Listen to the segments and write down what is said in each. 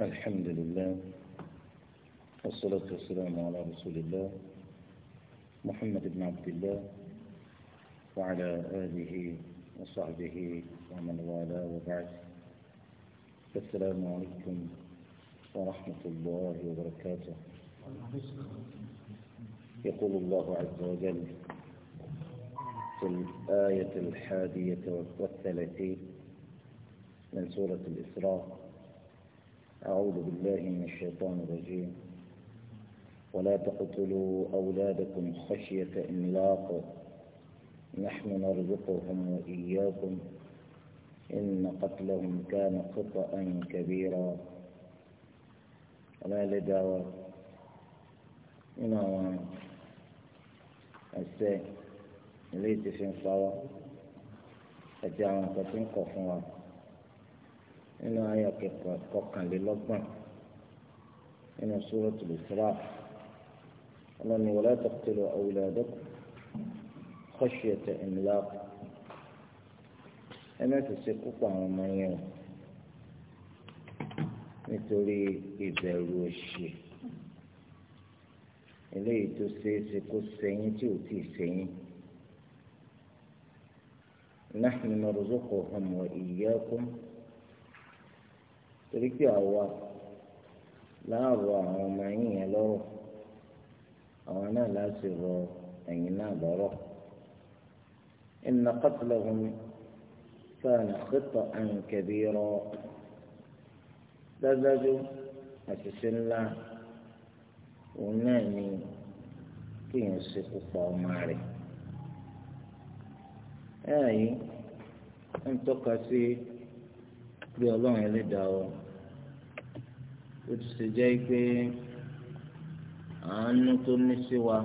الحمد لله والصلاة والسلام على رسول الله محمد بن عبد الله وعلى آله وصحبه ومن والاه وبعد السلام عليكم ورحمة الله وبركاته يقول الله عز وجل في الآية الحادية والثلاثين من سورة الإسراء أعوذ بالله من الشيطان الرجيم ولا تقتلوا أولادكم خشية إملاق نحن نرزقهم وإياكم إن قتلهم كان خطأ كبيرا ولا لدعوة إنه السيء ليت في صلاة أجعل قتل قفوا nínú ayọ̀ kọkànlélọ́gbọ̀n nínú suratul Isra ọlọ́ni wala taqtulu awladakum khashyata imlaq ẹ má ti ṣe púpọ̀ àwọn ọmọ yẹn o nítorí ìbẹ̀rù òṣì eléyìí tó ṣeé ṣe kó sẹ́yìn tí ò tíì sẹ́yìn. kọ ọmọ ìyá وإياكم torí pé àwa láàrọ̀ àwọn ọmọ yín yẹn lọ́rọ̀ àwọn náà láti rọ ẹ̀yìn náà lọ́rọ̀ fún inna qatlahum kana khita'an rọ dájúdájú àṣìṣe ńlá òun náà ni kí kéèyàn ṣe púpọ̀ ọmọ rẹ̀ ẹ̀yìn ń tọ́ka sí. bí ọlọ́run ẹlẹ́dàá ọ ó ti ṣe jẹ́ pé àánú tó ní sí wa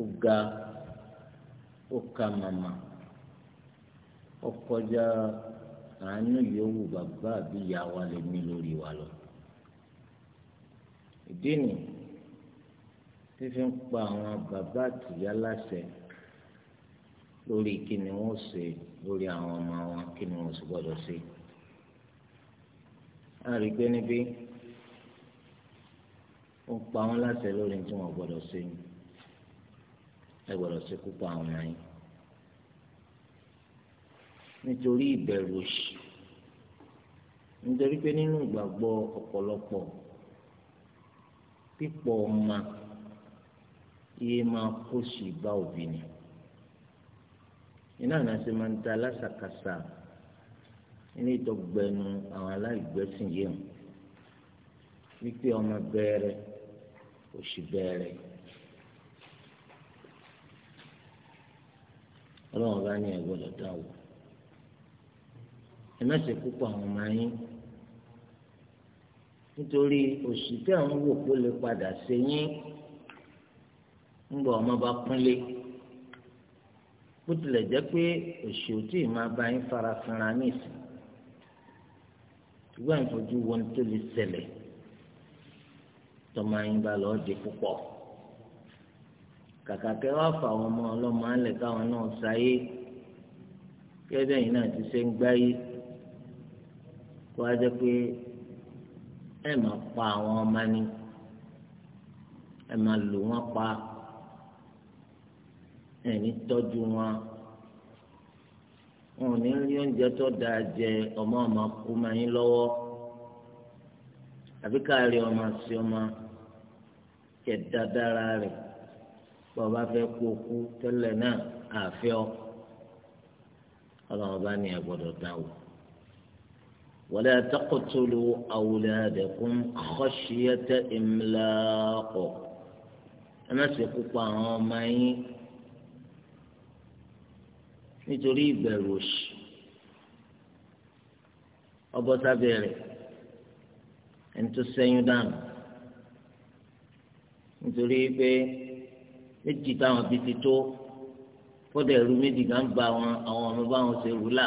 ó ga ó ka màmá ó kọjá àánú yòówù bàbá àbí ìyá wa lè ní lórí wa lọ. ìdí nì fífi ń pa àwọn bàbá àtìyá láṣẹ lórí kí ni wọ́n ṣe lórí àwọn ọmọ wọn kí ni wọn sì gbọ́dọ̀ ṣe a rí i pé níbí ó pa wọn láṣẹ lórí tí wọn gbọ́dọ̀ ṣe ẹ gbọ́dọ̀ ṣe púpọ̀ àwọn ọmọ yìí nítorí ìbẹ̀rù òṣì nítorí pé nínú ìgbàgbọ́ ọ̀pọ̀lọpọ̀ pípọ̀ ọmọ iye máa kó sí ìbá òbí ni iná àná ṣe máa ń da lásàkàsà ní ìtọ́gbẹ́nu àwọn aláìgbẹ́sìn yìí hàn wípé ọmọ bẹ́ẹ̀rẹ̀ òṣì bẹ́ẹ̀rẹ̀ ọlọ́run bá ní ẹ̀gbọ́dọ̀ dá o ẹ má ṣe púpọ̀ àwọn ọmọ yín nítorí òṣì tẹ̀ ń wò kó lè padà ṣe yín ń bọ̀ ọmọ bá kúnlé bó tilẹ̀ jẹ́ pé òṣì ò tí ì máa bá yín fara ní ìsìn ṣùgbọ́n ìfojú wọn tó lè ṣẹlẹ̀ tọ́mọ yín bá lọ́ọ́ di púpọ̀ kàkà kẹ́ wá fà wọn mọ́ ọlọ́mọ alẹ́ káwọn náà sáyé kẹ́bẹ́ yìí náà ti ṣe ń gbáyé kó wá jẹ́ pé ẹ máa pa àwọn ọmọ ni ẹ máa lò wọ́n pa ẹni tọ́jú wọn wọn ò ní rí oúnjẹ tó dáa jẹ ọmọ ọmọ kú máa yín lọ́wọ́ àbí káàrí ọmọ sí ọmọ kẹ dáadáa rẹ̀ bàbá fẹ́ kú okú tẹ́lẹ̀ náà àfẹ́ ọ ọlọ́run bá ní ẹ gbọ́dọ̀ dáwọ́. ولا تقتلوا أولادكم خشية إملاق أما سيقوم nítorí ìbẹ̀rù òṣì ọbọ̀ sábẹ́ rẹ̀ ẹni tó sẹ́yún dànù nítorí pé méjì táwọn bíi ti tó kódà ẹrú méjì kan ba àwọn àwọn ọmọ báwọn ṣe rú là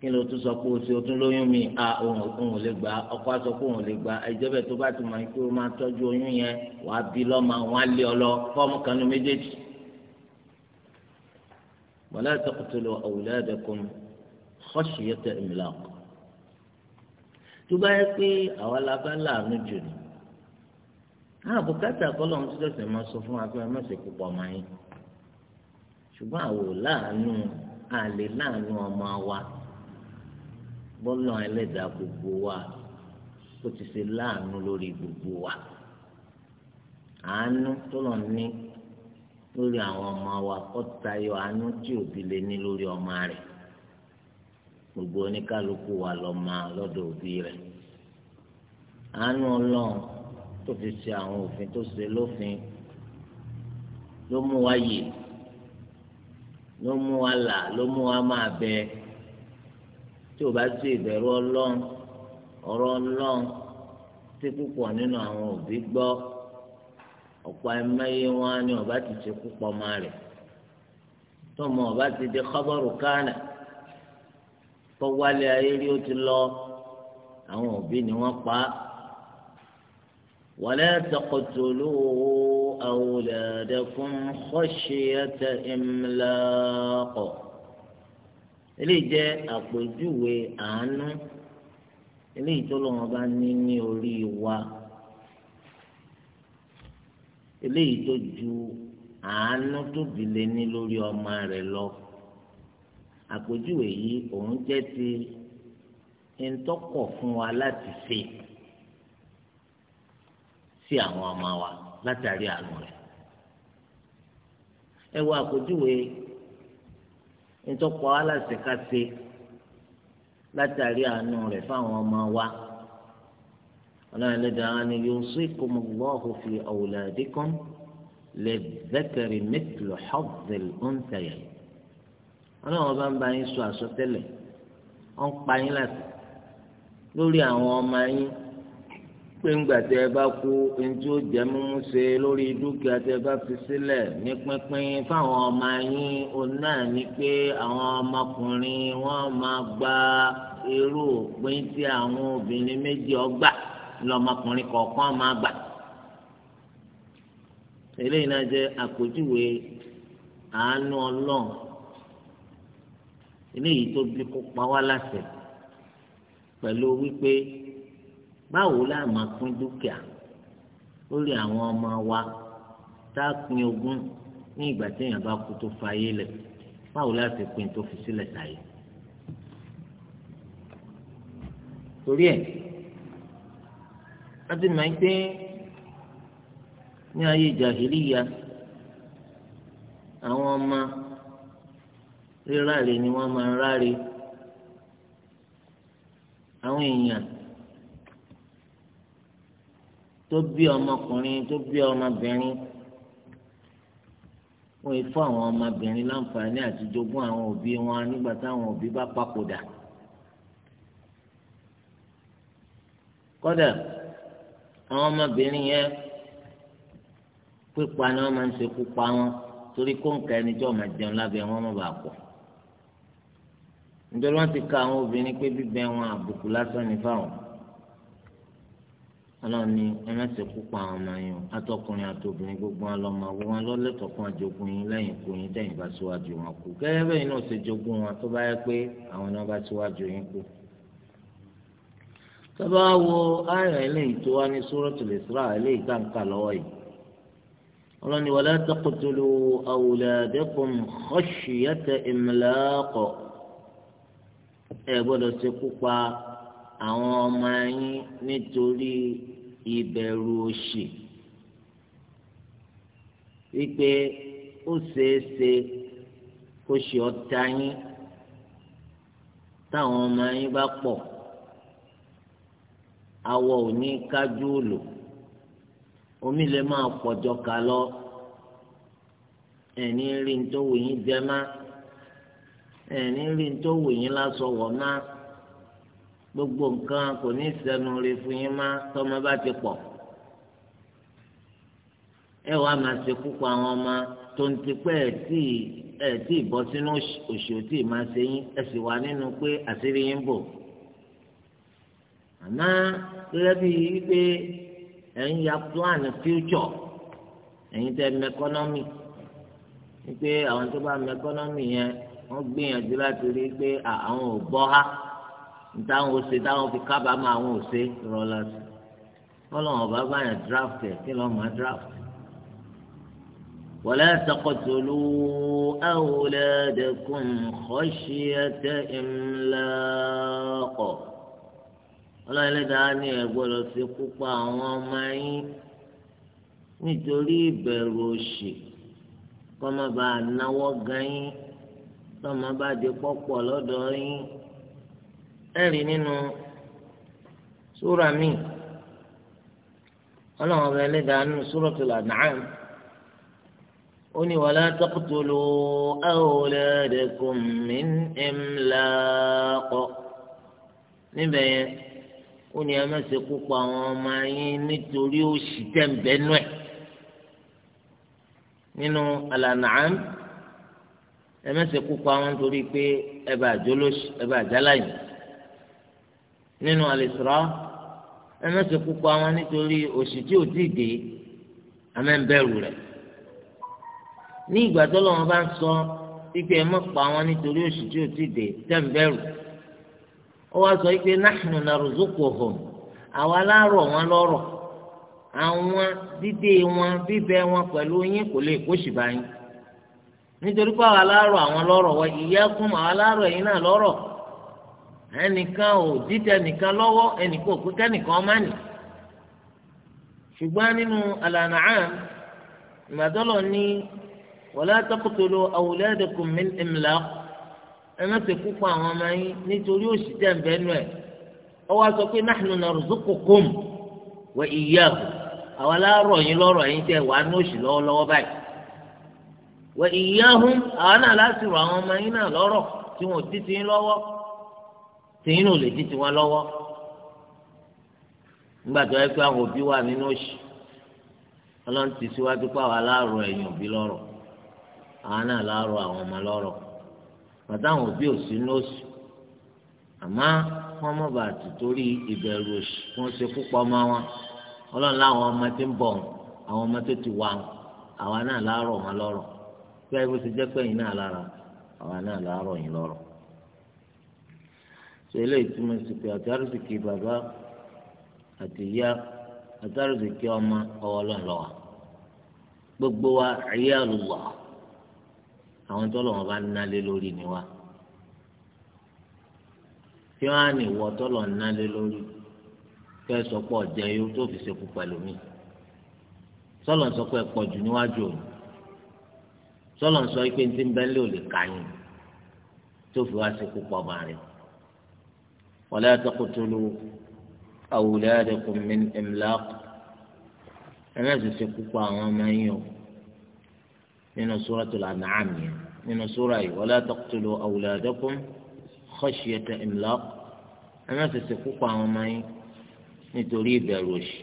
kí ló tún sọ pé o ṣe o tún lóyún mi a òun òun lè gbà ọkọ aṣọ pé òun lè gbà ìjọba tó bá ti mọ pé o máa tọ́jú oyún yẹn wàá bí lọ́mọ wọn á lé ọ lọ fọ́ọ̀mù kanú méjèèjì. ولا تقتلوا أولادكم خشية إملاق تبقى في أولا فلا نجد náà bùkátà kọlọ ń tẹsẹ̀ máa sọ fún wa pé ẹ má ṣe púpọ̀ máa yín ṣùgbọ́n àwò láàánú àlè láàánú ọmọ wa bọ́lọ̀ ẹlẹ́dàá gbogbo wa ó ti ṣe láàánú lórí gbogbo wa àánú tó lọ ní lórí àwọn ọmọ wa ó tayọ àánú tí òbí lè ní lórí ọmọ rẹ̀ gbogbo oníkálukú wa lọ́mọ lọ́dọ̀ òbí rẹ̀ àánú ọlọ́run tó fi ṣe àwọn òfin tó ṣe lófin ló mú wa yè ló mú wa là ló mú wa máa bẹ tí o bá sí ìbẹ̀rù ọlọ́run ọ̀rọ̀ ọlọ́run tí púpọ̀ nínú àwọn òbí gbọ́ ọ̀pọ̀ ẹ̀mẹ́yẹ wọn ni ọba ti ṣe púpọ̀ ọmọ rẹ̀ tọmọ ọba ti di kọ́bọ̀rù kánà kọ́wálé ayé rí ó ti lọ àwọn òbí ni wọ́n pa á wala taqtulu awladakum khashyata imlaq eléyìí jẹ́ àpèjúwe àánú eléyìí tó ní ní orí wa eléyìí tó ju àánú tóbi lé ní lórí ọmọ rẹ lọ àpèjúwe yìí òun jẹ́ ti ntọ́kọ̀ fún wa láti ṣe sí àwọn ọmọ wa látàrí àánú rẹ ẹ wo àpèjúwe ntọ́kọ̀ aláṣẹkáṣe látàrí àánú rẹ fáwọn ọmọ wa ọlọ́run ẹlẹ́dàá ni yusikumullahu fi awladikum lidhakari mithlu hazzil unthayayn ọlọ́run ọba ń bá yín sọ àsọtẹ́lẹ̀ ó ń pa yín láti lórí àwọn ọmọ yín pé ńgbà tẹ ẹ bá kú ntí ó jẹ mímú ṣe lórí dúkìá tẹ ẹ bá fi sílẹ̀ ní pínpín fáwọn ọmọ yín òun náà ni pé àwọn ọmọkùnrin wọn máa gba irú òpin tí àwọn obìnrin méjì ọgbà lọmọkùnrin kọ̀ọ̀kan máa gbà eléyìí náà jẹ́ àpèjúwe àánú ọlọ́run eléyìí tó bí kó pa wá láṣẹ pẹ̀lú wípé báwo la máa pín dúkìá lórí àwọn ọmọ wa tá a pín ogún ní ìgbà tí èèyàn bá kú tó fa ayé lẹ̀ báwo la ṣe pín tó fi sílẹ̀ sáyé torí ẹ̀ láti mọ̀ pé ní ayé jàhìlíyà àwọn ọmọ ríràlè ni wọ́n máa ń ráre àwọn èèyàn tó bí ọmọkùnrin tó bí ọmọbìnrin wọ́n yìí fún àwọn ọmọbìnrin láǹfààní àti jogún àwọn òbí wọn nígbà táwọn òbí bá papòdà kódà àwọn ọmọbìnrin yẹn pípa ni wọ́n máa ń ṣekú pa wọn torí kóńkà ẹni tí wọ́n máa jẹun lábẹ́ wọn má bàa pọ̀ nítorí wọ́n ti ka àwọn obìnrin pé bíbẹ wọn àbùkù lásán ní fáwọn Ọlọ́run ni ẹ má ṣekú pa àwọn ọmọ yẹn atọkùnrin àtobìnrin gbogbo wọn lọmọ wọn wọn lọlẹtọ kan àjogún yín lẹ́yìn kú yín tẹ̀yìn bá síwájú wọn kú gẹ́gẹ́ bẹ́ẹ̀ náà ṣe jogún wọn tó bá yẹ pé àwọn náà bá síwájú yín kú tọ́ba wo ayọ̀ eléyìí tó wá ní Suratul Isra eléyìí tá n kà lọ́wọ́ yìí ọlọ́ni wala taqtulu awladakum khashyata imlaq ẹ gbọ́dọ̀ ṣekú pa àwọn ọmọ yín nítorí ìbẹ̀rù òṣì wípé ó ṣeéṣe kó ṣe ọ̀tá yín táwọn ọmọ yín bá pọ̀ awọ ò ní kájú òlò omi lè máa pọ̀jọ ká lọ ẹ̀ní rí ní tó wù yín jẹ má ẹ̀ní rí ní tó wù yín lásọ wọ̀ má gbogbo nǹkan kò ní sẹ́nu rí fún yín má tọ́mọ bá ti pọ̀ ẹ wàá máa ṣe púpọ̀ àwọn ọmọ tó ń tipẹ́ ẹ̀ tí ẹ̀ tí ìbọ́ sínú òṣì òtí máa ṣe yín ẹ̀ sì wà nínú pé àṣírí yín bò àmọ́ gẹ́gẹ́ bí wípé ẹ̀yin ya plan future ẹ̀yin tẹ́ mẹkọ́nọ́mì wípé àwọn tó bá mẹkọ́nọ́mì yẹn wọ́n gbìyànjú láti rí pé àwọn ò bọ́ ha nítawọn ò ṣe táwọn fi kábàámọ̀ àwọn ò ṣe rọlá sí ọlọ́run ọba bá draft ẹ̀ kí lọ́ọ́ máa draft. ولا تقتلوا أولادكم خشية إملاق ọlọ́run ẹlẹ́dàá ní ẹ gbọ́dọ̀ ṣe kú pa àwọn ọmọ yín nítorí ìbẹ̀rù òṣì kọ́mọ bá náwó gan yín tọ́mọ bá di pọ́pọ̀ lọ́dọ̀ yín ẹ̀rí nínú súra mi ọlọ́run ọba ẹlẹ́dàá nínú súratul An'am ó ní wala taqtulu awladakum min imlaq níbẹ̀ yẹn ó ní ẹ má ṣe kú pa àwọn ọmọ yín nítorí òṣì tẹ̀m̀bẹ́nú ẹ̀ nínú Al-An'am ẹ má ṣe kú pa àwọn nítorí pé ẹ bá jólóṣì ẹ bá jáláyìn nínú Al-Isra ẹ má ṣe kú pa àwọn nítorí òṣì tí ò tíì dé amẹ́ńbẹ́rù rẹ̀ ní ìgbà tó lọ́wọ́ bá ń sọ pípẹ́ ẹ má pa àwọn nítorí òṣì tí ò tíì dé tẹ̀m̀bẹ́rù rẹ̀. ó wá sọ pé nahnu narzuquhum àwa láàárọ̀ wọn lọ́rọ̀ àwọn dídé wọn bíbẹ wọn pẹ̀lú yín kò lè awa ṣìbá nítorí pé àwa láàárọ̀ àwọn lọ́rọ̀ wọ iyyakum àwa láàárọ̀ yín náà lọ́rọ̀ ẹnìkan ò dídẹ nìkan lọ́wọ́ ẹnìkan ò pé kẹ́nìkan má nì ṣùgbọ́n nínú Al-An'am ìmọ̀tọ́lọ̀ ní wala taqtulu awladakum min ẹ má ṣe kú pa àwọn ọmọ yín nítorí òṣì tẹ̀ ń bẹ́nu ọ wá sọ pé nahnu narzuqukum wa iyyahum àwọn aláàárọ̀ yín lọ́rọ̀ yín awa wá ní òṣì lọ́wọ́lọ́wọ́ báyìí wa iyyahum àwọn náà láti rọ àwọn ọmọ yín náà tí wọn ò ti yín titi tí yín ò lè titi ti wọn lọ́wọ́ nígbà tó yẹ pé àwọn òbí wà nínú ọlọ́run ti síwájú pé àwọn ẹ̀yìn òbí lọ́rọ̀ àwọn náà pàtàwọn òbí osi ní a àmọ́ wọ́n mọ̀ bá ti torí ìbẹ̀rù oṣù wọ́n ṣe púpọ̀ ọmọ wọn ọlọ́run láwọn ọmọ tí ń bọ̀ àwọn ọmọ tó ti wà àwa náà láàárọ̀ wọn lọ́rọ̀ bí wọ́n ti jẹ́ pẹ́yìn náà lára àwa náà láàárọ̀ yìí lọ́rọ̀ ṣe eléyìí àtàrùsìkì bàbá àti ìyá àtàrùsìkì ọmọ ọwọ́ gbogbo wa ẹ̀yà àwọn tọ́lọ̀ wọn bá nálé lórí ni wá kí wọ́n á ní ìwọ tọ́lọ̀ nálé lórí kẹ́ ẹ sọ pé ọ̀jẹ̀ yóò tó fi ṣekú pẹ̀lú mi sọlọ sọ pé ẹ jù níwájú òun sọlọ sọ pé ti ń bẹ́lẹ̀ ò lè kà tó fi wá ṣekú pọ̀ bá rẹ̀ wala taqtulu awladakum min imlaq ẹ̀ ti ṣekú pọ̀ àwọn ọmọ yín o nínú suratul an'am yẹn nínú sura yìí wala taqtulu awladakum khashyata imlaq ẹ má ṣẹ̀ṣẹ̀ púpọ̀ àwọn ọmọ yín nítorí ìbẹ̀rù òṣì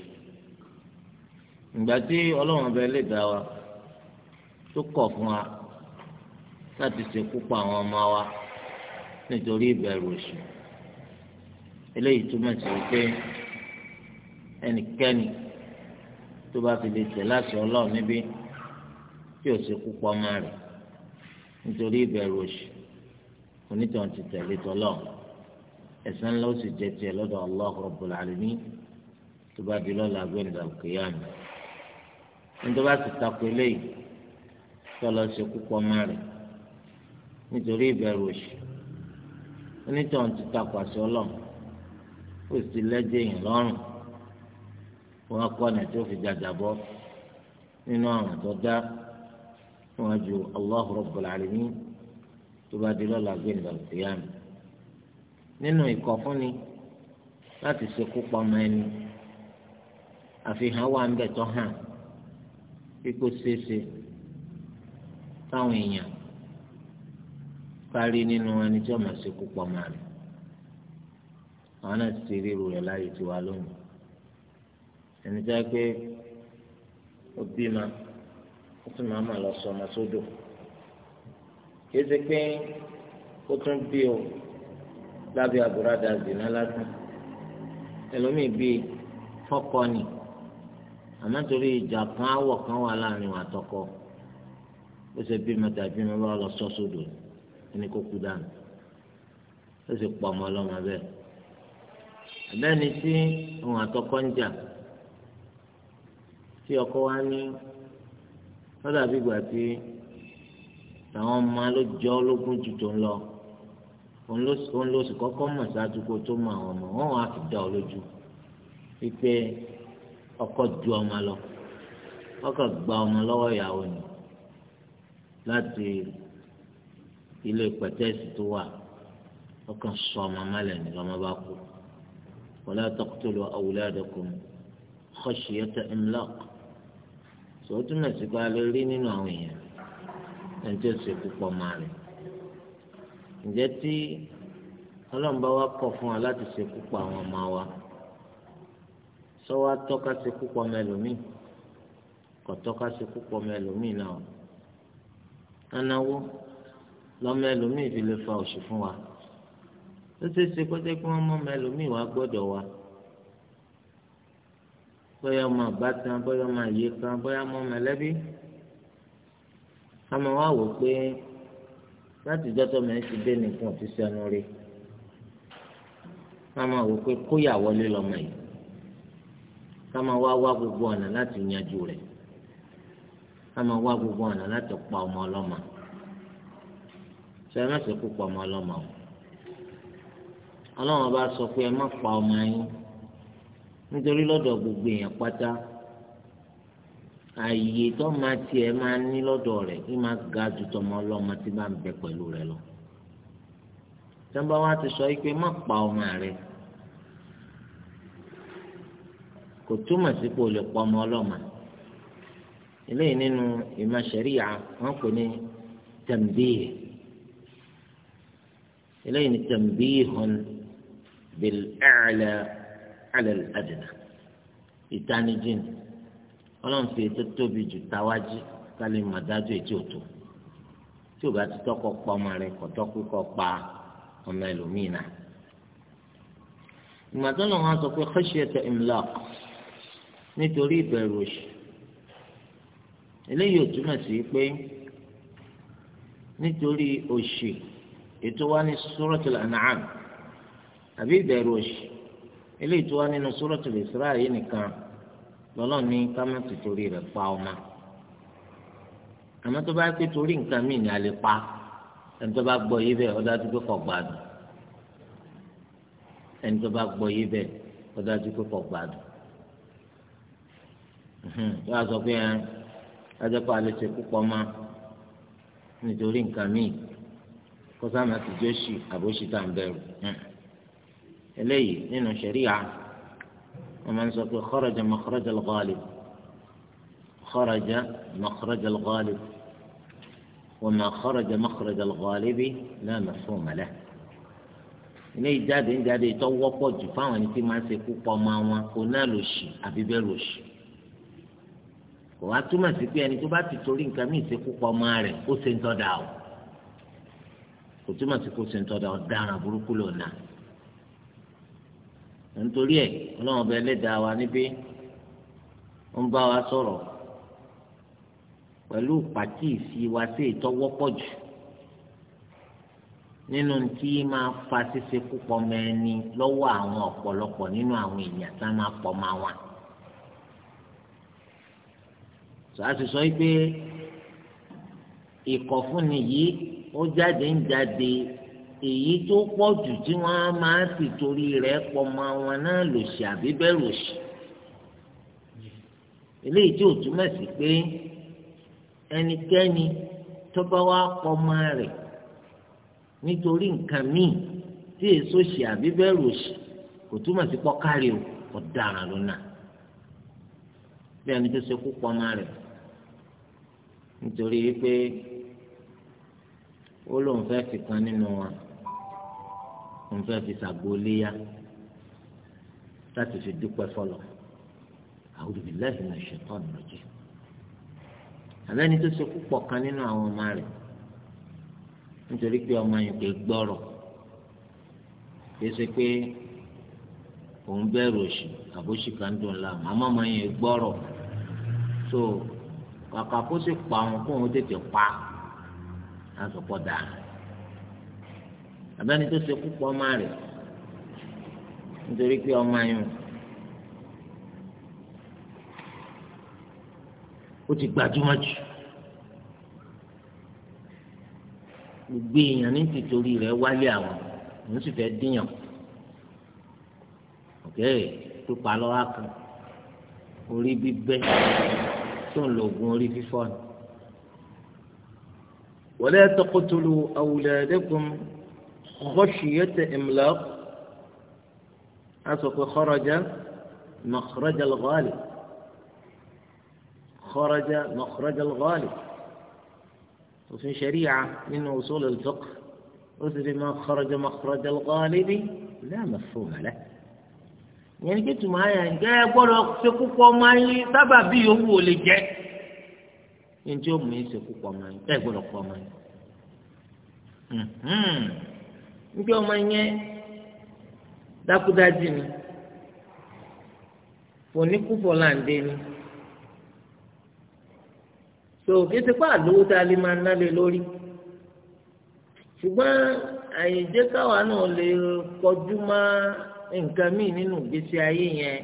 ìgbà tí ọlọ́run ọba lè dá wa tó kọ̀ fún wa láti ṣẹ̀kú pa àwọn ọmọ wa nítorí ìbẹ̀rù òṣì eléyìí túmọ̀ sí pé ẹnikẹ́ni tó bá fi lè tẹ̀ láti ọlọ́run níbí tí ò sì kú pọ́nmá rẹ̀ nítorí ìbẹ̀rù òṣì onítàn ti tẹ̀lé tọ́lọ̀ ẹ̀san ńlá sì jẹ́ tiẹ̀ lọ́dọ̀ Allah Rabbul Alamin tó bá di lọ́la gbẹ̀ndà al-qiyamah nítorí bá ti takò eléyìí tọ́lọ̀ ṣe kú pọ́nmá rẹ̀ nítorí ìbẹ̀rù òṣì onítàn ti takò àṣẹ ọlọ́run ó sì lẹ́jẹ̀ yìí lọ́rùn wọn kọ́ ọ̀nà tó fi jàjàbọ́ nínú ọ̀ràn tó níwájú Allahu Rabbul Alamin tó bá di lọ́la gbẹ̀ndà òkèèyàn nínú ìkọ̀fúnni láti ṣekú pamọ́ ẹni àfihàn wà ń bẹ̀ tó hàn pípò ṣeéṣe táwọn èèyàn kárí nínú ẹni tí wọ́n máa ṣekú pamọ́ rẹ̀ àwọn náà ti rí irú rẹ̀ láyé tiwa lónìí ẹni tí wọ́n pé ó bímọ ó tún máa ma lọ sọmọ sódò kìí ṣe pé ó tún bí o lábẹ́ àbúradà zìnà lásán ẹlòmíì bíi fọ́kọ ni àmọ́ torí ìjà kan áwọ̀ kan wà láàrin àtọkọ ó ṣe bímọ tàbí mo bá lọ sọ sódò ẹni kó kú dànù ó sì pọ̀ ọmọ ọlọ́mọ bẹ́ẹ̀ àbẹ́ni tí òun àtọkọ ń jà tí ọkọ wa ní lọ́dà bí ìgbà tí àwọn ọmọ ló jọ ológun tuntun lọ òun ló sì kọ́kọ́ mọ̀ ṣáájú kó tó mọ àwọn ọmọ wọn wàá fi dá ọ lójú wípé ọkọ ju ọmọ lọ ọkọ gba ọmọ lọ́wọ́ ìyàwó ni láti ilé pẹ̀tẹ́sì tó wà ọkọ sọ ọmọ mọ́lẹ̀ ni lọ́mọ bá kú wala taqtulu awladakum khashyata imlaq sòwò túmọ̀ sí pé a lè rí nínú àwọn èèyàn ẹni tí ó ṣe púpọ̀ máa rẹ̀ ǹjẹ́ tí ọlọ́run bá wá kọ̀ fún wa láti ṣe púpọ̀ àwọn ọmọ wa sọ́wọ́ tọ́ka ṣe púpọ̀ mẹ́lòmíì kò tọ́ka ṣe púpọ̀ mẹ́lòmíì náà anáwó lọ́mọ ẹlòmíì fi lè fa òṣì fún wa ó ṣeé ṣe kó jẹ́ kí wọ́n mọ́ mẹ́lòmíì wá gbọ́dọ̀ wa. Lo, bóyá ọmọ àbátan bóyá ọmọ àyè kan bóyá ọmọ mẹ̀lẹ́bí a máa wá wò pé láti jọ́tọ̀ mẹ́rin ti dé nìkan ti sẹ́nu rí a máa wò pé kóyà wọlé lọ́mọ yìí ká máa wá wá gbogbo ọ̀nà láti yanjú rẹ̀ ká máa wá gbogbo ọ̀nà láti pa ọmọ ọlọ́mọ sẹ́yìn mẹ́sàn-án kó pa ọmọ ọlọ́mọ o ọlọ́run bá sọ pé ẹ má pa ọmọ yín nítorí lọ́dọ̀ gbogbo èèyàn pátá ààyè tó máa tiẹ̀ máa ní lọ́dọ̀ rẹ̀ kí máa ga ju tọmọ ọlọ́mọ tí bá ń bẹ pẹ̀lú rẹ̀ lọ. sábà wá ti sọ pé má pa ọmọ rẹ̀ kò túmọ̀ sí pé o lè pa ọmọ ọlọ́mọ eléyìí nínú ìmọ̀ ṣẹ̀ríyà wọ́n pè ní tẹ̀m̀bíyì eléyìí ní tẹ̀m̀bíyì hàn bìl ẹ̀ẹ́lẹ̀. alẹ́ àdìnà ìtanijí ni fi ètò tóbi jù táwájú ká lè mọ̀ ètò òtò tí o bá ti tọkọ pa ọmọ rẹ kò kọ pa ọmọ ẹlòmíì náà wọn sọ pé khashyata imlaq nítorí ìbẹ̀rù eléyìí ò túmọ̀ sí pé nítorí ètò wa eléyìí tó wá nínú Suratul Isra yìí nìkan lọ́lọ́run ní kámẹ́tì torí rẹ̀ pa ọmọ àmọ́ tó bá pé torí nǹkan míì a lè pa ẹni tó bá gbọ́ yé bẹ́ẹ̀ ó dájú pé kò gbádùn ẹni tó bá gbọ́ yé bẹ́ẹ̀ ó dájú pé kò gbádùn yóò sọ pé ẹ ajẹ́ pé a lè ṣe nítorí nǹkan míì kó sáà má ti jẹ́ sí àbóṣítà ń bẹ̀rù eléyìí nínú ṣẹ̀ríà wọ́n máa ń sọ pé kharaja makhraj al-ghalib kharaja makhraj al-ghalib wa ma kharaja makhraj al-ghalib la mafhuma lahu ilé ìjáde ń jáde ìtọ́ wọ́pọ̀ jù fáwọn ẹni tí máa ń ṣekú pa ọmọ wọn kò náà lò sí àbí bẹ́ẹ̀ lò sí kò wá túmọ̀ sí pé ẹni tó bá ti torí nǹkan míì ṣekú pa ọmọ rẹ̀ ó ṣe ń tọ́ da o kò túmọ̀ sí kó ṣe ń tọ́ da ọ̀daràn burúkú nítorí ẹ̀ ọlọ́run ọba ẹlẹ́dàá wa níbí ó ń bá wa sọ̀rọ̀ pẹ̀lú pàkíyèsí wa sí ìtọ́wọ́ pọ̀ jù nínú tí máa fa ṣíṣe púpọ̀ mẹ́ni lọ́wọ́ àwọn ọ̀pọ̀lọpọ̀ nínú àwọn èèyàn tá a máa pọ̀ máa wà. sọ àti sọ pé ìkọ̀fúnni yìí ó jáde ń jáde èyí tó pọ̀ jù tí wọ́n á máa sì torí rẹ̀ mọ́ àwọn náà lòṣì àbí bẹ́ẹ̀ lòṣì eléyìí tí ò túmọ̀ sí pé ẹnikẹ́ni tó bá wá pọmọ rẹ̀ nítorí nǹkan míì tí èso ṣì àbí bẹ́ẹ̀ lòṣì kò túmọ̀ sí pọ̀ kárí o kò dára lónà bí ẹni tó ṣe kú pọmọ rẹ̀ nítorí pé ó lóun fẹ́ fi kan nínú wa. òun fẹ́ fi ṣàgbóléyà láti fi dúpẹ́ fọlọ́ a'udhu billahi minash shaitani rajim àbẹ́ni tó ṣe púpọ̀ kan nínú àwọn ọmọ rẹ̀ nítorí pé ọmọ yẹn kò gbọ́rọ̀ kì í ṣe pé òun bẹ̀rù òṣì àbóṣì kan dùn láàmú àmọ́ ọmọ yẹn gbọ́rọ̀ so kàkà kó sì pa òun kóun tètè pa á sọ pọ̀ dáa àbẹ́ni tó ṣe púpọ̀ ọmọ rẹ̀ nítorí pé ọmọ yẹn ó ti gbajúmọ̀ jù gbogbo èèyàn ní tìtorí rẹ̀ wálé àwọn òun sì fẹ́ díyàn ọ̀kẹ́ pípa lọ́wọ́ kan orí bíbẹ́ tó ń lo oògùn orí fífọ́ ni. wala taqtulu awladakum. خشية إملاق أسوق خرج مخرج الغالب خرج مخرج الغالب وفي شريعة من أصول الفقه أسر ما خرج مخرج الغالب لا مفهوم له يعني كنت معايا إن جاء يقول سكوك سبب سببي هو اللي جاء إن يعني جاء أمي سكوك جاء يقول أمي níbi ọmọ yẹn dákúdájì ni fòníkùfọ̀láǹdé ni so kété pa àlówó tá a lè máa ná lé lórí ṣùgbọ́n àyèjẹ́ káwa náà lè kọjú mọ́ nǹkan míì nínú ìgbésí ayé yẹn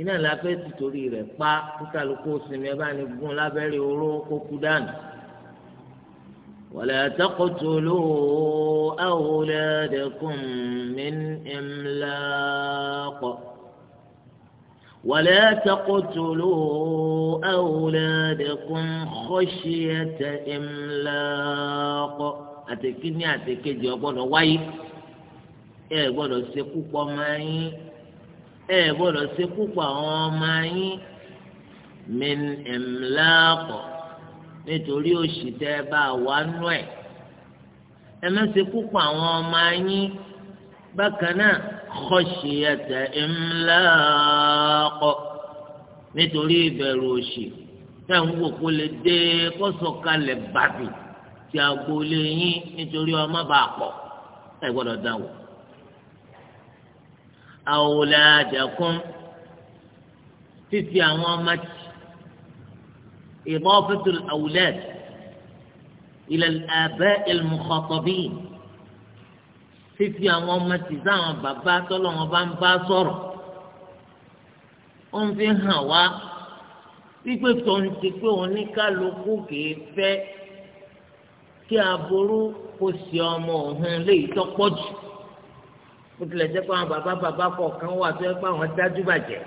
iná la fẹ́ tìtorí rẹ̀ pa kí kálukú bá ní gun lábẹ́rẹ́ oró kó dànù. ولا تقتلوا أولادكم من إملاق ولا تقتلوا أولادكم خشية إملاق أتكني أتكجي أبونا واي ẹ gbọ́dọ̀ ṣekú pa ọmọ yín ẹ gbọ́dọ̀ ṣekú pa àwọn ọmọ yín min imlaq nítorí òṣì tẹ́ ẹ bá wà nú ẹ̀ ẹ má ṣe púpọ̀ àwọn ọmọ yín bákan náà khashiyata imlaq nítorí ìbẹ̀rù òṣì tẹ́ ń wò kó lè dé kó sọ̀kalẹ̀ bàbí tí a gbolé yín nítorí ọmọ bá pọ̀ ẹ gbọ́dọ̀ dáwọ. àwòlẹ́ àjẹkùn fífi àwọn ọmọ tì إضافة الأولاد إلى الآباء المخاطبين fífi àwọn ọmọ tì sáwọn bàbá tọ́lọ́ wọn bá ń bá sọ̀rọ̀ ó ń fi hàn wá wípé tọ̀ǹtì pé oníkálukú kìí fẹ́ kí aburú kò sí ọmọ òun léyìí tọ́pọ̀ jù bó tilẹ̀ jẹ́ pé àwọn bàbá bàbá kọ̀ọ̀kan wà tó yẹ pé àwọn dájú bàjẹ́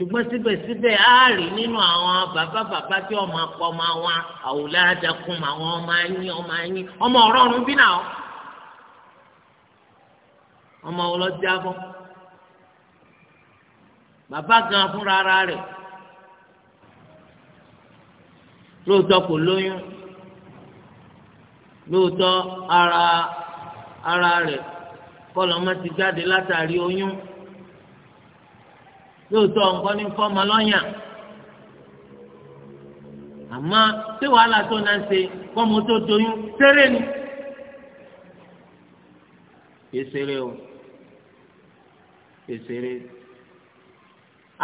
ṣùgbọ́n síbẹ̀síbẹ̀ á rí nínú àwọn bàbá bàbá tí ọmọ apọ̀ ọmọ wọn àwòlá àdàkùn àwọn ọmọ ẹ̀yìn ọmọ ẹ̀yìn ọmọ ọ̀rọ̀run bí náà ọmọ ọlọ́jà bọ́ bàbá gan fúnra ara rẹ̀ lóòótọ́ kò lóyún lóòótọ́ ara ara rẹ̀ kọ́ lọ́mọ ti jáde látàrí oyún lóòótọ́ nǹkan ní fọ́ọ̀mù ọlọ́yàn àmọ́ tí wàhálà tó náà ṣe fọ́ọ̀mù tó doyún séré ni èsèré o èsèré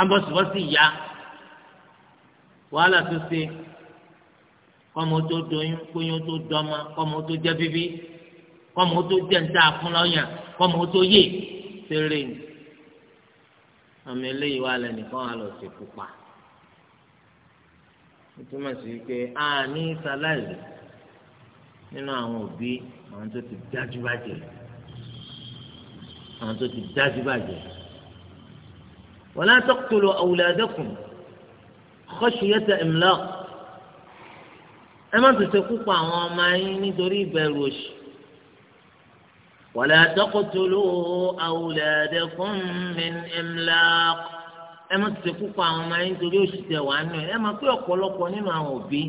ambọ̀sibọ́sì ya wàhálà tó ṣe fọ́ọ̀mù tó doyún kóyún tó dọ́mọ fọ́ọ̀mù tó jẹ́ bíbí fọ́ọ̀mù tó jẹ́ ń tà fún lọ́yàn fọ́ọ̀mù tó yé séré ni àmì eléyìí wà lẹ́nìkan wà lọ sí pupa nítorí sí pé a ní sáláìlì nínú àwọn òbí àwọn tó ti dájú bàjẹ́ àwọn tó ti dájú bàjẹ́ wala taqtulu awladakum khashyata imlaq ẹ má tètè kú pa àwọn ọmọ yín nítorí ìbẹ̀rù òṣì. ولا تقتلوا أولادكم من إملاق ẹ má ti kú pa àwọn ọmọ yín torí òṣìṣẹ́ wà nù ẹ ẹ má pé ọ̀pọ̀lọpọ̀ nínú àwọn òbí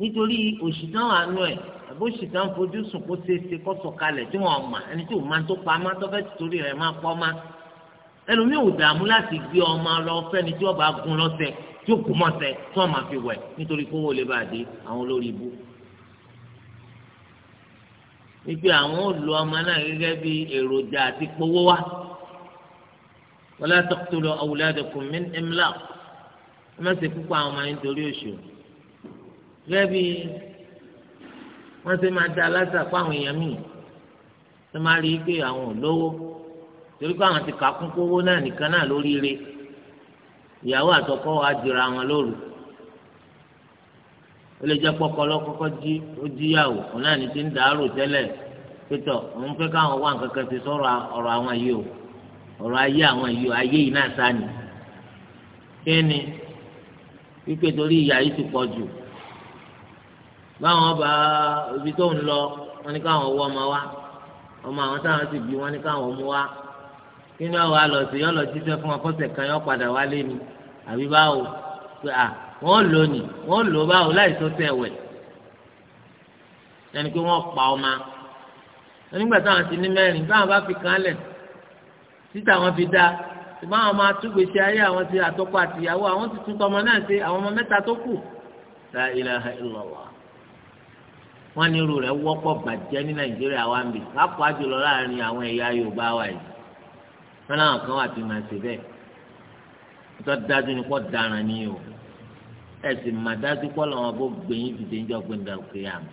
nítorí òṣìṣẹ́ wà nù ẹ àbí òṣìṣẹ́ ń fojú sùn kó ṣe é ṣe kó sọ̀kalẹ̀ tí wọ́n mà ẹni tí ò máa tó pa má tọ́fẹ́ ti torí rẹ̀ máa pọ́ má ẹlòmíì ò dààmú láti gbé ọmọ lọ fẹ́ni tí wọ́n bá gun lọ́sẹ̀ tí ó kú mọ́sẹ̀ tí wọ́n máa fi wẹ̀ nítorí kówó lè bàdé àwọn olórí ibú wípé àwọn ò lo ọmọ náà gẹ́gẹ́ bí èròjà àti powó wa wala taqtulu awladakum min imlaq ẹ má ṣe púpọ̀ àwọn ọmọ yẹn torí òṣù gẹ́gẹ́ bí wọ́n ṣe máa da aláṣà fún àwọn èèyàn míì ṣe máa rí pé àwọn ò lówó torí pé àwọn ti kà kún kówó náà nìkan náà lóríire ìyàwó àtọkọ wa jura wọn lóru ó lè jẹ́ pọ́kọlọ́ kọ́kọ́ jí ó jíyàwó òun náà ní ti ń dàárò tẹ́lẹ̀ pétọ̀ òun fẹ́ káwọn wá nǹkan kan ti sọ̀rọ̀ ọ̀rọ̀ àwọn yìí o ọ̀rọ̀ ayé àwọn yìí o ayé yìí náà sáni kí ni wípé torí ìyá yìí ti pọ̀ jù báwọn bá ibi tó ń lọ wọn ní káwọn wọ ọmọ wa ọmọ àwọn táwọn sì bí wọn ní káwọn mú wa kí ni wọn lọ sí yọ lọ jíṣẹ́ fún wọn fọ́sẹ̀ yọ padà wálé ni àbí báwo pé à wọ́n lò ní wọ́n lò báwo láì tó tẹ̀ wẹ̀ yẹnni pé wọ́n pa ọma onígbà táwọn ti ní mẹ́rin táwọn bá fi kan lẹ̀ títà wọn fi dá ṣùgbọ́n àwọn máa túgbèsè ayé àwọn ti àtọ́kọ àtìyàwó àwọn ti tún tọmọ náà ṣe àwọn ọmọ mẹ́ta tó kù la ilaha illallah wọn ní irú rẹ̀ wọ́pọ̀ bàjẹ́ ní nàìjíríà wa ń bì lápò àjùlọ láàrin àwọn ẹ̀yà yorùbá wa yìí wọn làwọn kan wà tí màá ṣe bẹ́ẹ̀ tó dájú ni kò dára ní o ẹ sì mà dájú pọ́ làwọn bó gbẹ̀yìn dìde ń jọ gbẹ̀ndà òkè àmọ́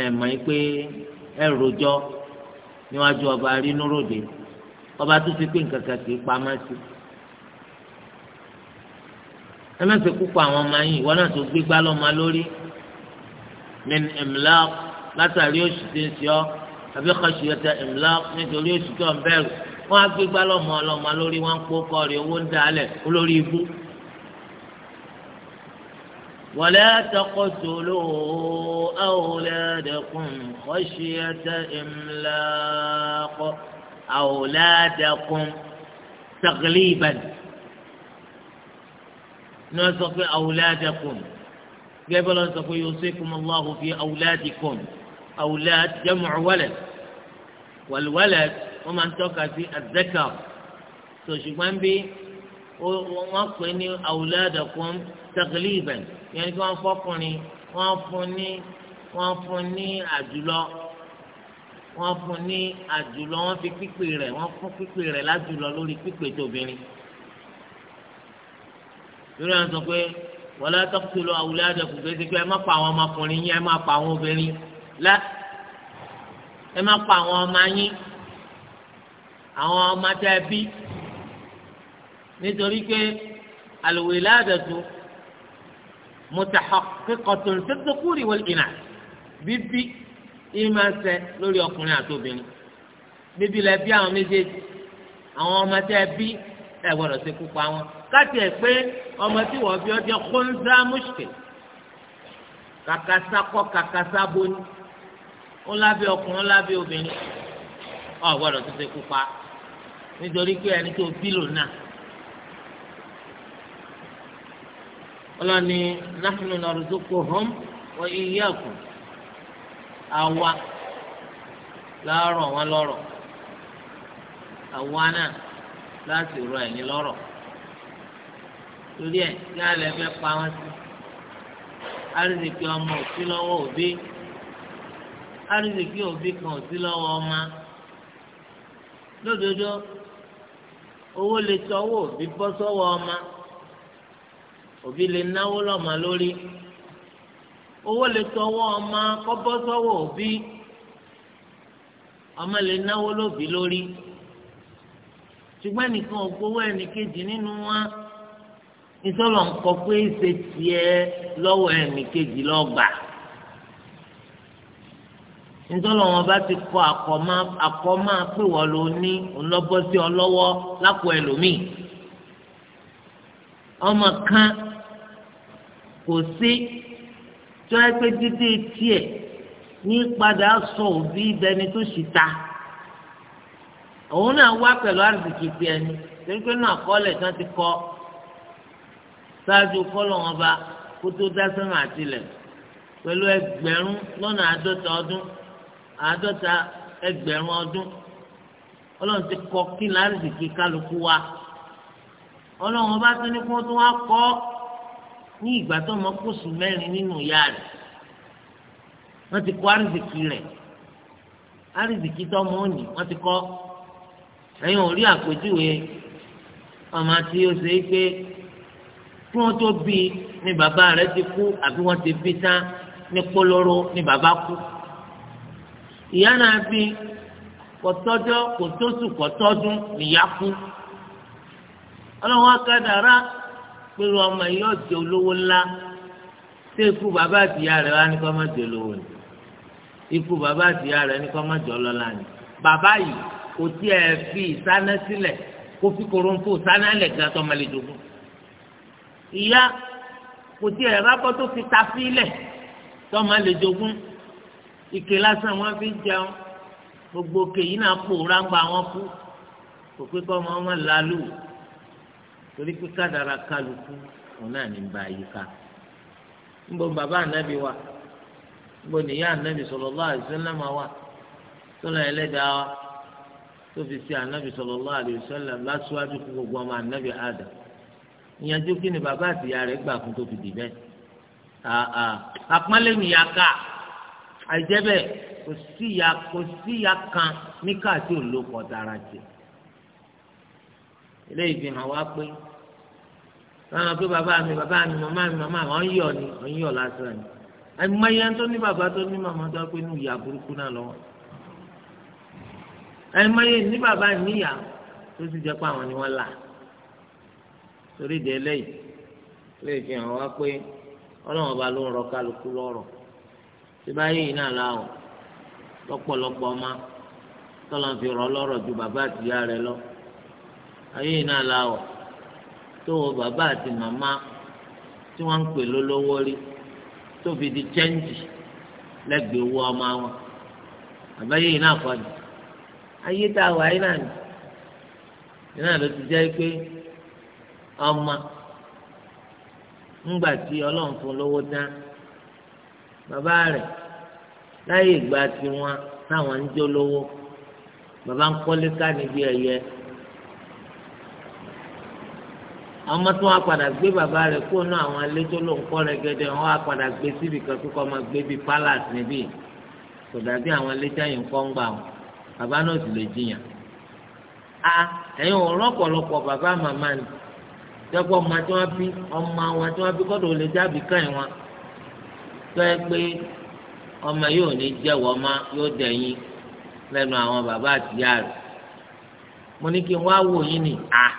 ẹ mọ̀ yín pé ẹ rojọ́ níwájú ọba rínúròde ọba tó ti pé nǹkan kan kì í pamọ́ sí ẹ má ṣe kúkọ àwọn ọmọ yìí ìwọ náà tó gbégbá lọ́mọ lórí min imlaq látàrí oṣù tí ń ṣe ọ àbí khashiyata imlaq nítorí oṣù tó ń bẹ̀rù wọn á gbégbá lọ́mọ ọlọ́mọ lórí wọn ń kó kọrin owó ولا تقتلوا أولادكم خشية إملاق أولادكم تغليبا نسق أولادكم قبل أن تقول يوصيكم الله في أولادكم أولاد جمع ولد والولد ومن تقع في الذكر تشبه به wọ́n pè ní awladakum tagliban yẹn kí wọ́n fọkùnrin wọ́n fún ní wọ́n fún ní àjùlọ wọ́n fún ní àjùlọ wọ́n fi pípé rẹ̀ wọ́n fún pípé rẹ̀ lájùlọ lórí pípé tóbìnrin lórí àwọn sọ pé wala taqtulu awladakum gbèsè pé ẹ má pa àwọn ọmọkùnrin yín ẹ má pa àwọn obìnrin lá ẹ má pa àwọn ọmọ yín àwọn ọmọ tẹ bí nítorí pé alwiladatu mutahaqqiqatun fid-dhukuri wal-inath bíbí ìmọ̀ ṣẹ lórí ọkùnrin àti obìnrin bíbí lẹ bí àwọn méjèèjì àwọn ọmọ tẹ bí ẹ gbọ́dọ̀ ṣe kú pa wọn káti ẹ pé ọmọ tí wọ́n bí ọjọ́ kóńdá mushkil kàkàsá kọ́ kàkàsá bóni ó lábẹ́ ọkùnrin ó lábẹ́ obìnrin ọ̀ gbọ́dọ̀ tó ṣe nítorí pé ẹni tó bí lò náà ọlọ́ni nahnu narzuquhum wa iyyakum àwa láàárọ̀ wọn lọ́rọ̀ àwa náà láti rọ ẹ̀yìn lọ́rọ̀ torí ẹ̀ kí alẹ́ fẹ́ pa wọn sí arizikì ọmọ òsí lọ́wọ́ òbí arizikì òbí kan òsí lọ́wọ́ ọmọ lódodo owó lè sọ owó òbí bọ́ sọ́wọ́ ọmọ òbí lè náwó lọ́mọ lórí owó lè tọwọ́ ọmọ kọ́bọ́ sọ́wọ́ òbí ọmọ lè náwó lóbí lórí ṣùgbọ́n nìkan ò gbowó ẹnìkejì nínú wa ìsọ̀lọ̀ ń kọ pé ṣe tiẹ̀ lọ́wọ́ ẹnìkejì lọ́gbà nítorí wọn bá ti kọ àkọ́mọ́ àkọ́mọ́ pé wọ́n ló ní ńlọ́bọ́sí ọlọ́wọ́ lápò ẹlòmíì ọmọ kan kò sí tó yẹ pé dídé tiẹ̀ ní padà sọ òbí dẹni tó sì ta òun náà wá pẹ̀lú àrùsìkì ti ẹni torí pé náà kọ́lẹ̀ kan ti kọ́ ṣáájú kọ́lọ̀ wọn bá kó tó dá sẹ́wọ̀n àtìlẹ̀ pẹ̀lú ẹgbẹ̀rún lọ́nà àádọ́ta ọdún àádọ́ta ẹgbẹ̀rún ọdún ọlọ́run ti kọ́ kí láàrúsìkì kálukú wa ọlọ́run bá tún ní kó tó wá kọ́ ọ́ ní ìgbà tó ọmọ kóṣù mẹ́rin nínú ìyá rẹ̀ wọ́n ti kó àrísìkì rẹ̀ àrísìkì tó ọmọ òní wọ́n ti kọ́ ẹ̀yin ò rí àpèjúwe ọmọ tí ó ṣe é pé kí wọ́n tó bí ni bàbá rẹ̀ ti kú àbí wọ́n ti bí tán ní kpolóró ni bàbá kú ìyá náà bí kọtọ́jọ́ kòtóṣù kọtọ́dún nìyá kú ọlọ́wọ́n akadàrá pẹ̀lú ọmọ yìí ọ̀jẹ̀ olówó ńlá ṣé ikú bàbá àtìyá rẹ̀ wá ní kọ́ má jẹ́ olówó ni ikú bàbá àtìyá rẹ̀ ní kọ́ má jẹ́ ọlọ́lá ni bàbá yìí kò tí ẹ fi ìsáná sílẹ̀ kó fi koronfo sáná lẹ̀ gan tó ọmọ lè jogún ìyá kò tí ẹ rábọ́ tó fi ta sílẹ̀ tó ọmọ lè jogún ike lásán wọn fi jẹun gbogbo kèyí náà pòórá ń gba àwọn kú kò pé kọ́ ọmọ wọn lálùú torí pé kádàrá kálukú òun náà ní ba àyíká níbo bàbá ànábì wa níbo nìyá ànábì sallallahu alaihi wasallam wa sọlọ ẹlẹ́dàá wa tó fi ṣe ànábì sallallahu alaihi wasallam lásìwájú fún gbogbo ọmọ ànábì Adam ìyànjú kí ni bàbá àtìyá rẹ̀ gbà fún tó fi dì bẹ́ẹ̀ àpọ́nlé nìyá ká àìjẹ́ bẹ́ẹ̀ kò sí ìyá kan níkà tí lóko dára jẹ eléyìí fi hàn wá pé báwọn pé bàbá mi bàbá mi màmá mi màmá mi ọ̀n yọ̀ ni ọ̀n yọ̀ lásán ni àìmọye tó ní bàbá tó ní màmá tó pé ní ìyá burúkú náà lọ́wọ́ àìmọye ní bàbá níyà tó sì jẹ́ pé àwọn ni wọ́n là torí de eléyìí eléyìí fi hàn wá pé ọlọ́wọ́n ba ló ń rọ kálukú lọ́rọ̀ tí bá yìí náà la ọ̀ lọ́pọ̀lọpọ̀ ọmọ tọ́lọ́ fi rọ lọ́rọ̀ ju bàbá àtìyá rẹ lọ́wọ́ ayé yìí náà la wà tó wọ bàbá àti màmá tí wọ́n ń pè lólówó rí tó fi di chẹ́ǹjì lẹ́gbẹ̀ẹ́ owó ọmọ wọn Bàbá yìí náà kọ́ ni ayé tá a wà yìí náà ni yìí náà ló ti jẹ́ pé ọmọ ńgbà tí ọlọ́run fún lówó tán bàbá rẹ̀ láyé ìgbà tí wọ́n táwọn ń jó lówó bàbá ń kọ́lé ká níbi ẹ̀yẹ. àwọn ọmọ tí wọ́n padà gbé bàbá rẹ̀ kó náà àwọn ilé tó lò ń kọ́ rẹ̀ gẹ́gẹ́ wọ́n á padà gbé síbi kan kó kọ́ máa gbé bíi palace níbí kò dàbí àwọn ilé táyì ń kọ́ ń gbà wọn bàbá náà sì lè jiyàn. a ẹ̀yin ọ̀rọ̀ ọ̀pọ̀lọpọ̀ bàbá màmá ni jẹ́pọ̀ ọmọ tí wọ́n bí ọmọ wọn tí wọ́n bí kọ́dọ̀ ò lè jábì káyìn wọn tó ẹ pé ọmọ yóò ní jẹ́wọ́ ọmọ yóò dẹ̀yìn lẹ́nu àwọn bàbá àtìyá rẹ̀ mo ní kí n wá wò yín ni a. Ah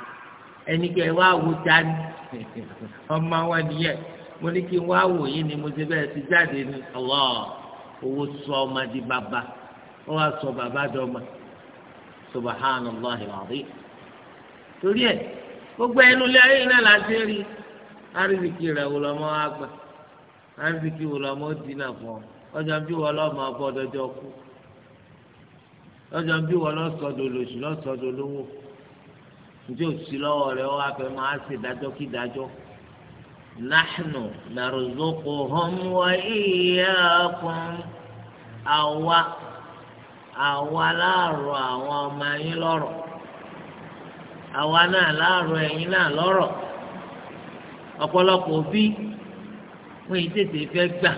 ẹni kẹ wá wò jáde ọmọ wọn nìyẹn mo ní kí n wá wò yìí ni mo ti bẹ́ẹ̀ ti jáde ní ọlọ́ owó sọ ọmọ di bàbá wọ́n wá sọ bàbá dọ́mọ torí ẹ gbogbo ẹnu lé ayé náà la ṣe rí arizikì rẹ wò lọmọ àgbà arizikì wò lọmọ dínà fún ọ ọjọ́ bí njẹ́ òsì ọrụ rẹ̀ wọ́n afẹ́ máa ṣe dájọ́ kí nahnu àwọn ọmọ lọrọ náà lọrọ ọpọlọpọ wọn tètè gbà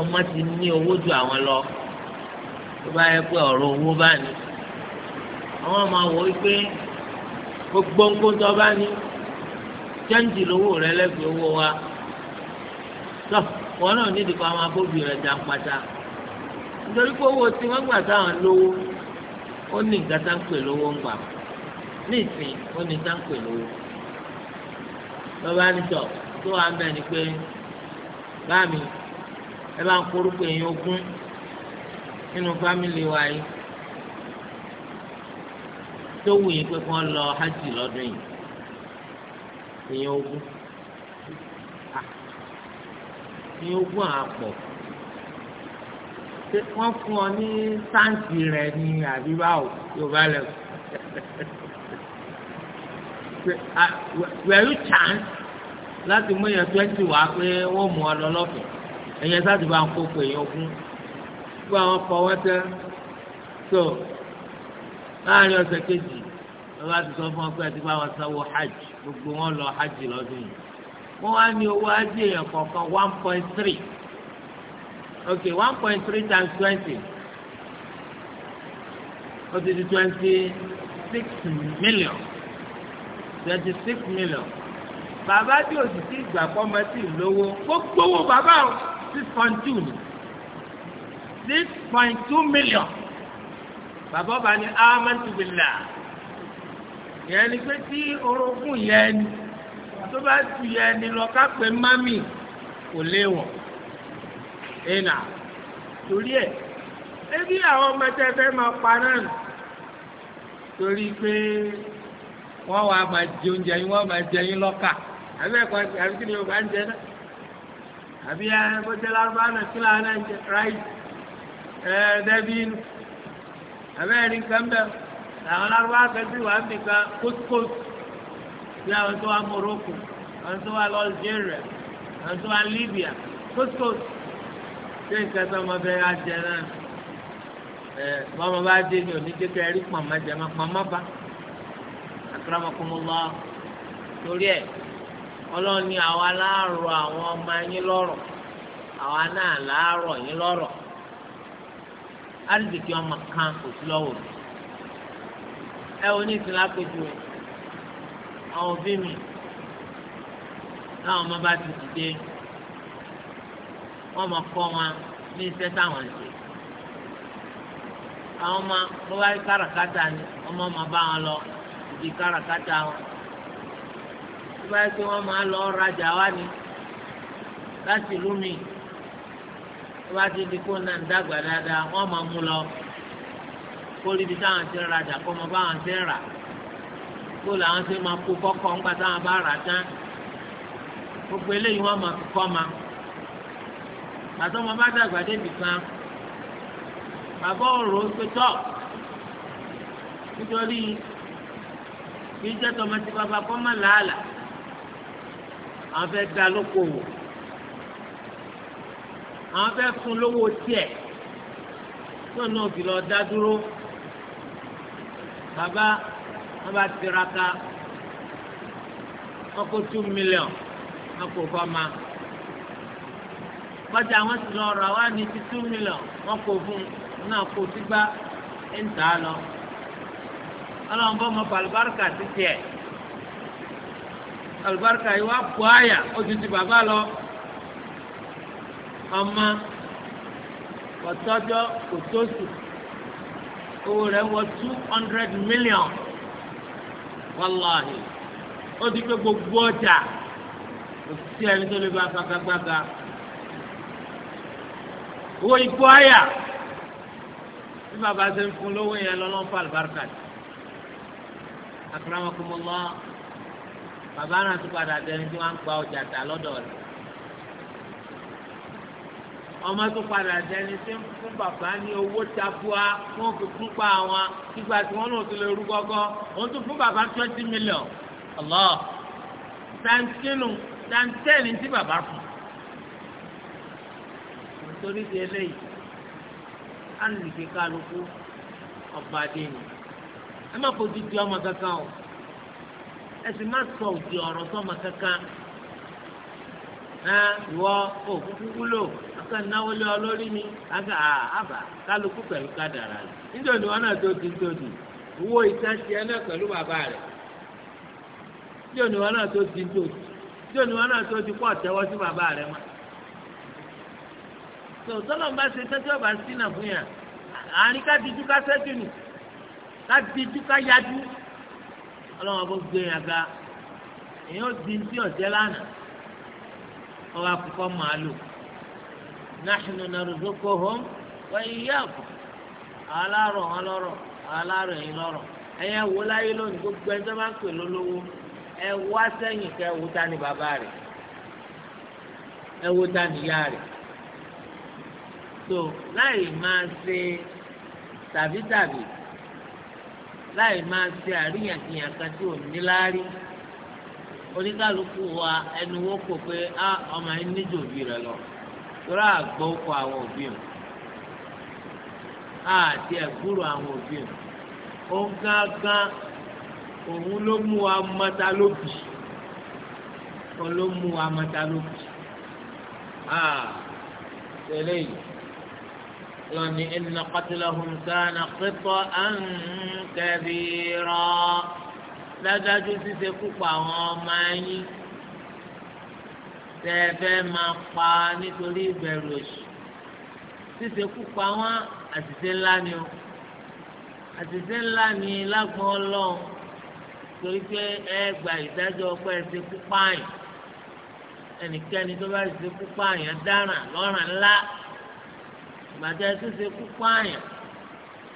ọmọ ti ní owó ju àwọn lọ bá yẹ àwọn ọmọ àwọ̀ wípé gbogbo ńkó tó bá ní rẹ lẹ́gbẹ̀ẹ́ owó wa tó wọn náà ní ìdìbò àwọn abóbi rẹ jà ń nítorí pé owó tí wọ́n gbà táwọn lówó ó ní nǹkan tá ń pè lówó ń gbà ní ìsìn ó ní tá ń pè lówó tó wà nínú fámìlì wa yìí. tó wù yín pé kí lọ hajj lọ́dún yìí èèyàn ogún èèyàn ah. ogún àpọ̀ ṣé wọ́n fún ọ ní sáǹtì rẹ̀ ní àbíbáwò yorùbá lẹ́wọ̀ wẹ̀rú chance láti mú èèyàn twenty wá pé wọ́n mú ọ lọ lọ́fẹ̀ẹ́ èèyàn sáà ti bá ń kó pé èèyàn ogún gbọ́ àwọn kọ́ so láàrin ọ̀sẹ̀ kejì wọ́n bá ti sọ fún ọ pé àti bá wọn sanwó hajj gbogbo wọn lọ hajj lọ́dún yìí wọ́n wá ní owó hajj èèyàn kọ̀ọ̀kan one point three ok one point three times twenty ó ti di twenty six million twenty six million bàbá tí o sì ti gbà pọ́nmọ́ sí ìlówó gbogbo owó bàbá six point two ni six point two million bàbá ọba ni amantu billah yẹn ni pé tí orogún yẹn ni tó bá tu yẹn ni lọ kápẹ́ mami kò léwọ̀ ẹ̀nà torí ẹ̀ ebi àwọn ọmọ tẹ fẹ́ máa pa náà nù torí pé wọ́n wàá máa jẹ oúnjẹ yín wọ́n máa jẹ yín lọ́kà àbí ẹ̀kọ́ àbí kí ni Yorùbá ń jẹ náà àbí ẹ bó jẹ lárúbá náà kí làwọn náà ń jẹ ráì ẹ dẹ́bí abẹ́rẹ́ nǹkan bẹ́ẹ̀ làwọn arúgbó akẹ́sí wà nìkan kótókótó bí àwọn tó wà Morocco àwọn tó wà Algeria àwọn tó wà Libya kótókótó ṣé nǹkan tó ọmọ bẹ́ẹ̀ á jẹ náà ẹ bọ́mọ bá dé ní onídékẹ́ ẹ̀rí pọ̀nmọ́ jẹ má pọ̀nmọ́ bá akramakumullah torí ẹ̀ ọlọ́ọ̀ni àwa láàárọ̀ àwọn ọmọ yín lọ́rọ̀ àwa náà láàárọ̀ yín lọ́rọ̀ arzikì ọmọ kan kò sí lọ́wọ́ mi ẹ wo ní ìsìlá pẹ̀lú àwọn òbí mi táwọn ọmọ bá ti dìde wọ́n mọ̀ kọ́ wọn ní iṣẹ́ táwọn ń ṣe àwọn ọmọ bó bá rí káràkátà ni ọmọ ọmọ bá wọn lọ ìdí káràkátà wọn bó bá rí pé wọ́n máa lọ rajà wá ni láti lú mi bá ti di kó náà ń dàgbà dáadáa wọ́n máa mú lọ kó ríbi táwọn ti ń rajà kó mọ báwọn ti ń rà kó làwọn ti máa kó kọ́kọ́ ńgbà táwọn bá rà tán gbogbo eléyìí wọ́n máa fi kọ́ ma àtọ́mọ bá dàgbà débi kan bàbá òrò pé tọ́ nítorí kí jẹ́ tọmọ tí bàbá kọ́ mọ́ làálàá àwọn fẹ́ da lóko wò àwọn fẹ́ fún lówó tiẹ̀ náà náà fi lọ dá dúró bàbá wọn bá tiraka wọn kó two million wọn kò fọmà kọjá wọn sì lọ rà wá ní ti two million wọn kò fún un náà kò sígbà ń tà á lọ ọlọ́run bọ́ mọ balùbáríkà títí ẹ̀ balùbáríkà yìí wá bu àyà ó ju ti bàbá lọ ọmọ ọ̀tọ́jọ́ òtòṣù owó rẹ̀ wọ two hundred million wàláhì ó ti pé gbogbo ọjà òsì ẹni tó lè bá gbàgbàgbàgbà owó ikú àyà bí bàbá ṣe ń fún lówó yẹn lọ́nà fún àlùbáríkà jù akramakumullah bàbá náà tún padà dẹni tí wọ́n á ń gba ọjà tà lọ́dọ̀ rẹ̀ ọmọ tó padà dẹni tí ń fún bàbá ní owó tabua wọn fi kún pa àwọn ìgbà tí wọn náà ti lè rú gọgọ òun tún fún bàbá twenty million ọlọ tantinu tantẹni tí bàbá fún nítorí di eléyìí alùpùpù kálukú ọba dènì ẹ má fojú di ọmọ kankan o ẹ sì má sọ òdì ọ̀rọ̀ sọmọ kankan ẹ ìwọ òkúkú wúlò kàn náwó lé ọ mi àgbà àbà kálukú pẹ̀lú kádàrà rẹ̀ nítorí wọn náà tó di tó di owó ìtàn tiẹ̀ náà pẹ̀lú bàbá rẹ̀ nítorí wọn náà tó di tó di nítorí wọn náà tó di pọ̀ tẹ́wọ́ sí bàbá rẹ̀ mọ́. tòótọ́lọ́ ń bá ṣe tẹ́tí ọ̀bà sínà fún yà àárín ká ká sẹ́jú nì ká ká yájú ọlọ́wọ́n bó gbé yàn ga èèyàn di tí ọ̀jẹ́ lánàá ọba kúkọ́ máa lò. nahnu narzuquhum wa iyyakum alárọ̀ wọn lọ́rọ̀ alárọ̀ ala lọ́rọ̀ ẹ̀yẹ wo láyé lónìí gbogbo ẹni tó bá ń pè lólówó ẹ wá sẹ́yìn kẹ́ láì máa ṣe tàbítàbí láì máa ṣe àríyànjiyàn kan tí ò ní láárí wa torí àgbọ̀ kọ àwọn òbí o àti ẹ̀gbúrò àwọn òbí o òun gángan òun ló mú wa mọ́ta lóbì òun ló mú wa mọ́ta lóbì tẹ̀lé yìí lọ́ni ẹnìna qatlahum kana qita'an kabira dájú ṣíṣe púpọ̀ àwọn ọmọ yín tẹ ẹ fẹ́ máa pa nítorí ìbẹ̀rù òṣì ṣíṣe kú pa wọ́n àṣìṣe ńlá ni o àṣìṣe ńlá ni lágbọ́n ọlọ́run torí pé ẹ gba ìdájọ́ ọpẹ́ ṣe kú pààyàn ẹnikẹ́ni tó bá ṣe kú pààyàn dáràn lọ́ràn ńlá ìgbàjẹ́ tó ṣe kú pààyàn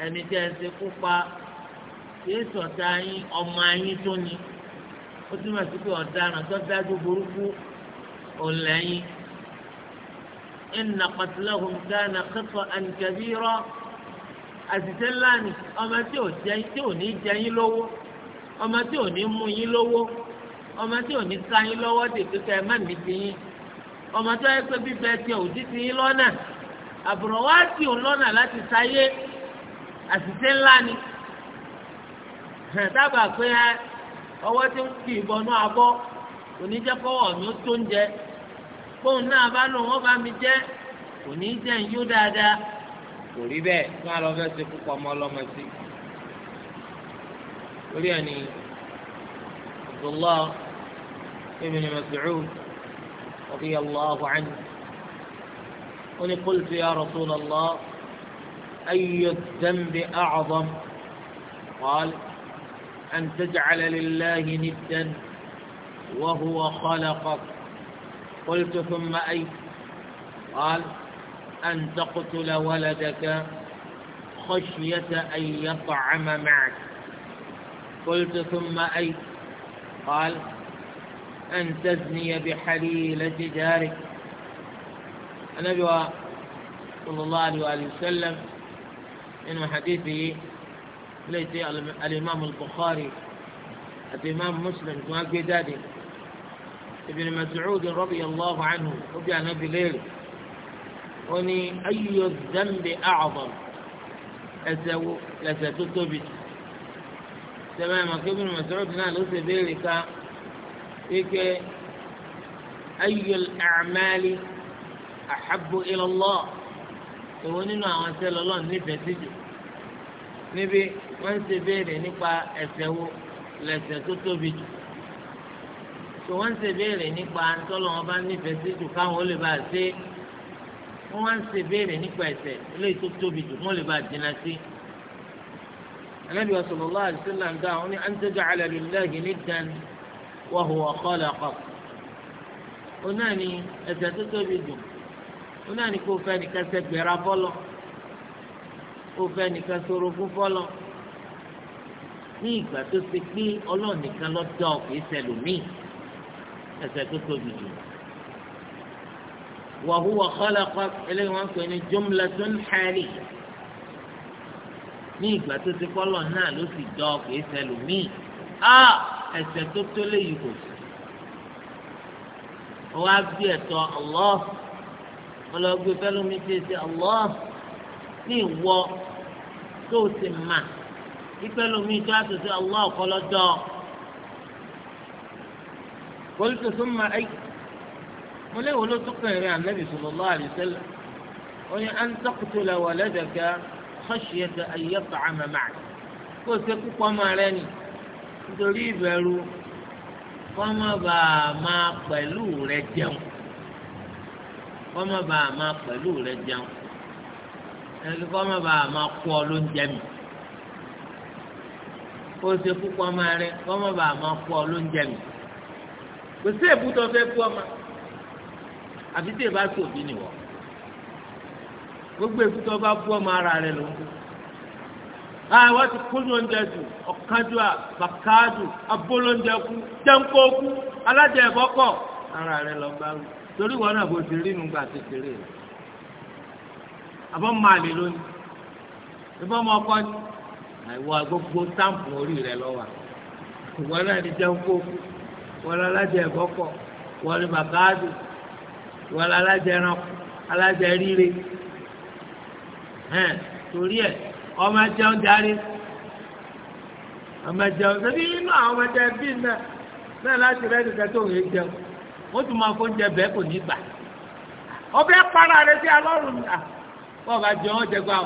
ẹni tẹ́ ẹ ṣe kú pa kìí yín ọmọ yín tó ni ó túmọ̀ sí pé ọ̀daràn tó dájú burúkú. òǹlẹ́yìn inna qatlahum kana khata'an kabira àṣìṣe ńlá ni ọmọ tí ò ní jẹ yín ọmọ tí ò ní mú yín lówó ọmọ tí ò ní ká yín lọ́wọ́ dè kíkà ẹ má ní ti yín ọmọ tó yẹ pé bíbẹ tiẹ̀ ò dí ti yín lọ́nà àbùrọ̀ wá tì ò lọ́nà láti sáyé àṣìṣe ńlá ni dábàá pé ọwọ́ tí ń kì í bọnú abọ́ kò ní jẹ́ kọ́wọ́ mi ó tó ń jẹ bóun náà bá lòun ó bá mi jẹ́ kò ní jẹ́ ń yó dáadáa kò rí bẹ́ẹ̀ kí wọ́n lọ fẹ́ ṣe púpọ̀ ọmọ ọlọ́mọ sí. orí ẹ̀ ni Abdullah ibn Mas'ud radiyallahu anhu ó ní qultu ya Rasulallah ayyu dhanbi a'zam qala an taj'ala lillahi niddan. وهو خلقك قلت ثم أي قال أن تقتل ولدك خشية أن يطعم معك قلت ثم أي قال أن تزني بحليلة جارك النبي صلى الله عليه وسلم إن حديثه ليس الإمام البخاري الإمام مسلم وأبي دادي ibn Mas'ud radiyallahu anhu ó bí anábì léèrè ó ní ayyu dhanbi a'zam ẹ̀ṣẹ̀ wo lẹ̀ṣẹ̀ tó tóbi jù sẹ́mi ẹ̀ màkà ibn Mas'ud náà ló ṣe béèrè ká wípé ayyu al-a'mali ahabbu ila Allah èwo nínú àwọn ẹ̀ṣẹ̀ lọ́lọ́ nífẹ̀ẹ́ sí jù níbi wọ́n ń ṣe béèrè nípa ẹ̀ṣẹ̀ wo lẹ̀ṣẹ̀ tó tóbi jù tó wọ́n ń ṣe béèrè nípa ntọ́lọ́ wọn bá nífẹ̀ẹ́ sí jù káwọn ó lè bá a ṣe wọ́n wá ń ṣe béèrè nípa ẹ̀ṣẹ̀ eléyìí tó tóbi jù wọ́n lè bá a dínà sí. Ànábì sallallahu alaihi wasallam dá àwọn ní an taj'ala lillahi niddan wa huwa khalaqak. ó náà ní ẹ̀ṣẹ̀ tó tóbi jù ó náà ní kó fẹ́ nìkan ṣe gbéra fọ́lọ́ kó fẹ́ nìkan ṣòro fún fọ́lọ́ ní ìgbà tó ṣe pé Ọlọ́run nìkan dá ọ kìí ẹ̀ṣẹ̀ tó tóbi jù wa huwa khalaqa eléyìí wọ́n ń pè ní jumlatun haliyya ní ìgbà tó ti kọ́ lọ́n náà ló sì dọ́ kìí sẹlòmíì á ẹ̀ṣẹ̀ tó tó léyìí kò sí wọ́n á gbé ẹ̀tọ́ Allah ọlọ́gbé ti ṣe Allah ní ìwọ tó ti mà ìfẹ́lómi tó a tó ṣe Allah ọ̀kọ́lọ́dọ́. قلت ثم أي وليه لو تقنع عن النبي صلى الله عليه وسلم وهي أن تقتل ولدك خشية أن يطعم معك قلت كوكو ماراني تريد kọ́mọ́ bá a máa pẹ̀lú rẹ jẹun kọ́mọ́ bá a máa pẹ̀lú rẹ jẹun ẹni kọ́mọ́ bá a máa kọ́ ló ń jẹ mi ó ṣe kú kọ́mọ́ rẹ kọ́mọ́ bá a máa kọ́ ló ń jẹ mi kò sí èbútọ́ fẹ́ bú ọmọ àfi tí èbá sòbí nìwọ gbogbo èbútọ́ bá bú ọmọ ara rẹ ló ń bú àwọn ti kó lóúnjẹ jù ọ̀kadù àbàkàdù abólóúnjẹ kú jẹ́ńkókú alájẹ ìbọ́kọ̀ ara rẹ lọ bá wù torí wọn náà bó ti rí nu gbà kékeré rẹ àbọ̀ máa lè lónìí ìbọn ọmọ ọkọ ni àìwọ gbogbo táǹpù orí rẹ lọ wà ìwọ náà ti jẹ́ńkókú. wọ́n lọ alájẹ ẹ̀gbọ́kọ̀ wọ́n ní bàkáàdù wọ́n lọ alájẹ ẹranko alájẹ ríire hẹ́n torí ẹ̀ ọmọ jẹun darí ọmọ jẹun ṣẹbi inú àwọn ọmọ jẹ bíi náà náà láti rẹ nìkan tó ń jẹun para rẹ sí alọ́run náà bọ́ọ̀ bá jẹun ọ̀jẹ̀ gbà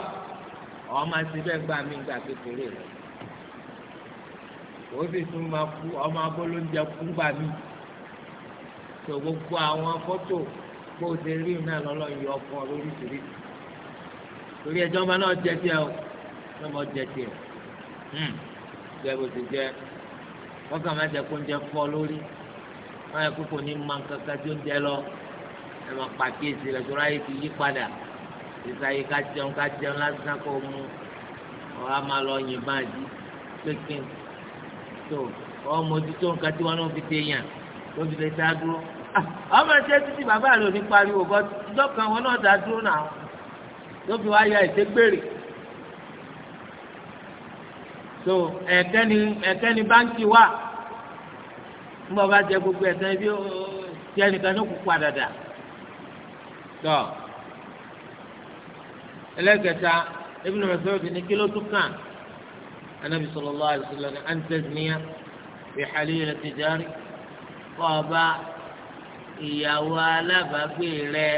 ó sì tún máa kú ọmọ agbólóúnjẹ kú gbà mí tó gbogbo àwọn fọ́tò kó o ti rí náà lọ́lọ́ yọ ọkọ lóríṣiríṣi torí ẹjọ́ ọmọ náà jẹ tiẹ̀ o náà mọ̀ jẹ tiẹ̀ hmm, jẹ bó ti jẹ wọ́n kàn máa jẹ kó oúnjẹ fọ́ lórí wọ́n yẹ kókò ní máa kankan tí oúnjẹ lọ ẹ máa pàkíyèsí rẹ̀ tó ráyè ti yí padà ìsàyè ká jẹun ká jẹun lásán kó mu ọ̀rá máa lọ yìnbọn àjí pé tó ọmọ ojútó nǹkan tí wọn náà fi ṣe yàn tó fi lè dá dúró ah, ọmọ ẹsẹ títí bàbá rẹ ò ní pariwo bọ ìjọ kan wọn náà dá dúró náà tó fi wá ya ìṣègbèrè tó ẹ̀kẹ́ni ẹ̀kẹ́ni báńkì wà nígbà bá jẹ gbogbo ẹ̀sán ibi tí ẹnìkan ní kúkú àdàdà tó ẹlẹ́gẹ̀ta Ibn Mas'ud ní kí ló tún kàn anabi sallallahu alaihi wasallam ní antazniya fi halila tijari kọba ìyàwó alábàágbé rẹ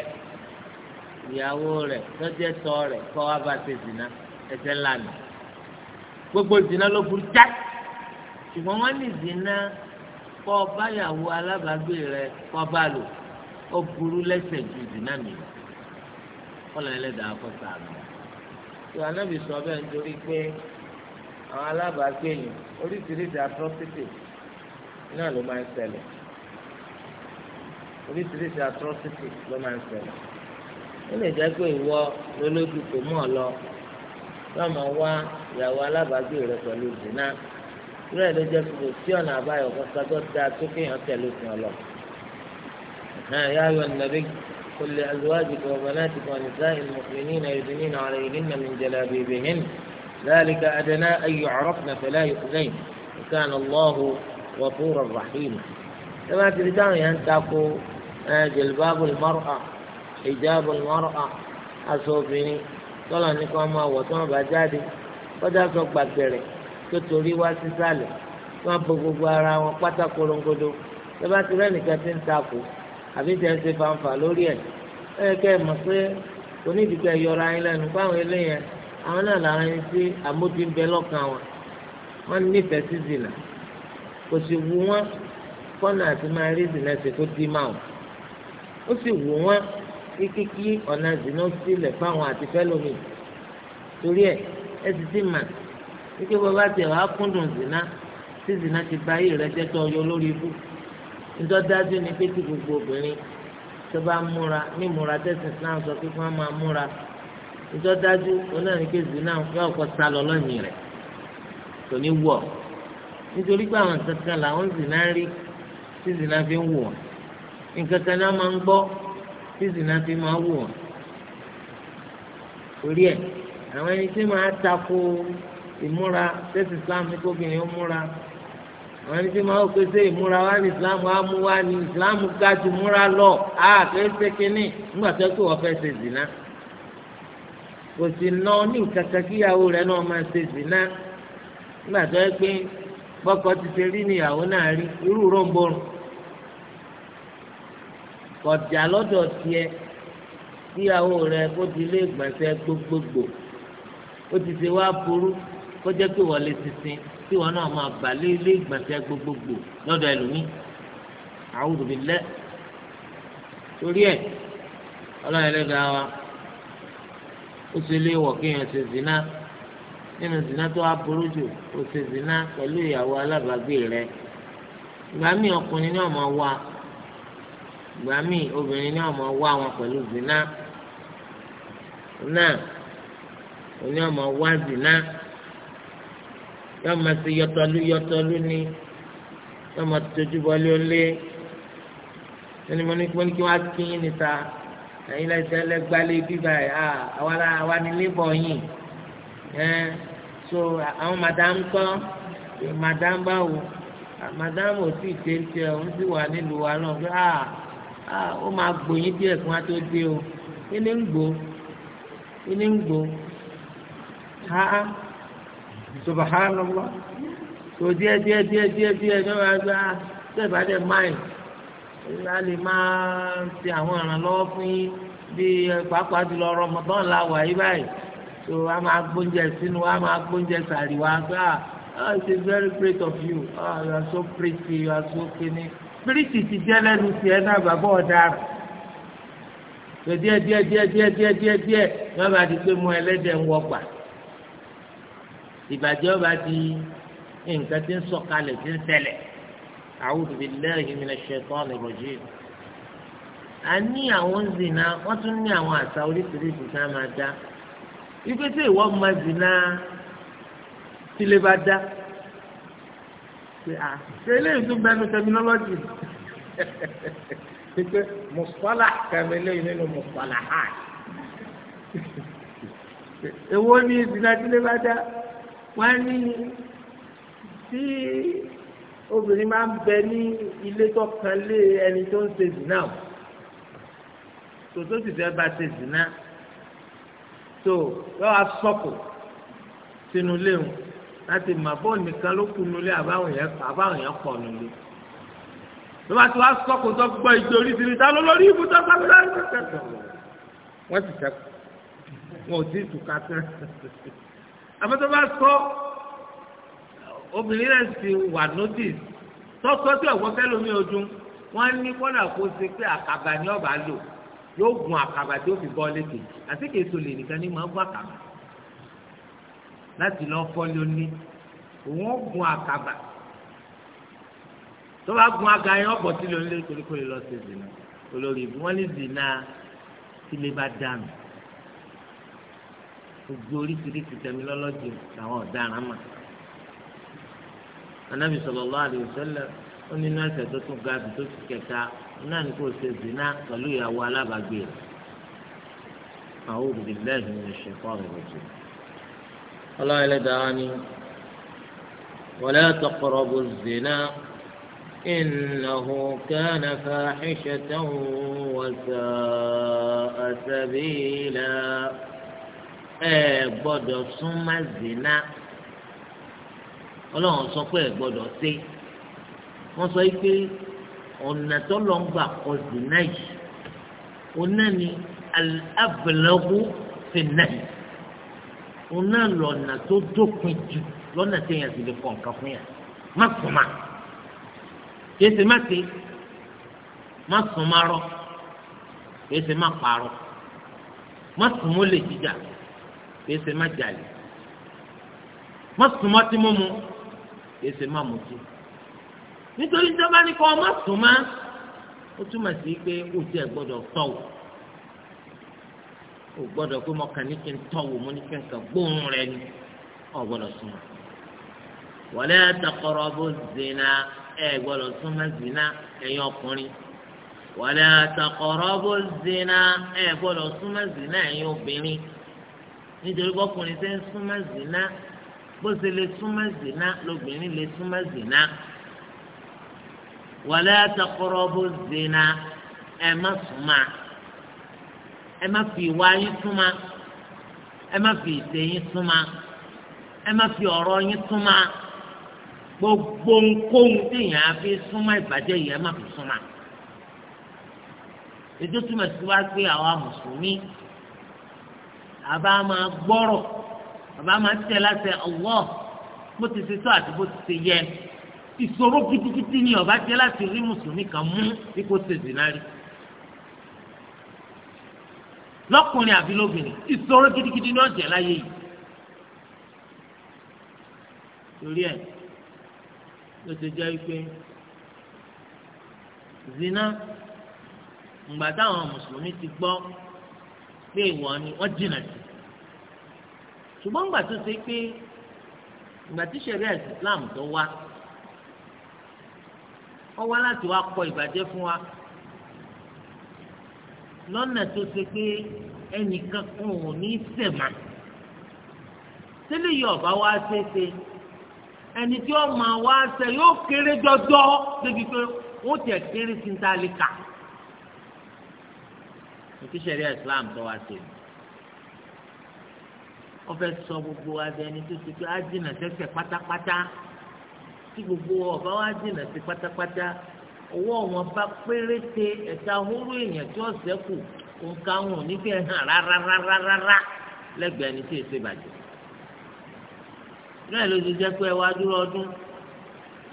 ìyàwó rẹ lọ́jọ́ tọ́ rẹ kọ́ wa bá ṣe zina ẹsẹ̀ lánàá gbogbo zina ló burú já ṣùgbọ́n wọ́n ní zina kọ́ báyàwó alábàágbé rẹ kọ́ bá lò ó burú lẹ́sẹ̀ ju zina mi kọ́ lọ́ọ́ ẹlẹ́dàá kọ́ sàánù. ìwà náà bì sọ bẹ́ẹ̀ nítorí pé àwọn alábàágbé yìí oríṣiríṣi atrocity náà ló máa ń ṣẹlẹ̀ oríṣiríṣi atrocity ló máa ń ṣẹlẹ̀ ó lè jẹ́ pé ìwọ lólójú kò mọ̀ lọ yóò máa wá ìyàwó alábàágbé rẹ pẹ̀lú ìdènà irú ẹ̀ ló jẹ́ pé sí ọ̀nà àbáyọ kankan tó da tó kéèyàn tẹ̀lé òfin ọlọ. يا أيها النبي قل لأزواجك وبناتك ونساء المؤمنين يدنين عليهن من جلابيبهن ذلك أدنى أن يعرفن فلا يؤذين وكان الله غفورا رحيما كما تريدون أن تقوا جلباب المرأة حجاب المرأة أصوبني tọ́lọ̀ ní kí wọ́n máa wọ̀ tí wọ́n bá jáde kọjá sọ gbàgbẹ̀rẹ̀ tó torí wá sísàlẹ̀ tí wọ́n bo gbogbo ara wọn pátá korongodo tó bá ti rẹ́nìkan ti ń takò àbí tẹ̀ ń ṣe fanfà lórí ẹ̀ ẹ̀ kẹ́ ẹ̀ mọ̀ pé onídìgbẹ́ yọra yín lẹ́nu fáwọn eléyẹn àwọn náà làwọn ẹni tí àmójú ń bẹ lọ́kàn wọn wọ́n nífẹ̀ẹ́ sí zìnà kò sì wù wọ́n kọ́nà àti máa rí zìnà ṣe kó dí máa wọn ó sì wù wọ́n kíkíkí ọ̀nà zìnà sílẹ̀ fáwọn àti fẹ́lómi torí ẹ̀ ẹ ti ti mà kíkí bàbá tẹ̀ wá kúndùn zìnà tí zìnà ti ba ayé rẹ̀ jẹ́ tó yọ lórí ibú ntọ́dájú ni pé tí gbogbo obìnrin tó bá múra ní tẹ̀sán sọ pé kí wọ́n máa múra nítorí dájú onáà ní pé zina yóò kọ́ sá lọ lọ́nyì rẹ̀ kò ní wọ̀ nítorí pé àwọn kankan làwọn zina rí tí zina fi ń wù wọn náà máa ń gbọ́ tí zina fi máa wù wọn torí ẹ̀ àwọn ẹni tí máa tako ìmúra tẹ́sí Islam ní kóbìnrin ó múra àwọn ẹni tí máa wò pé ìmúra wá ní Islam wá mú wá ní Islam ga jù múra lọ àkẹ́sẹ̀kẹ́ni nígbà tó kó wọ́n fẹ́ ṣe zina kò sì ná ọ ní kankan kíyàwó rẹ náà máa ṣe sí náà nígbà tó yẹ pé bọ́kọ ti ṣe rí níyàwó náà rí irú rọ̀ǹbọ̀rùn kọjá lọ́dọ̀ tiẹ̀ kíyàwó rẹ kó ti lé ìgbọ̀nsẹ̀ gbogbogbò ó ti ṣe wá burú kó jẹ́ pé wọ́n lè tí wọn náà máa bà lé ilé ìgbọ̀nsẹ̀ gbogbogbò lọ́dọ̀ ẹlòmíì a'udhu billah torí ẹ̀ ọlọ́run ẹlẹ́dàá wa ó ṣe lé wọ̀ kéèyàn ṣe zina nínú zina tó wá burú jù ó ṣe zina pẹ̀lú ìyàwó alábàágbé rẹ̀ ìgbà míì ọkùnrin ní ọmọ wa ìgbà míì obìnrin ní ọmọ wa wọn pẹ̀lú zina náà oní ọmọ wa zina yọọ ma ṣe yọtọlú yọtọlú ni yọọ ma tójú bọlé ó lé ẹni mo ní kí wọ́n kí wọ́n á kí yín níta ẹ̀yin lẹ́sẹ̀ lẹ́gbàlẹ́ bíbá ẹ̀ à àwa ni lébọ̀ yìí ẹ̀ so àwọn madam kọ́ madam báwo madam ò tí ì tẹ́ntẹ́ ò ń sì wà nílùú wa náà pé à à ó máa gbòyìn díẹ̀ kí wọ́n á tó dé o kí ni ń gbò kí ni ń gbò ha subhanallah so díẹ̀ díẹ̀ díẹ̀ díẹ̀ díẹ̀ ní wọ́n á gbé à sẹ́ẹ̀bà dẹ̀ máìlì la lè máa ṣe àwọn ìrànlọ́wọ́ fún yín bí pàápàá jùlọ Ramadan la wà yí báyìí so a máa gbóúnjẹ sínú a máa gbóúnjẹ sàrí wa ah, gbà ah it's a very great of you ah you are so pretty you are so kini pretty ti jẹ́ lẹ́nu tiẹ̀ náà bàbá ọ̀daràn so díẹ̀ díẹ̀ díẹ̀ díẹ̀ díẹ̀ díẹ̀ díẹ̀ ní wọ́n bá di pé mo ẹlẹ́dẹ̀ ń wọgbà ìbàjẹ́ ọba di nǹkan tí ń sọ̀kalẹ̀ tí ń ṣẹlẹ̀ a'udhu billahi minash shaitani rajim a ní àwọn zina wọ́n tún ní àwọn àṣà oríṣiríṣi tá a máa dá wípé tí ìwọ máa zina tílé bá dá ṣe eléyìí tún bẹnu tẹminọ́lọ́jì pípé mùsùlá kẹmẹ eléyìí nínú mùsùlá hà èwo ni ìdílé tílé bá dá wọ́n á ní tí obìnrin máa ń bẹ ní ilé tó kan lé ẹni tó ń ṣe zina o tòtó sì fẹ́ bá ṣe zina tó yọ asọ́kù sínú léwu láti mà bọ́ọ̀lù nìkan ló kú nulẹ̀ àbáwọn yẹn pọ̀ nulẹ̀ lọ́wọ́ àti wàá sọ́kù tó gbọ́ ìjọ oríṣiríṣi ta ló lórí ibùdó pàtàkì láti ṣẹ̀ṣẹ̀ wọ́n ti ṣẹ́kù wọn ò tí ì tù ká tán àbẹ́tọ́ bá sọ obìnrin náà sì wà notice tọ́tọ́ tí ọ̀gbọ́n fẹ́ lómi ojú wọ́n ní kọ́nà kó ṣe pé àkàbà ni ọba lò yóò gun àkàbà tí ó fi bọ́ létè àti kèso lè nìkan ní máa ń gun àkàbà láti lọ fọ́ lóní òun ó gun àkàbà tó bá gun aga yẹn ọ̀bọ̀ tí lóní lé torí kó lè lọ sí ìdènà olórí ìbí wọ́n ní ìdènà tí lè bá dànù gbogbo oríṣiríṣi tẹ̀mí làwọn ọ̀daràn máa anabi sallallahu alaihi wasallam ó nínú ẹ̀ṣẹ̀ tó tún ga tó tún kẹta náà ní kò ṣe zina pẹ̀lú ìyàwó alábàgbé rẹ̀ a'udhu billahi minash shaitanir rajim. ọlọ́run ẹlẹ́dàá ni wala taqrabu zina innahu kana fahishatan wa sa'a sabila ẹ gbọ́dọ̀ súnmọ́ zina ọlọ́run sọ pé ẹ gbọ́dọ̀ ṣe wọ́n sọ pé ọ̀nà tó lọ ń gbà kọ zina yìí ọ̀nà ni abẹ̀lẹ́kù fi náà ọ̀nà lọ́nà tó dópin jù lọ́nà tí èèyàn sì lè kọ̀ nǹkan fún yà má sùn má kéésì má ṣe má sùn má rọ kéésì má parọ́ má sùn mọ́ lè jíjà kéésì má jalè má sùn mọ́ tí mo mú. kìí ma má mutí nítorí sábà ní suma otu má sùn má ó túmọ̀ sí pé o tiẹ̀ gbọ́dọ̀ tọ̀wọ̀ o gbọ́dọ̀ pé mo kàn ní kí n ọ gbọ́dọ̀ sùn má zina ẹ gbọ́dọ̀ sùn má zina ẹ̀yin ọkùnrin wala zina ẹ gbọ́dọ̀ zina ẹ̀yin obìnrin nítorí bọ́kùnrin zina bó ṣe lè súnmọ́ zina lóbìnrin lè súnmọ́ zina wala taqrabu zina ẹ má súnmọ́ ẹ má fi ìwà yín súnmọ́ ẹ má fi ìṣe yín súnmọ́ ẹ má fi ọ̀rọ̀ yín súnmọ́ gbogbo nkóhun téèyàn á fi súnmọ́ ìbàjẹ́ yìí ẹ má fi súnmọ́ àwa bàbá máa ń tẹ̀ láṣẹ ọwọ́ bó ti ṣe tó àti bó ti ṣe yẹ ìṣòro kitikiti ni ọba jẹ́ láti rí mùsùlùmí kan mú bí kò ṣe zìnnà rí lọ́kùnrin àbí lóbìnrin ìṣòro kitikiti ni ọjẹ láyé yìí torí ẹ̀ ló ti jẹ́ wípé zina ǹgbà táwọn mùsùlùmí ti gbọ́ pé ìwọ ni wọ́n jìnnà sí ṣùgbọ́n gbà tó ṣe pé ìgbà tí ṣẹ̀ríà Islam tó wá ó wá láti wá kọ ìbàjẹ́ fún wa lọ́nà tó ṣe pé ẹnìkan kan ò ní sẹ̀mà tẹ́lẹ̀ yóò bá wá ṣeéṣe ẹni tí ó máa wá ṣe yóò kéré jọjọ débi pé ó tẹ̀ kéré sí ní tálíkà ètí ṣẹ̀ríà Islam tó wá ṣe ni ọfẹ sọ gbogbo adẹni tó ti pé á dènà sẹsẹ pátápátá tí gbogbo ọba wa dènà sí pátápátá ọwọ́ wọn bá péréte ẹ̀ta hóró èèyàn tí wọ́n sẹ́kù nǹka wọn ò ní fẹ́ hàn rárárárárá lẹ́gbẹ̀ẹ́ ni tí èso ìbàjẹ́. náà ló ti jẹ́ pé wàá dúró ọdún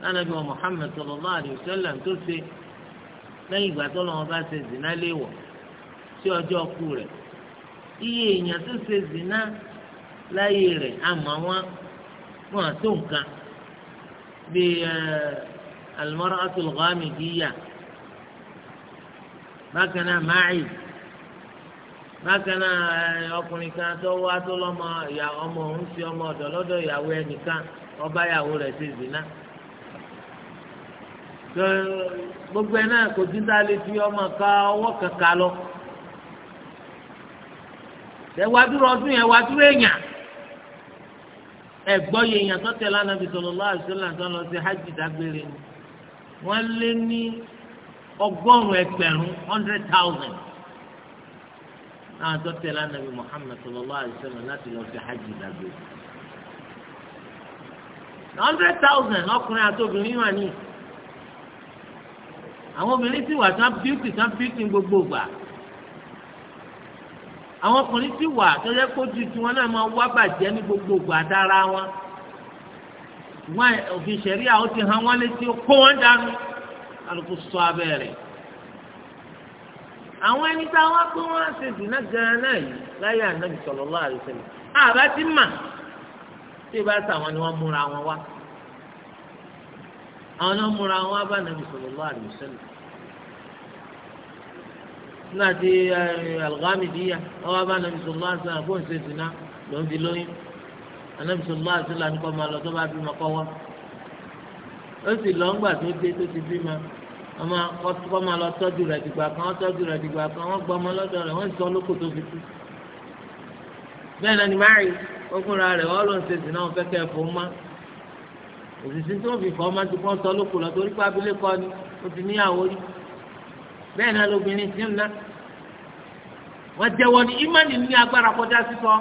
lánàbí wọn Muhammad sallallahu alaihi wasallam tó ṣe lẹ́yìn ìgbà tó lọ́wọ́ bá ṣe zina léwọ̀ sí ọjọ́ ọkù rẹ̀ iye èèyàn tó ṣe zina láyé rẹ̀ àmọ́ wọn wọn àtó nǹkan bíi al-mar'atul ghamidiyya bákan náà máàyì bákan náà ọkùnrin kan tó wá tó ìyá ọmọ òun fi ọmọ ọ̀dọ̀ lọ́dọ̀ ìyàwó ẹnìkan ọba ìyàwó rẹ̀ ṣe zina gbogbo ẹ náà kò fi ọmọ ká ọwọ́ lọ ẹ wá dúró ọdún yẹn wá ẹgbọ́ yẹ èèyàn sọ́tẹ̀ lánàbì sallallahu alaihi wasallam tó lọ sí hajj dágbére ni wọ́n lé ní ọgọ́rùn-ún ẹgbẹ̀rún hundred thousand náà sọ́tẹ̀ lánàbì Muhammad sallallahu alaihi wasallam láti lọ sí hajj dágbére hundred thousand ọkùnrin àti obìnrin wà ní àwọn obìnrin sì wà bíútì bíútì gbogbo gbà. àwọn ọkùnrin sì wà tó yẹ kó ju wọn náà máa wá bàjẹ́ ní gbogbo gbàdára wọn wọn òfin àwọn ti hàn wọn létí kó wọn dànù alùpùpù sọ àwọn ẹni tá a pé wọn ṣe dùnà gan-an náà yìí láyé ànábì sallallahu alaihi àbá ni múra wọn wá àwọn náà múra wọn wá bá ànábì náà ti eh, alghamidiya ọwọ́ bá nàbì sọ̀rọ̀ àti sọ̀rọ̀ àbóǹ ṣe sìnà ló ń fi lóyún ànàbì sọ̀rọ̀ àti sọ̀rọ̀ àti kọ́ máa lọ tó bá bímọ kọ́ wá ó sì lọ ńgbà tó dé tó ti bímọ ọmọ kọ́ máa lọ tọ́jú rẹ̀ dìgbà kan tọ́jú rẹ̀ dìgbà kan wọ́n gbọ́ ọmọ lọ́dọ̀ rẹ̀ wọ́n sọ lóko tó fi kú bẹ́ẹ̀ náà ni márì ọkùnrin rẹ̀ wọ́n ló ń ṣe sìnà fẹ́kẹ́ fún bẹ́ẹ̀ náà lóbìnrin ti ń ná wọ́n jẹ́wọ́ ní ìmánì ní agbára kọjá sísọ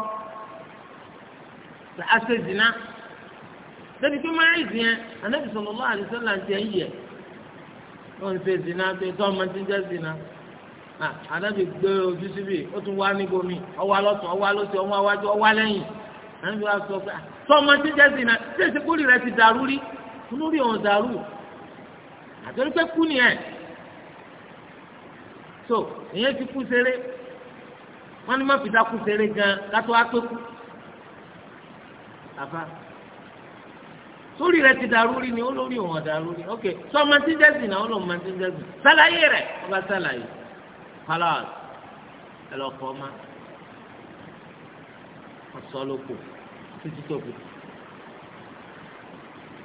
àṣẹ zina débi pé márùn-ún yẹn anábì sallallahu alaihi wasallam ti ń yẹ ń zina pé tó ọmọ ti ń zina anábì gbé ojú síbi ó tún wá mi ọwọ́ ọwọ́ awájú ọwọ́ alẹ́yìn anábì wá sọ pé tó ọmọ ti ń jẹ́ zina ṣé ìsìnkú ti dàrú rí olórí ọ̀hún dàrú so ìyẹn ti kú seré wọn ni má fi dákú seré gan kátó akpékú àfa sórí rẹ ti dàrú rí ni ó lórí òun dàrú rí ok sọ ọmọ tí ń dẹ́sìn náà ó lọ ọmọ tí ń dẹ́sìn sálàyé rẹ ọba sálàyé palaas ẹ lọ fọ ọmọ ọsọ ló kù títí tó kù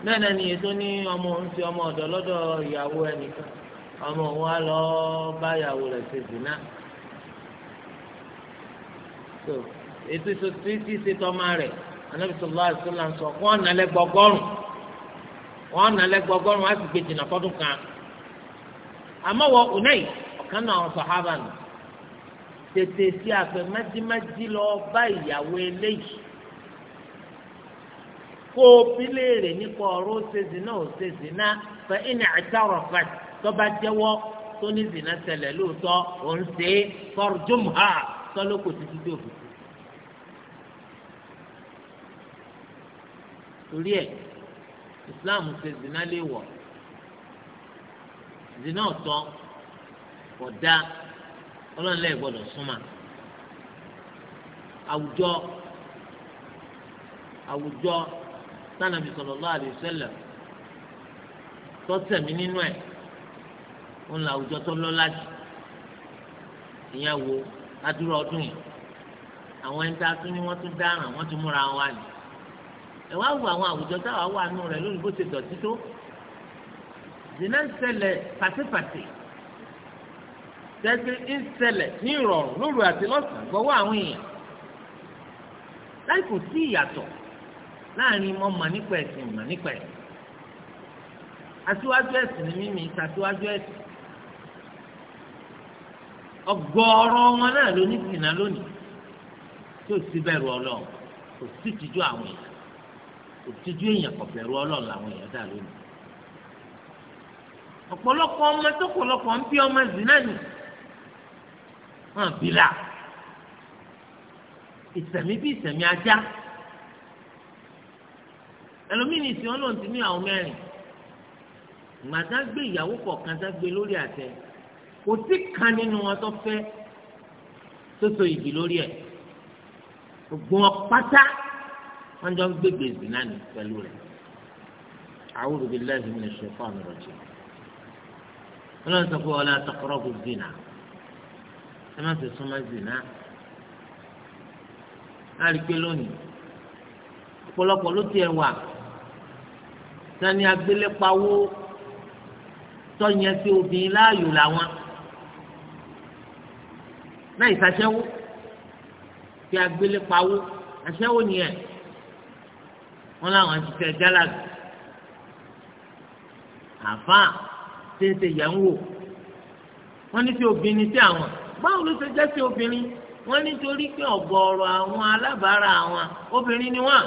náà náà nìyẹn tó ní ọmọ ń ti ọmọ ọ̀dọ̀ lọ́dọ̀ ìyàwó ẹnìkan ọmọ wa lọ báyàwó rẹ ṣe zina so ètò ìsòtí tí ṣe tọ́mọ rẹ anabi sọlá ń sọ wọn gbọgọ́rùn wọn nàlẹ́ gbọgọ́rùn wọn á sì gbé jìnnà fọdún kan àmọ́ wọ unai ọ̀kan náà wọn sọ̀hábà tètè sí àfẹ májímájí lọ bá ìyàwó eléyìí kó o nípa ọ̀rọ̀ ṣe ò ṣe fẹ́ tọ́ba jẹ́wọ́ tó ní zina ṣẹlẹ̀ lóòótọ́ òun ṣe é fọ́rọ̀jùmùhà tọ́lọ́kọ̀ títí tó fi kú. torí ẹ̀ Islam ṣe zina lè wọ̀ zina ọ̀tọ́ ọ̀dá ọlọ́ọ̀lẹ́ gbọ́dọ̀ súnmọ́ àwùjọ àwùjọ sanabi sallallahu alaihi wasallam tọ́tẹ̀mí nínú ẹ̀ ń la àwùjọ tó lọ́lá jù ìyẹn wo adúrò ọdún yìí àwọn ẹni tá a tún ní wọ́n tún dáràn wọ́n tún múra wa nì ẹ wá wo àwọn àwùjọ táwa wà nù rẹ̀ lónìí bó ṣe dọ̀tí tó dìnnà ń ṣẹlẹ̀ pàṣípàṣí tẹ́sí ń ṣẹlẹ̀ ní ìrọ̀rùn lóru àti lọ́sàn-án gbọ́wọ́ àwọn èèyàn láì kò sí ìyàtọ̀ láàrin mọ́ mà nípa ẹ̀sìn mà nípa ẹ̀sìn aṣíwájú ẹ̀sìn ni mímí ìṣàṣíwájú ẹ̀sìn ọ̀gọ̀ọ̀rọ̀ wọn náà ló ní sìnà lónìí tí ò sí bẹ̀rù Ọlọ́run kò sí tìjú àwọn èèyàn kò tìjú èèyàn kò bẹ̀rù Ọlọ́run làwọn èèyàn dà lónìí ọ̀pọ̀lọpọ̀ ọmọ tó pọ̀lọpọ̀ ń bí ọmọ zina nì hàn bílà ìsẹ̀mí bí ìsẹ̀mí ajá ẹlòmíì ní ìsìn Ọlọ́run ti ní àwọn mẹ́rin màdá gbé ìyàwó kọ̀ọ̀kan dá gbé lórí àtẹ kò sí kan nínú wọn tó fẹ́ tó so ìdí lórí ẹ̀ gbogbo wọn pátá wọn jọ ń gbégbé zina ní pẹ̀lú rẹ̀ a'udhu billahi minash shaitanir rajim wọn lọ sọ pé wala taqrabu zina ẹ má ti súnmọ́ zina láti pé lónìí ọ̀pọ̀lọpọ̀ ló tiẹ̀ wà sani agbélépawó tọ́yẹ sí obìnrin láàyò làwọn náà ìsàṣẹ́wó tí agbélé pawó àṣẹ́wó nìyẹn wọ́n láwọn ti tẹ jálàbì àfáà tí ń ṣe yẹn wò wọ́n ní sí obìnrin sí àwọn báwo ló ṣe jẹ́ sí obìnrin wọ́n nítorí pé ọ̀gọ̀ọ̀rọ̀ àwọn alábàárà àwọn obìnrin ni wọ́n.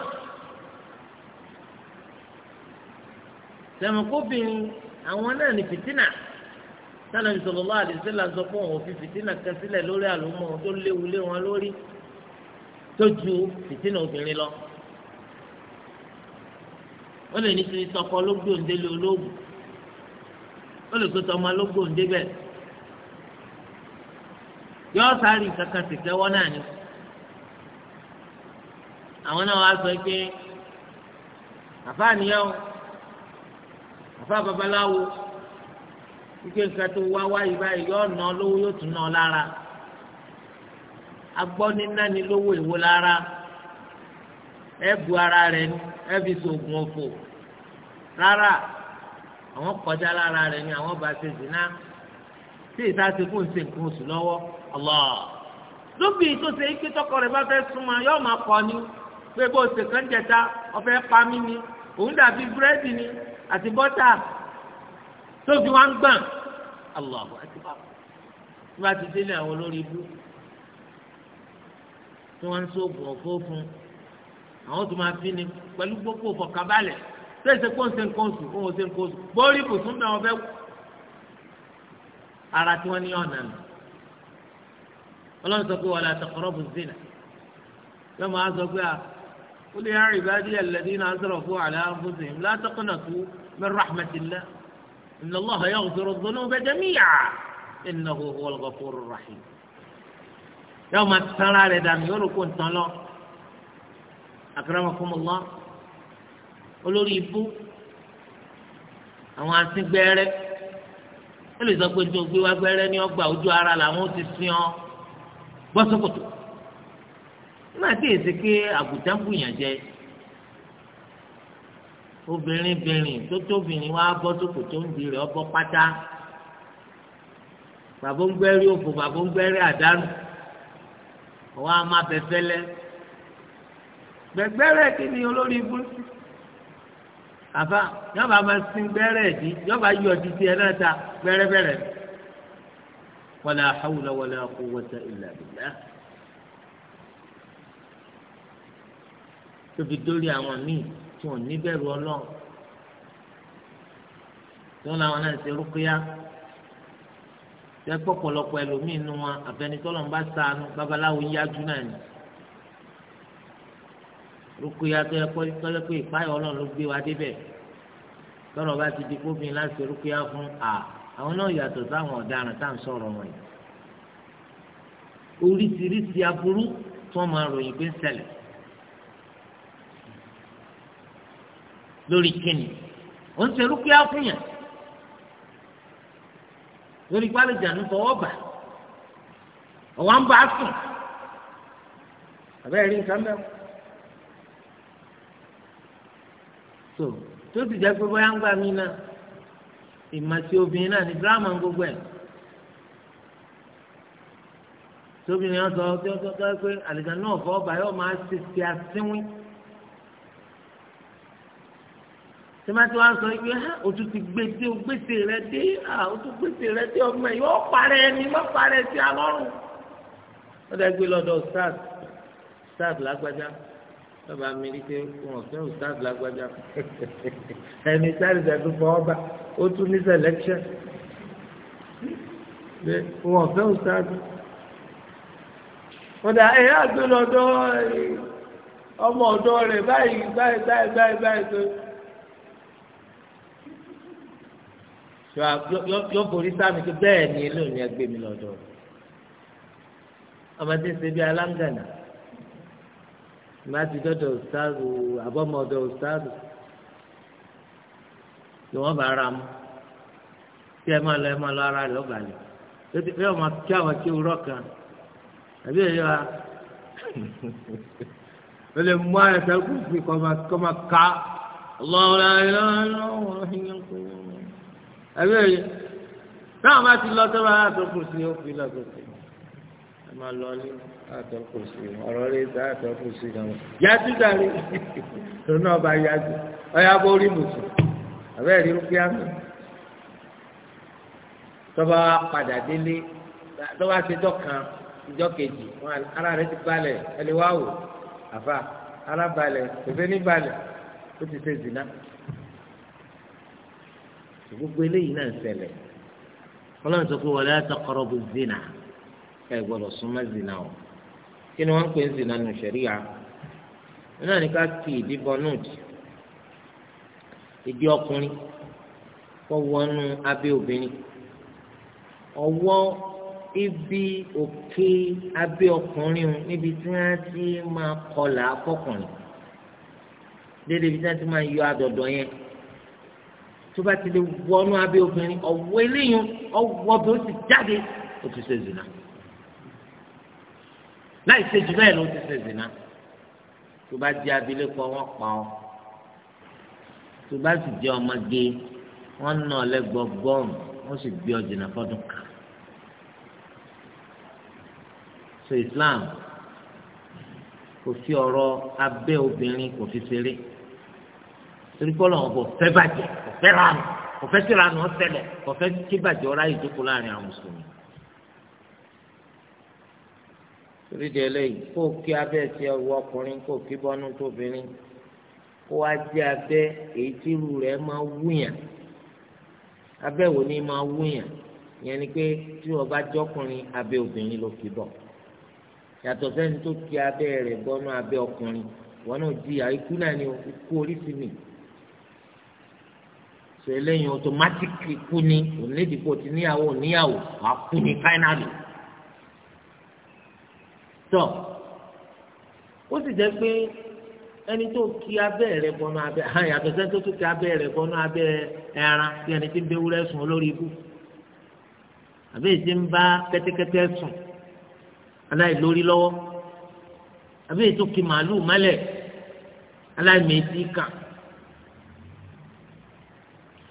tẹ̀mọ̀kóbìnrin àwọn náà ní fìtínà. Tana bisalòlá àdìsílà sọ fún òun fi fìtínà kan sílẹ̀ lórí àlùmọ tó léwu lé wọn lórí tó ju fìtínà obìnrin lọ ó lè ní ti tọkọ ló gbòǹde lé olóògùn ó lè tó tọmọ ló gbòǹde bẹ́ẹ̀ yọ sáré kankan sì kẹwọ náà ni àwọn náà wá sọ pé àfa àníyàn àfa babaláwo wípé nǹkan tó wá wáyé báyìí yóò ná lówó yóò tún ná lára agbọ́ níná ni lówó èwo lára ẹ bu ara rẹ ni ẹ fi sògùn òfò rárá àwọn kọjá lára rẹ ni àwọn bá ṣe zina tí ìta ti kún ṣe nǹkan oṣù lọ́wọ́ Allah lóbi tó ṣe ike tọkọ rẹ bá fẹ́ súnmọ́ yóò máa kọ ni pé bó ṣe kàn jẹta ọ̀fẹ́ pa mí ni òun dàbí búrẹ́dì ni àti bọ́tà tó fi wá ń gbà Allahu akbar tí wọ́n ti délé àwọn olórí ibú tí wọ́n ń sóògùn ọ̀fọ́ fún àwọn tó máa fi ni pẹ̀lú gbogbo ìfọ̀kànbalẹ̀ tẹ̀sẹ̀ kó ń ṣe nǹkan oṣù kó ń ṣe nǹkan oṣù bórí kò sún náà ọbẹ̀ ara tí wọ́n ní ọ̀nà nù ọlọ́run sọ pé wala taqrabu zina yọ máa sọ pé a ó lè rárá ibadiya alladhina asrafu ala anfusihim la taqnatu min rahmatillah. إن الله يغفر الذنوب جميعا إنه هو الغفور الرحيم يوم ترى لدم يركون تلا أكرمكم الله قولوا لي بو àwọn asígbẹ́rẹ́ ó lè sọ pé tó gbé wá gbẹ́rẹ́ ní ọgbà ojú ara làwọn ó ti sin ọ gbọ́sọ̀kòtò nígbà tí èsì pé àgùntàn bùyàn jẹ obìnrin bìnrin tó tóbìnrin wá bọ́ sókò tó ń di rẹ̀ ọbọ̀ pátá bàbá ń gbẹ́rí òfò bàbá ń gbẹ́rí àdánù wọ́n á má bẹ fẹ́lẹ́ gbẹgbẹ́rẹ́ kí ni olórí ibú àfa yọba máa sin gbẹ́rẹ́ ẹ̀dí yọba yọ títí ẹ̀ náà ta gbẹ́rẹ́gbẹ́rẹ́ wala hawla wala quwwata illa billah. tóbi dórí àwọn míì tí wọn níbẹ̀rù ọlọ́run tí wọn làwọn náà ń ṣe rúkúyà tẹ pọpọlọpọ ẹlòmíín nu wọn àfẹnitọ́lọ́n bá sànù babaláwo yájú náà ni rúkúyà tó yẹ kọ́lẹ́ pé ìpáyọ̀ ọlọ́run ló gbé wa débẹ̀ tọ́rọ̀ bá ti di kófin láti ṣe rúkúyà fún a àwọn náà yàtọ̀ sáwọn ọ̀daràn tá à ń sọ̀rọ̀ wọn yìí oríṣiríṣi aburú tí máa ròyìn pé ń ṣẹlẹ̀ lórí kíni ó ń ṣe rúkìá fún yàn lórí pálí ìjànú fọwọ́ bà ọ̀wá ń bá a sùn rí nǹkan mẹ́wọ́ so tó ti jẹ́ pé bóyá ń gbà mí náà ìmọ̀tí obìnrin náà ní dírámà ń gbogbo ẹ̀ tóbi ni wọ́n sọ ọ́ tí wọ́n sọ pé àlejò náà fọ́ ọba yóò máa ṣe ṣe tẹmẹtẹ wa sọ pé ha otu ti gbé dé o gbèsè rẹ dé ha o tún gbèsè rẹ dé ọmọ yìí ó parẹ́ ẹni má parẹ́ ti alọrun wọn dẹ gbé lọ́dọ̀ stars stars lágbájá lọba mi rí pé wọn fẹ́ o stars lágbájá ẹni stars ẹ tún fọwọ́ bá ó tún ní selection pé wọn fẹ́ o stars wọn dà ẹ yá gbé lọ́dọ̀ ọmọ ọ̀dọ̀ rẹ báyìí báyìí báyìí báyìí báyìí. yọ borí sáàmì tó bẹ́ẹ̀ ni ilé òní ẹgbẹ́ mi lọ́dọ̀ ọmọ tí ń ṣe bí aláǹgànà láti dọ́dọ̀ ọ̀sáàrù àbọ̀mọ̀dọ̀ ọ̀sáàrù ni wọ́n bá ra mu tí ẹ máa lọ ẹ máa lọ ara rẹ̀ ọ̀gbà lẹ̀ lórí pé ọmọ kí àwọn kí wúrọ̀ kan àbí ẹ̀yọ́ wa ó lè mú àyẹ̀sẹ̀ kúkú kọ́ máa ká ọlọ́run ayélujára ọ̀hìn yẹn kúrò àbí òye náà bá ti lọ sọ́wọ́ àtọ́ kù sí ó fi lọ sókè ẹ máa lọ ní àtọ́ kù sí ọ̀rọ̀ rẹ̀ sá àtọ́ kù sí ìdáwọ̀ yájú dàrí tó náà bá yájú ọ̀yà bó rí bùsùn àbẹ́ rí rúkìá mi tọ́ba padà délé tọ́ba ṣe dọ́kan ìjọ kejì ara rẹ̀ ti balẹ̀ ẹni wá wò àfa ara balẹ̀ tòfẹ́ ní balẹ̀ ó ti ṣe zìnnà gbogbo eléyìí náà ṣẹlẹ̀ ọlọ́run sọ pé wala taqrabu zina ẹ gbọ́dọ̀ súnmọ́ zina o kí ni wọ́n ń pè ń zina nù ṣẹ̀ríya náà ní ká kí ìdíbọn náà dì ìdí ọkùnrin kọ́ wọnú abẹ́ obìnrin ọwọ́ ibi òkè abẹ́ ọkùnrin níbi tí wọ́n ti máa kọlà akọkùnrin dédé ibi tí wọ́n ti máa yọ àdọ̀dọ̀ yẹn tó bá ti lè wọnú abẹ́ obìnrin ọ̀wọ́ eléyìí ọwọ́ bí ó ti jáde ó ti ṣe zina láì ṣe jù bẹ́ẹ̀ ló ti ṣe zina tó bá di abilékọ wọn pa ọ tó bá sì jẹ ọmọge wọn nà ọ lẹgbọgbọm wọn sì gbé ọ jìnnà fọdún kan so Islam kò fi ọ̀rọ̀ abẹ́ obìnrin kò fi ṣeré torí kọ́ lọ́wọ́ kò fẹ́ bàjẹ́ kò fẹ́ ránù kò fẹ́ sí ránù ọ̀sẹ̀lẹ̀ kò fẹ́ kí bàjẹ́ ọ̀rá yìí dúkú láàrin àwọn mùsùlùmí. torí di eléyìí kó o kí abẹ́ ti ọwọ́ ọkùnrin kó o kí bọ́nú tóbìnrin kó wá jẹ́ abẹ́ èyí tí irú rẹ̀ máa wúyàn abẹ́ wo ni máa wúyàn yẹn ni pé tí wọ́n bá jọ́kùnrin abẹ́ obìnrin ló fi bọ̀ yàtọ̀ sẹ́ni tó kí abẹ́ rẹ̀ bọ́nú abẹ́ ọkùnrin wọn náà di àìkú náà ni ikú orí sí mi sọ eléyìí automatically kú ni onídìbò ti níyàwó níyàwó wà kú ni finally tọ ó sì jẹ́ pé ẹni tó ki abẹ́ rẹ̀ bọnú abẹ́ hàn yàtọ̀ sẹ́ni tó tún ki abẹ́ rẹ̀ bọnú abẹ́ ẹran bí ẹni tí ń bẹ wúrẹ́ sùn lórí ikú àbí èyí tí ń bá kẹ́tẹ́kẹ́tẹ́ sùn aláìlórí lọ́wọ́ àbí èyí tó ki màálù mọ́lẹ̀ aláìmẹ̀tì kàn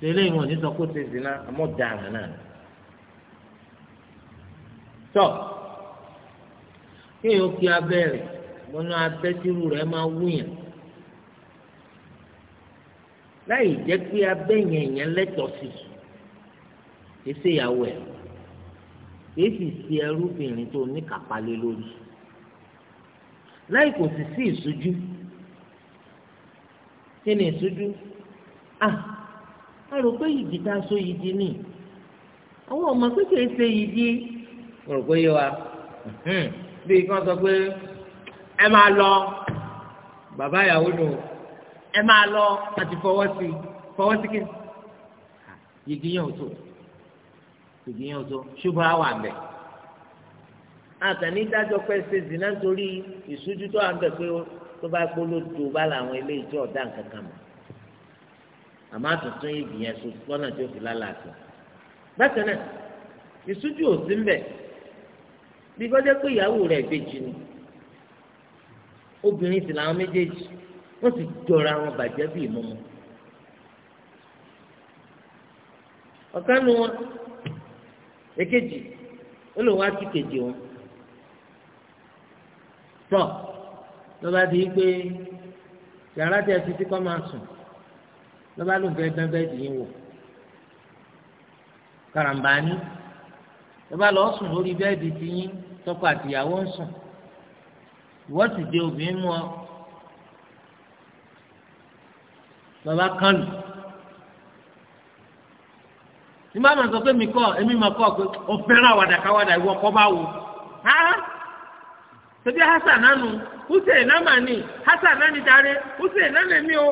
lélẹ́ ìwọ̀n ní sọ pé ṣe zina àmọ́ dàrán náà. tọ́ kéèyàn kí abẹ́rẹ́ mọ́nú abẹ́tírù rẹ̀ máa wúyàn láì jẹ́ pé abẹ́yẹn yẹn lẹ́tọ̀ọ́ sí kìí ṣe ìyàwó ẹ̀ kìí ẹrúbìnrin tó níkàpálẹ́ lórí láì kò sì sí ìṣújú kí ni ìṣújú ah a rò pé yìí ta so yìí di ni àwọn ọmọ pé kìí ṣe yìí di mo rò pé yé wa hmm. bí kan sọ pé ẹ máa lọ bàbá ìyàwó nù ẹ máa lọ àti fọwọ́ sí fọwọ́ sí kí yìí yẹn ò tó yìí yẹn ò tó ṣùgbọ́n àwọn àbẹ̀ àtàní dájọ́ pé ṣe zina torí ìṣújú tó à ń bẹ̀ pé tó bá gbólódò bá làwọn eléyìí tó ọ̀dà nǹkan kan mọ̀ àmọ́ àtúntún igi yẹn so lọ́nà tí ó fi lálàáfíà bákan náà ìṣújú ò sí mbẹ bí gbọ́dọ̀ pé ìyàwó rẹ̀ ìbejì ni obìnrin sì làwọn méjèèjì wọ́n sì jọra wọn bàjẹ́ bíi mọ́mọ́ ọ̀kan nu wọn èkejì ó lè wá sí kejì wọn tọ́ lọ́ba di pé yàrá tẹ̀ fi sí kọ́ máa sùn lọ́ba ló ń fẹ́ dán bẹ́ẹ̀dì yín wò karambani lọ́ba lọ́ọ́ sùn lórí bẹ́ẹ̀dì ti yín tọkọ àtìyàwó ń sùn ìwọ́ sì dé obìnrin mú ọ lọ́ba kan lù ní bá ma sọ pé mi kọ́ èmi ma kọ́ pé o fẹ́ràn àwàdàkáwàdà ìwọ kọ́ bá wò á tẹbi hasan nánu hussein náà mà ní hasan náà ní darí hussein náà lèmi o.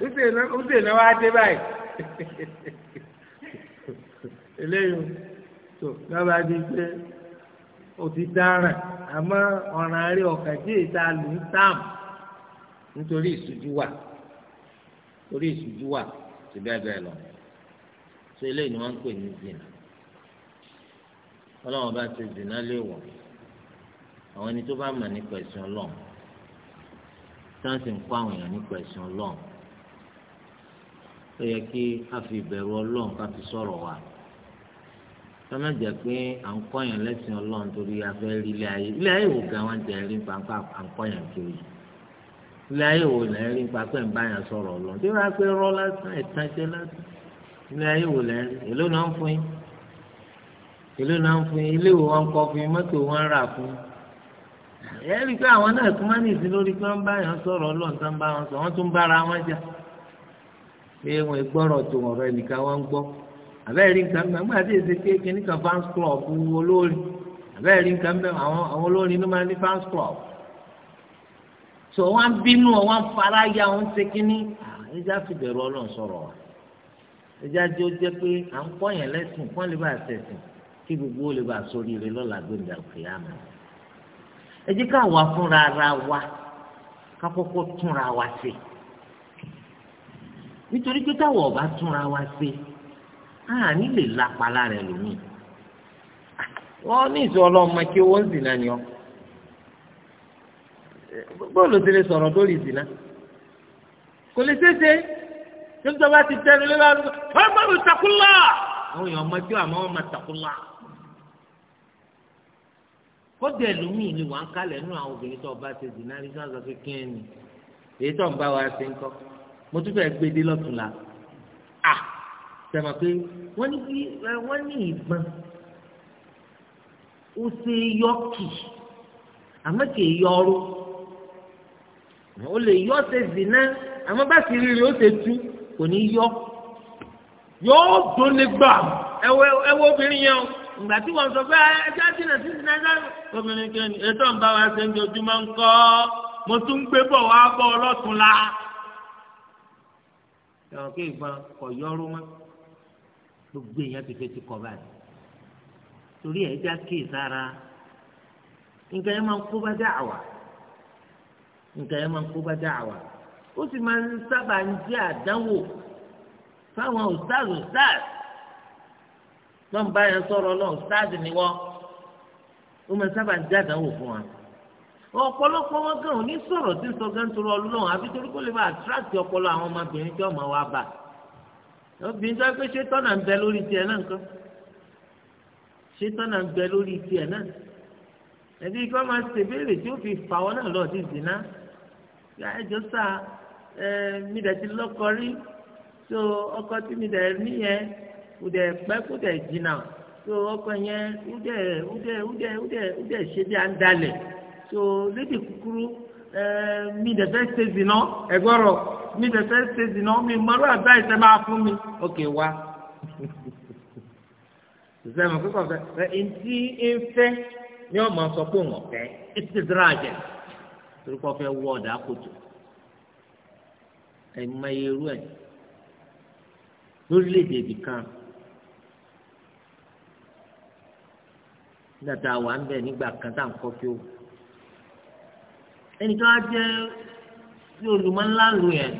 ùdè náà wá dé báyìí eléyìí tó lọ́ba di pé o ti dáràn àmọ́ ọ̀ràn rí ọ̀kàn tí èyí lù ń tàm nítorí ìṣújú wà torí ìṣújú wà ti bẹ́ẹ̀ bẹ́ẹ̀ lọ ṣé eléyìí ni wọ́n ń pè ní zina ọlọ́run bá ti zina léèwọ̀ àwọn ẹni tó bá mọ̀ nípa ẹ̀sìn ọlọ́run tí wọ́n sì ń kó àwọn èèyàn nípa ẹ̀sìn ọlọ́run tó yẹ kí a fi ìbẹ̀rù ọlọ́run ká fi sọ̀rọ̀ wa tó má jẹ́ pé à ń kọ́yàn lẹ́sìn ọlọ́run torí a fẹ́ rí ilé ayé ilé ayé wò gan wọn jẹ́ rí nípa à ń kọ́yàn kiri ilé ayé wò lẹ́ rí nípa pé ń bá yàn sọ̀rọ̀ ọlọ́run tí wọ́n á pé rọ́ lásán ẹ̀tàn jẹ́ lásán ilé ayé wò lẹ́ rí èló náà ń fún yín èló náà ń fún yín ilé wo wọn kọ́ fún yín mọ́tò wọn rà fún yín ẹ pé àwọn náà tún máa ń nìsín pé wọn gbọ́rọ̀ tó ọ̀rọ̀ ẹnìkan wọn ń gbọ́ àbẹ́rẹ́ rí nǹkan mẹ́rin nígbà tí èsì pé kíní kan fans club olórin àbẹ́rẹ́ rí nǹkan mẹ́rin àwọn olórin ló máa ní fans club so wọn bínú ọ wọn fara ya wọn ṣe kíní ah, ẹjá fi bẹ̀rù ọlọ́run sọ̀rọ̀ wa ẹjá jẹ́ ó jẹ́ pé à ń kọ́ yẹn lẹ́sìn kọ́ lè bá a ṣẹ̀sìn kí gbogbo lè bá a sórí rẹ lọ́la gbẹ̀ndà kìyàmù ẹ jẹ́ ká wà fúnra ara wa ká kọ́kọ́ túnra wa ṣe nítorí pé táwọn ọba túnra wa ṣe a ní lè lápalá rẹ lómìn wọn ní ìṣọ ọlọmọ kí owó ń zìnà ni ọ bóòlù ti lè sọ̀rọ̀ lórí ìzìnà kò lè ṣeéṣe nígbà bá ti tẹnu lé lọ́dún wọ́n gbọ́ mi takúlá àwọn èèyàn ọmọ ẹjọ́ àmọ́ wọn máa takúlá kódà ẹlòmíì ni wọ́n á kálẹ̀ nínú àwọn obìnrin tó ọba ṣe zìnà rí sọ́ọ́ sọ pé èyí tó ń bá wa ṣe ń kọ́ mo tún fẹ́ gbé dé lọ́túnla à sẹ́mọ̀ pé wọ́n ní kí wọ́n ní ìbọn ó ṣe yọ kì àmọ́ kì í yọrù ó lè yọ ṣe zìnà àmọ́ bá sì rírì ó ṣe tú kò ní yọ yóò dún nígbà ẹ wo obìnrin yẹn o ìgbà tí wọn sọ pé ẹja dínà sí sinna ẹja obìnrin kìíní ètò ń ṣe ń jojúmọ́ ń kọ́ mo tún gbé bọ̀ wá bọ̀ ọlọ́tún la. ẹ̀wọ̀n kí ìbọn kọ̀ yọ́rú mọ́ gbogbo èèyàn ti fẹ́ ti kọ̀ báyìí torí ẹ̀ já kí ìsára nǹkan yẹn máa ń kó bá dáàwà nǹkan yẹn máa ń kó bá dáàwà ó sì máa ń sábà ń jẹ́ àdánwò fáwọn yẹn sọ̀rọ̀ ni wọ́n ó máa ń sábà ń jẹ́ àdánwò fún ọ̀pọ̀lọpọ̀ wọn gan òní sọ̀rọ̀ tí ń sọ gan torí ọlọ́run àbí torí kó lè bá àtúrásì ọpọlọ àwọn ọmọbìnrin tí ọmọ wa bà obìnrin tó pé ṣétọ́nà ń bẹ lórí tiẹ̀ náà nǹkan ṣétọ́nà ń bẹ lórí tiẹ̀ náà ẹbí kí wọ́n máa ṣèbéèrè tí ó fi fà wọ́n náà lọ sí ìdìná yà ẹjọ́ sà ẹ mi dẹ̀ ti lọ́kọ rí tó ọkọ tí mi dẹ̀ ní yẹn kò dẹ̀ pẹ́ kò dẹ̀ jìnnà tó ọkọ yẹn ó dẹ̀ ó dẹ̀ ó dẹ̀ ó dẹ̀ ṣe bí à ń dalẹ̀ tó lédè kúkúrú mi dẹ̀ fẹ́ ṣe zìnà ẹ̀gbọ́rọ̀ mi dẹ̀ fẹ́ ṣe zìnà mi mọ́rọ́ àgbà ìṣẹ́ máa fún mi òkè wá. ìṣẹ́mi kíkọ́ fẹ́ ẹ̀ǹtí ń fẹ́ ni ọmọ sọ pé òun ọ̀fẹ́ ìṣèdúrà jẹ torí kọ́ fẹ́ wọ ọ̀dà kòtò ẹ̀mọye irú ẹ̀ lórílẹ̀‐èdè ibì kan nígbà tá a wà ń bẹ̀ nígbà kan tá à ń kọ́ fí o. ẹni tó wá jẹ́ bí olùmọ̀ńlá yẹn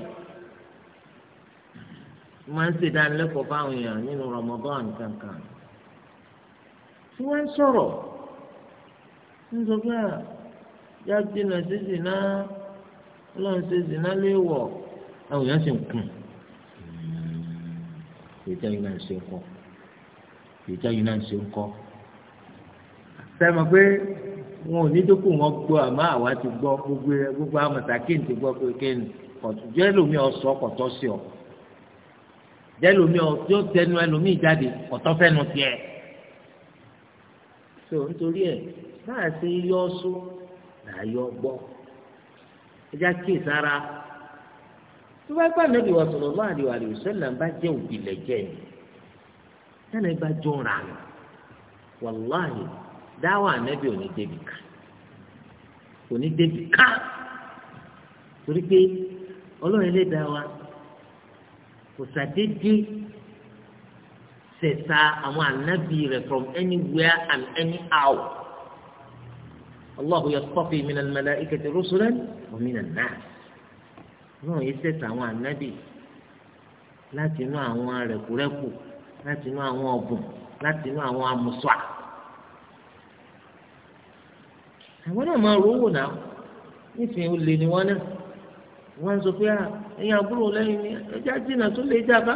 máa ń ṣe ìdánilẹ́kọ̀ọ́ fáwọn èèyàn nínú Ramadan kankan tí wọ́n ń sọ̀rọ̀ ń sọ pé ah, yá jìnnà sí zìnnà ọlọ́run ṣe zìnnà léèwọ̀ àwọn èèyàn sì ń kùn ìjà yìí náà ń ṣe ń kọ́ ìjà yìí náà wọn ò ní dókò wọn gbọ́ àmọ́ àwa ti gbọ́ gbogbo ẹ gbogbo amọ̀tàkì ti gbọ́ kékeré ni kọ̀tù jẹ́ lómi ọ̀sọ́ kọ̀tọ́ sí ọ jẹ́ lómi ọ̀tọ́ tẹnu ẹlòmí jáde kọ̀tọ́ fẹ́nu tiẹ̀ so nítorí ẹ báà ṣe yọ ọsọ là yọ gbọ́ ẹjá kí sára tó bá gbà nàbí wàá sọ̀rọ̀ bá àdìwà àdìwà sẹ́lẹ̀ bá jẹ́ òbí lẹ́jẹ̀ ni sẹ́lẹ̀ bá jọra wàláhì dáwà ànábì ò ní débi ká ò ní débi ká torí pé ọlọ́run ilé dá wa kò sàdédé sẹ̀sà àwọn ànábì rẹ̀ from anywhere and anyhow. Allahu yastafi min al-malaikati rusulan wa min an-nas. Náà yìí sẹ̀sà àwọn ànábì láti inú àwọn rẹ̀kúrẹ́kù láti inú àwọn ọ̀bùn láti inú àwọn amùsùà. àwọn náà máa rówó náà nísìnyí ó lè ní wọn náà wọn sọ pé ẹ̀yin àbúrò lẹ́yìn ni ẹja jìnnà tó lè jàbá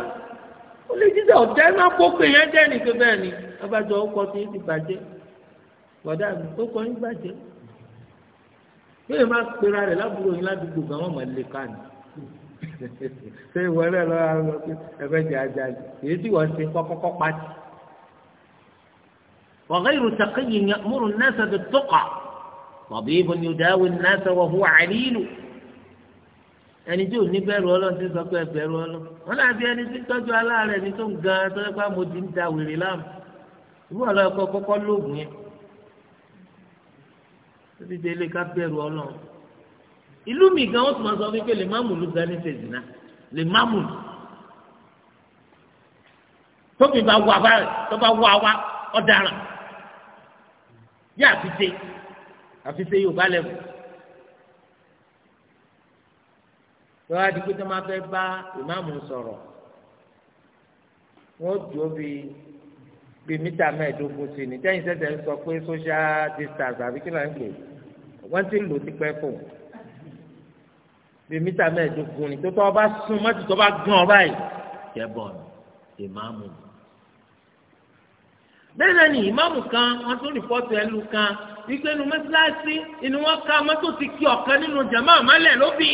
ó lè jíjà ọ̀tá ẹ máa kókó èèyàn jẹ́ nìkan bẹ́ẹ̀ ni abájọ ọkọ tí ti bàjẹ́ bọ̀dá mi ó kọ́ yín bàjẹ́ bẹ́ẹ̀ máa pera rẹ̀ lábúrò yín ládùúgbò gan wọn máa lè ká ni ṣé ìwọ náà lọ ra lọ pé ẹgbẹ́ jẹ ajá ni èyí tí wọ́n ṣe kọ́kọ́kọ́ pati. wàhálà ìrù sàkéyìn múrùn náà sàdé tabibun yudawi an-nasa wa huwa alilu ẹni tí ò ní bẹ̀rù ọlọ́run ti sọ pé bẹ̀rù ọlọ́run wọn làbí ẹni tí tọ́jú aláàárẹ̀ ni tó ń gan tó yẹ pé mo ti ń da wèrè láàmú ìwé ọlọ́run kọ́ kọ́kọ́ lóògùn yẹn tó ti délé ká bẹ̀rù ọlọ́run ìlú mi gan ó tún máa sọ wípé lè má mùlù gan ní sèzínà lè má mùlù tóbi bá wà bá tó bá wà wá ọ̀daràn yá àfi dé àfi ṣe yorùbá lẹ́mù lọ́wọ́ adigun tó máa fẹ́ bá ìmáàmù sọ̀rọ̀ wọ́n dùn ó bíi bíi mítà mẹ́ẹ̀ẹ́dógún sí ni jẹ́yìn sẹ́sẹ̀ ń sọ pé social distance àbí kí ló ń pè wọ́n ti lò ti pẹ́ fún bíi mítà mẹ́ẹ̀ẹ́dógún ni tó tọ́ ọ bá sún mọ́tò tó bá gún ọ báyìí jẹ́ bọ̀ ìmáàmù bẹ́ẹ̀ náà ni ìmáàmù kan wọ́n tún rìpọ́tù ẹlú kan wípé inú mẹ́sàlásí inú wọn ká mọ́tò ti kí ọ̀kan nínú jàmá àmọ́lẹ̀ lóbi.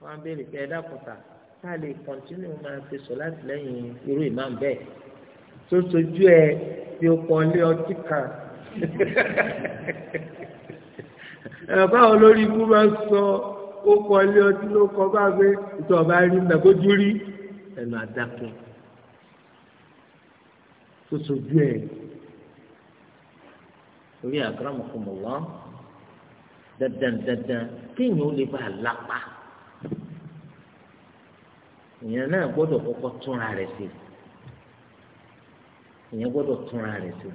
wọ́n á béèrè pé ẹ̀dá kùtà tá a lè kọ́ntínú máa fi sọ láti lẹ́yìn irú ìmáàmù bẹ́ẹ̀ tó sojú ẹ bí o kọ́ lé ọtí kan. ẹ̀fọ́ olórí ikú máa ń sọ ó kọ́ lé ọtí ló kọ́ bá gbé ìtọ̀ rí nàgójú rí ẹnu àdàkùn tó sojú ẹ̀ torí akramakumullah dandan dandan kéèyàn ó lè bá a lápá èèyàn náà gbọ́dọ̀ kọ́kọ́ túnra rẹ̀ sí èèyàn gbọ́dọ̀ túnra rẹ̀ sí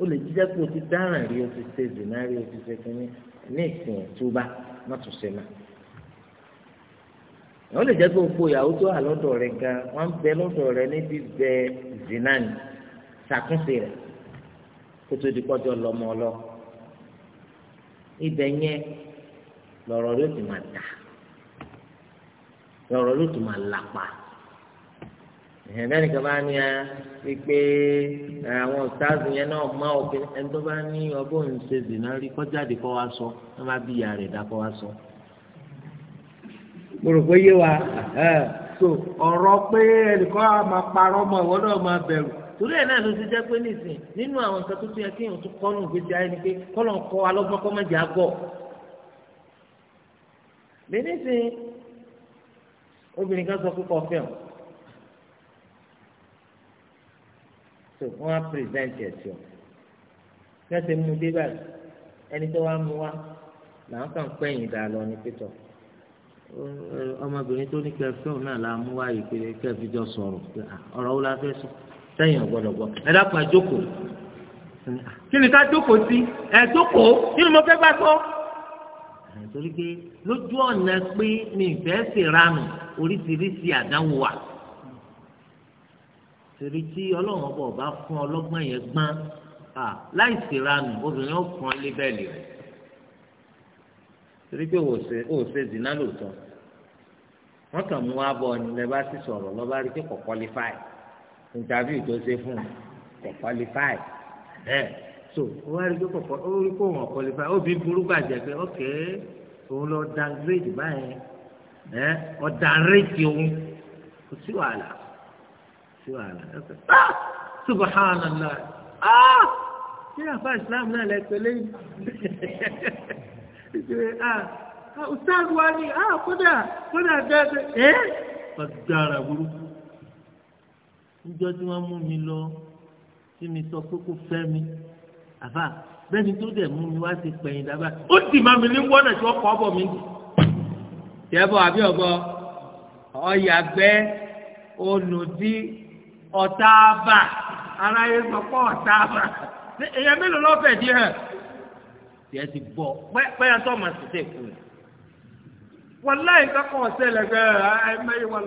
ó lè jíjẹ́ pé o ti dáràn rí o ti ṣe zìnnà rí o ti ṣe kínní ní ìsìn túbá má tún ṣe náà èèyàn ó lè jẹ́ pé o po ìyàwó tó wà lọ́dọ̀ rẹ̀ gan wọ́n bẹ lọ́dọ̀ rẹ̀ níbi bẹ zìnnà ni ṣàtúnṣe rẹ̀ kótó di kọjọ lọmọ ọlọ ibẹ̀ yẹn lọ̀rọ̀ ló ti máa dà lọ̀rọ̀ ló ti máa làpà ẹnìkan bá ní ẹ pé àwọn ọ̀sáàzù yẹn náà má òkè ẹni tó bá ní ọgbọ́n òun ṣe rí kọjáde kọ́ wa sọ ẹ má bí ìyá rẹ̀ dá kọ́ wa sọ. mo rò pé yé wa so ọ̀rọ̀ pé ẹnìkan máa parọ́ mọ́ ìwọ náà máa bẹ̀rù torí ẹ̀ náà ló ti jẹ́ pé nìsín nínú àwọn nǹkan tó tún yẹ kéèyàn tún kọ́ nù gbèsè ayé ni pé kọ́lọ̀ ń kọ́ alọ́gbọ́n kọ́ mẹ́jẹ̀ àgọ́ lè nìsín obìnrin kan sọ pé kọ́ fẹ́ o tó wọ́n á pírẹsẹ̀ntì ẹ̀ sí ọ fẹ́sẹ̀ mú dé báyìí ẹni tó wá mú wá làwọn kan pẹ́yìn dà lọ ní pétọ́ ọmọbìnrin tó ní kẹfẹ́ òun náà la mú wá yìí pé jọ sọ̀rọ̀ ọ̀rọ̀ wo la fẹ́ sọ sẹ́yìn ọ̀gbọ́dọ̀ gbọ́ ẹ dákun ẹ jókòó kí ni ká jókòó sí ẹ jókòó kí ni mo fẹ́ bá sọ. torí pé lójú ọ̀nà pé mi ìfẹ́ sì ranù oríṣiríṣi àdánwò wà. torí tí ọlọ́run ọba ọba fún ọlọ́gbọ́n yẹn gbọ́n láì sì ranù obìnrin ó fún ọ lébẹ́lì rẹ̀. torí pé òòṣe zina lóòótọ́ wọ́n kàn mú wá bọ̀ ni lẹ́ bá sì sọ̀rọ̀ lọ́ bá rí pé kò kọ́lífáì interview tó ṣe fún kò qualify ẹ so wọ́n rí pé kò rí pé òun qualify ó bí burú gbàjẹ́ pé ok òun lọ downgrade báyẹn ẹ ọ̀dàrẹ́tì òun kò sí wàhálà sí wàhálà ẹ pé ah subhanallah ah ṣé àfa islam náà lẹ pẹ̀lẹ́ yìí ah, ah ustaz wa ni ah kódà kódà dáadáa ẹ ọ̀dàrà burúkú níjọ́ tí wọ́n mú mi lọ tí mi sọ pé kó fẹ́ mi àbá bẹ́ẹ̀ni tó dẹ̀ mú mi wá ti pẹ̀yìn dábàá ó sì máa mi ní wọ́nà tí wọ́n kọ́ ọ̀bọ̀ mi dì tẹ́ bọ̀ àbí ọ̀bọ ọ̀yàgbẹ́ onùdí ọ̀tàbà aráyé sọ pé ọ̀tàbà èèyàn mélòó lọ́fẹ̀ẹ́ díẹ̀ tiẹ̀ ti bọ̀ pẹ́yà tó ọmọ sì tẹ̀ kú wọ́n láì kákọ́ ọ̀sẹ̀ lẹ́gbẹ̀ẹ́ ẹ̀ mẹ́yìn wọ́n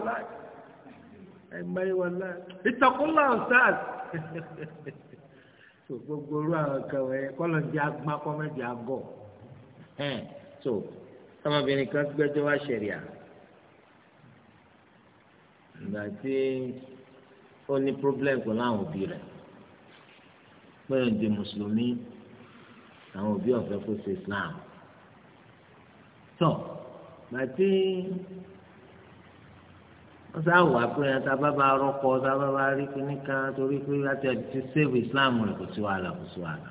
ẹgbẹ́ wọn náà ìtọ́kùnlá ọ̀sán so gbogbo orú àwọn kan wọ̀nyẹn kọ́lọ̀ di agbá kọ́mẹ́dì agọ̀ so ọmọbìnrin kan gbẹ́jọ́ wá ṣẹ̀ríà ìgbà tí ó ní problem pẹ̀lú àwọn òbí rẹ̀ pé ń di mùsùlùmí àwọn òbí ọ̀fẹ́ kó ṣe Islam tó gbà tí wọ́n sá wà pé ata bábá rọ́pò ata bábá rí kíní kan torí pé láti ẹ̀ ti sèwé islam rẹ̀ kò sí wàhálà kò sí wàhálà.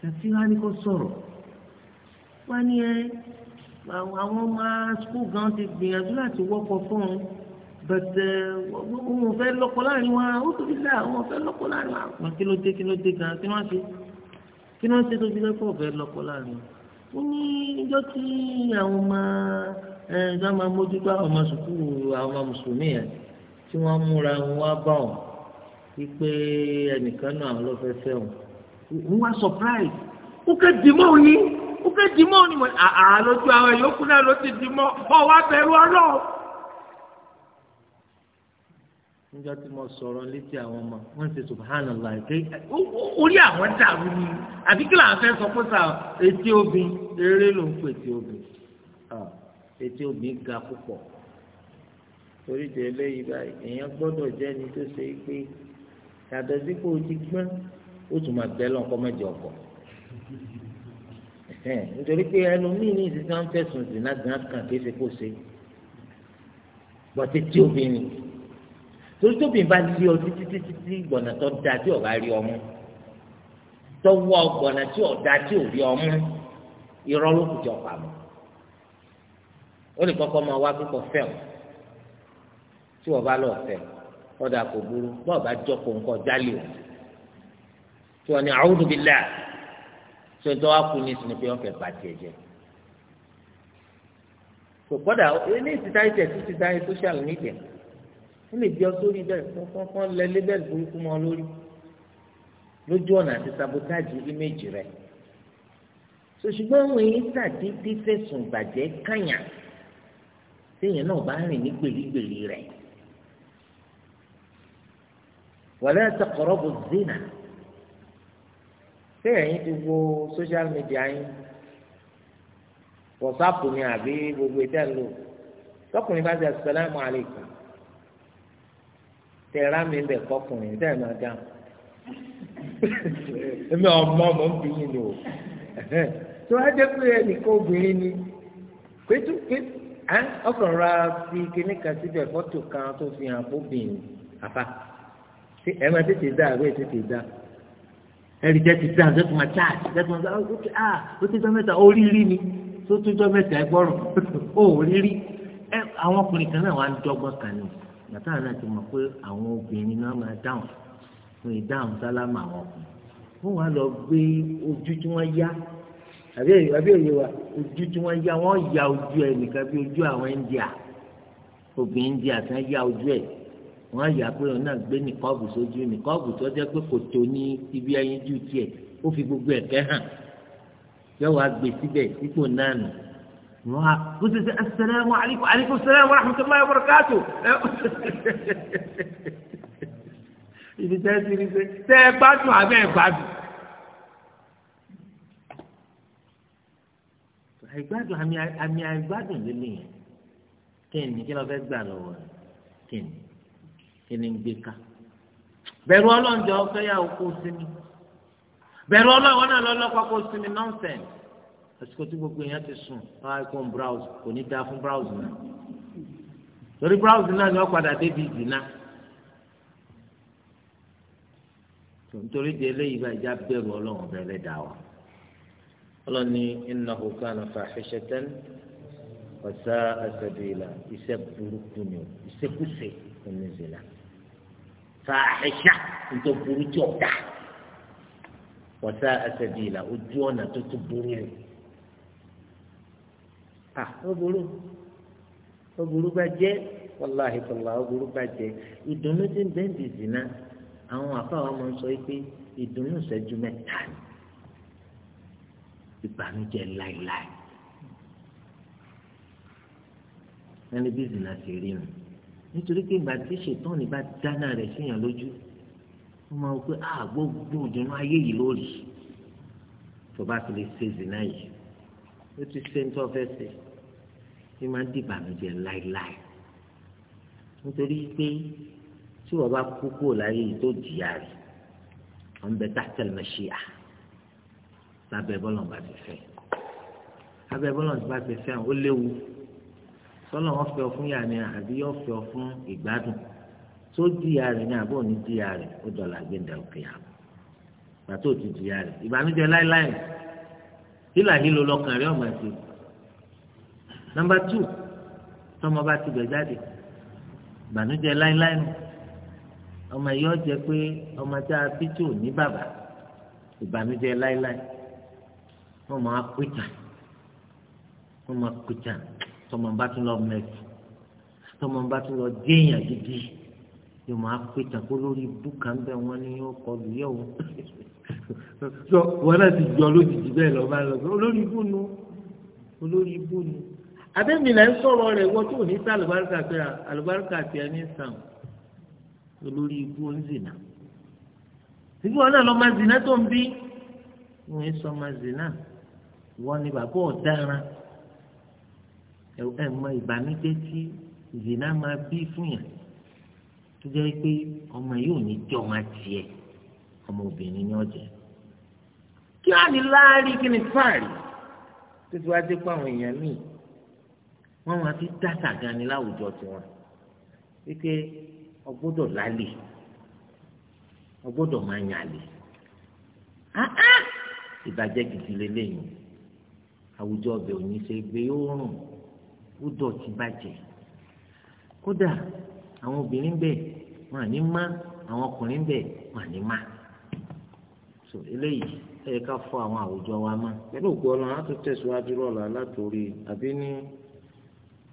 tàbí wàá ní kó sọ̀rọ̀ wọ́n ní ẹ àwọn ọmọ skul gan ti gbìyànjú láti wọ́pọ̀ fún un bẹ̀tẹ̀ òun fẹ́ lọ́kọ láàrin wa ó tóbi dá òun fẹ́ lọ́kọ láàrin wa. wọn kí ló dé kí ló dé gan kí wọ́n ṣe kí wọ́n ṣe tó fi lẹ́kọ̀ọ́ fẹ́ lọ́kọ láàrin wa. ó ní ìjọ ẹ ẹ sọ ma mójútó àwọn ọmọ sùkúrù àwọn ọmọ mùsùlùmí yẹn tí wọ́n múra wọn wá bá wọn wípé ẹnìkan náà àwọn ló fẹ́ fẹ́ wọn ń wá surprise ó kẹ́ dìímọ̀ òní ó kẹ́ dìímọ̀ òní àà lójú àwọn yòókù náà ló ti dìímọ̀ ọ wá bẹ̀rù ọlọ́ọ̀. níjọ́ tí mo sọ̀rọ̀ létí àwọn ọmọ wọ́n ti subhanallah ké orí àwọn dàrú ni àbí kí làwọn fẹ́ sọ pé sà etí obìn eré ló ń pè tí obìn etí òbí ga púpọ̀ torí tẹ eléyìí báyìí èèyàn gbọ́dọ̀ jẹ́ ẹni tó ṣe é pé yàtọ̀ sí pé o ti gbọ́n ó tún máa bẹ́ẹ̀ lọ́kọ́ mẹ́jọ ọkọ̀ nítorí pé ẹlòmíì ní ìsinsin àwọn fẹ̀sùn ìdìnnà gan kan kì í ṣe kó ṣe gbọ́tẹ́ tí obìnrin torí tóbi bá lé ọ títí títí tí gbọ̀nà tó da tí ọ̀gá rí ọmú tọ́wọ́ gbọ̀nà tí ọ̀dà tí ò rí ọmú irọ́ ló kù ó lè kọ́kọ́ máa wá pípọ̀ fẹ́ o tí wọ́n bá lọ fẹ́ ọ̀dà kò burú bọ́ọ̀ bá jọ́kọ̀ nǹkan jálè o tí wọ́n ní a'udhu billah tí wọ́n wá kú ní sinmi pé wọ́n fẹ́ bá tiẹ̀ jẹ́ kò kọ́dà ní ìsìta ìtẹ̀ sí ìsìta social media ó lè bí ọ sórí bẹ́ẹ̀ kọ́kọ́ lẹ lébẹ́lì burúkú mọ́ lórí lójú ọ̀nà àti sabotage image rẹ̀ sòṣùgbọ́n àwọn èyí sàdédé fẹ̀sùn ìbàjẹ́ kàyàn. So, téèyàn náà bá rìn ní gbèrígbèrí rẹ̀ wala taqrabu zina téèyàn yín ti wo social media yín wọ́sáàpù ni àbí gbogbo ìtẹ́ ń lò tọkùnrin bá ti assalamu alaikum tẹ̀ra mi bẹ̀ kọkùnrin tẹ̀ máa dáhùn èmi ọmọ mọ̀ ń bí yín lò tó wá jẹ́ pé ẹnìkan obìnrin ni pẹ̀tù pẹ̀tù ọkàn ra fi kíní kan síbẹ̀ fọ́tò kan tó fi hàn bóbìn àfa ẹ máa tètè dá àbẹ́ tètè dá ẹ̀rí jẹ́ ti dá àbẹ́ tó máa chaaj jẹ́ tó máa dá ó ti ah ó ti jọ́ mẹ́ta ó rí rí ni tó tún jọ́ mẹ́ta ẹ gbọ́rọ̀ ó rí rí ẹ àwọn ọkùnrin kan náà wà ń dọ́gbọ́n kan ni bàtà náà ti mọ̀ pé àwọn obìnrin náà máa dáhùn fún ìdáhùn sálámà àwọn ọkùnrin wọ́n wá lọ gbé ojú tí wọ́n yá àbí èyí wa ojú tí wọ́n ya wọ́n ya ojú ẹ̀ nìkan bí ojú àwọn India obìnrin India tí wọ́n ya ojú ẹ̀ wọ́n yà pé òun náà gbé nìkọ́ọ̀bù sójú nìkọ́ọ̀bù tó jẹ́ pé kòtò ní ibi ẹyin jù tiẹ̀ ó fi gbogbo ẹ̀kẹ́ hàn yóò wá gbé síbẹ̀ ipò náà nù wọ́n á kó ṣe ṣe asalaamu alaykum alaykum salaam wa wa barakatu ibi tẹ́ ẹ ti rí pé tẹ́ ẹ gbádùn àbẹ́ ẹ gbádùn. àìgbádùn àmì àìgbádùn lélẹ̀ yẹn kíni kí ló fẹ́ gbà lọ́wọ́ rẹ̀ kíni kíni ń gbé ká bẹ̀rù ọlọ́njọ́ fẹ́yàwó kó sinmi bẹ̀rù ọlọ́wọ́ náà lọ́lọ́kọ́ kó sinmi nọ́ọ̀sẹ̀nsì àsìkò tí gbogbo èèyàn ti sùn wọ́n á kó browse kò ní dáa fún browse náà torí browse náà ni wọ́n padà débi ìdìnnà nítorí di eléyìí bá ìjà bẹ̀rù ọlọ́wọ́ bẹ̀rẹ̀ dà wá ọlọ́ni innahu kana fahishatan wa sa'a sabila iṣẹ́ burúkú ni o iṣẹ́ kúṣe oníṣẹ́lá fàáhìṣà nítorí burú tí ọ̀dà wa sa'a sabila ojú ọ̀nà tó tún burú rẹ̀ à ó burú ó burú bá jẹ́ wàláhì tọ́lá ó burú bá jẹ́ ìdùnnú tí ń bẹ́ẹ̀ dì zina àwọn àfáwọn máa sọ pé ìdùnnú ìṣẹ́jú mẹ́ta ni ìbànújẹ́ láìláì ẹni bí zina ti rí nu nítorí pé ìgbà tí ṣètò ní bá dáná rẹ̀ síyàn lójú ó máa wọ pé a gbogbo ìdùnnú ayé yìí lórí tó bá fi lè ṣe zina yìí ó ti ṣe ń tọ́ fẹ́ ṣe ní máa ń di láìláì nítorí pé tí wọ́n bá kú kúrò láyé yìí tó jìyà rẹ̀ wọ́n bẹ tá tẹ̀lé mẹ́ṣíà lábẹ́ bọ́lọ̀ bá ti fẹ́ lábẹ́ bọ́lọ̀ bá ti fẹ́ ó léwu sọ́lọ́ wọn fẹ́ ọ fún yàrá ni àbí yóò fẹ́ ọ fún ìgbádùn tó díya rẹ̀ ni àbọ̀ ní díya rẹ̀ ó dọ̀là gbẹ̀dẹ̀ òkè àbọ̀ gbàtó ti díya rẹ̀ ìbànújẹ́ láíláí hílàhílo lọkàn rẹ̀ ọ̀gbà sí nọ́mbà tù tọmọ bá ti bẹ̀ jáde ìbànújẹ́ láíláí nù ọmọ yìí ọ jẹ pé ọmọ tá a fi tí ò ní bàbá ìbànújẹ́ láíláí wọ́n máa pìtà wọ́n máa pìtà tọmọ bá tún lọ mẹ́tì tọmọ bá tún lọ déèyàn gidi yóò máa pìtà kó lórí búkà ń bẹ wọn ni yóò kọlu yẹ o sọ wọn náà ti jọ lójijì bẹ́ẹ̀ lọ bá lọ sọ olórí ibú nu olórí ibú nu abẹ́mi là ń sọ̀rọ̀ rẹ̀ wọ́n tó ní sá àlùbáríkà pé àlùbáríkà tiẹ̀ ní sàn olórí ibú ń zìnà síbí wọn náà lọ máa zìnà tó ń bí wọn sọ máa zìnà wọ́n ní bàbá ọ̀daràn ẹ̀ mọ ìbànújẹ́ tí zina máa bí fún yàn tó jẹ́ pé ọmọ yóò ní jẹ́ ọmọ tiẹ̀ ọmọ obìnrin ni ọ̀jẹ̀ kí wọ́n ní láàárín kí ni fáàrí tó ti wá dé pé àwọn èèyàn míì wọ́n máa fi dáta gan ni láwùjọ tiwọn wípé ọgbọ́dọ̀ lálẹ́ ọgbọ́dọ̀ máa yàn àlè ìbàjẹ́ gidi lélẹ́yìn àwùjọ ọbẹ̀ ò ní ṣe gbé yóò rùn ó dọ̀tí bàjẹ́ kódà àwọn obìnrin bẹ́ẹ̀ wọn àní má àwọn ọkùnrin bẹ́ẹ̀ wọn àní má so eléyìí ẹ yẹ ká fọ àwọn àwùjọ wa mọ́. pẹ̀lú ògbó ọlọ́run á tún tẹ̀síwájú lọ́la látòrí àbí ní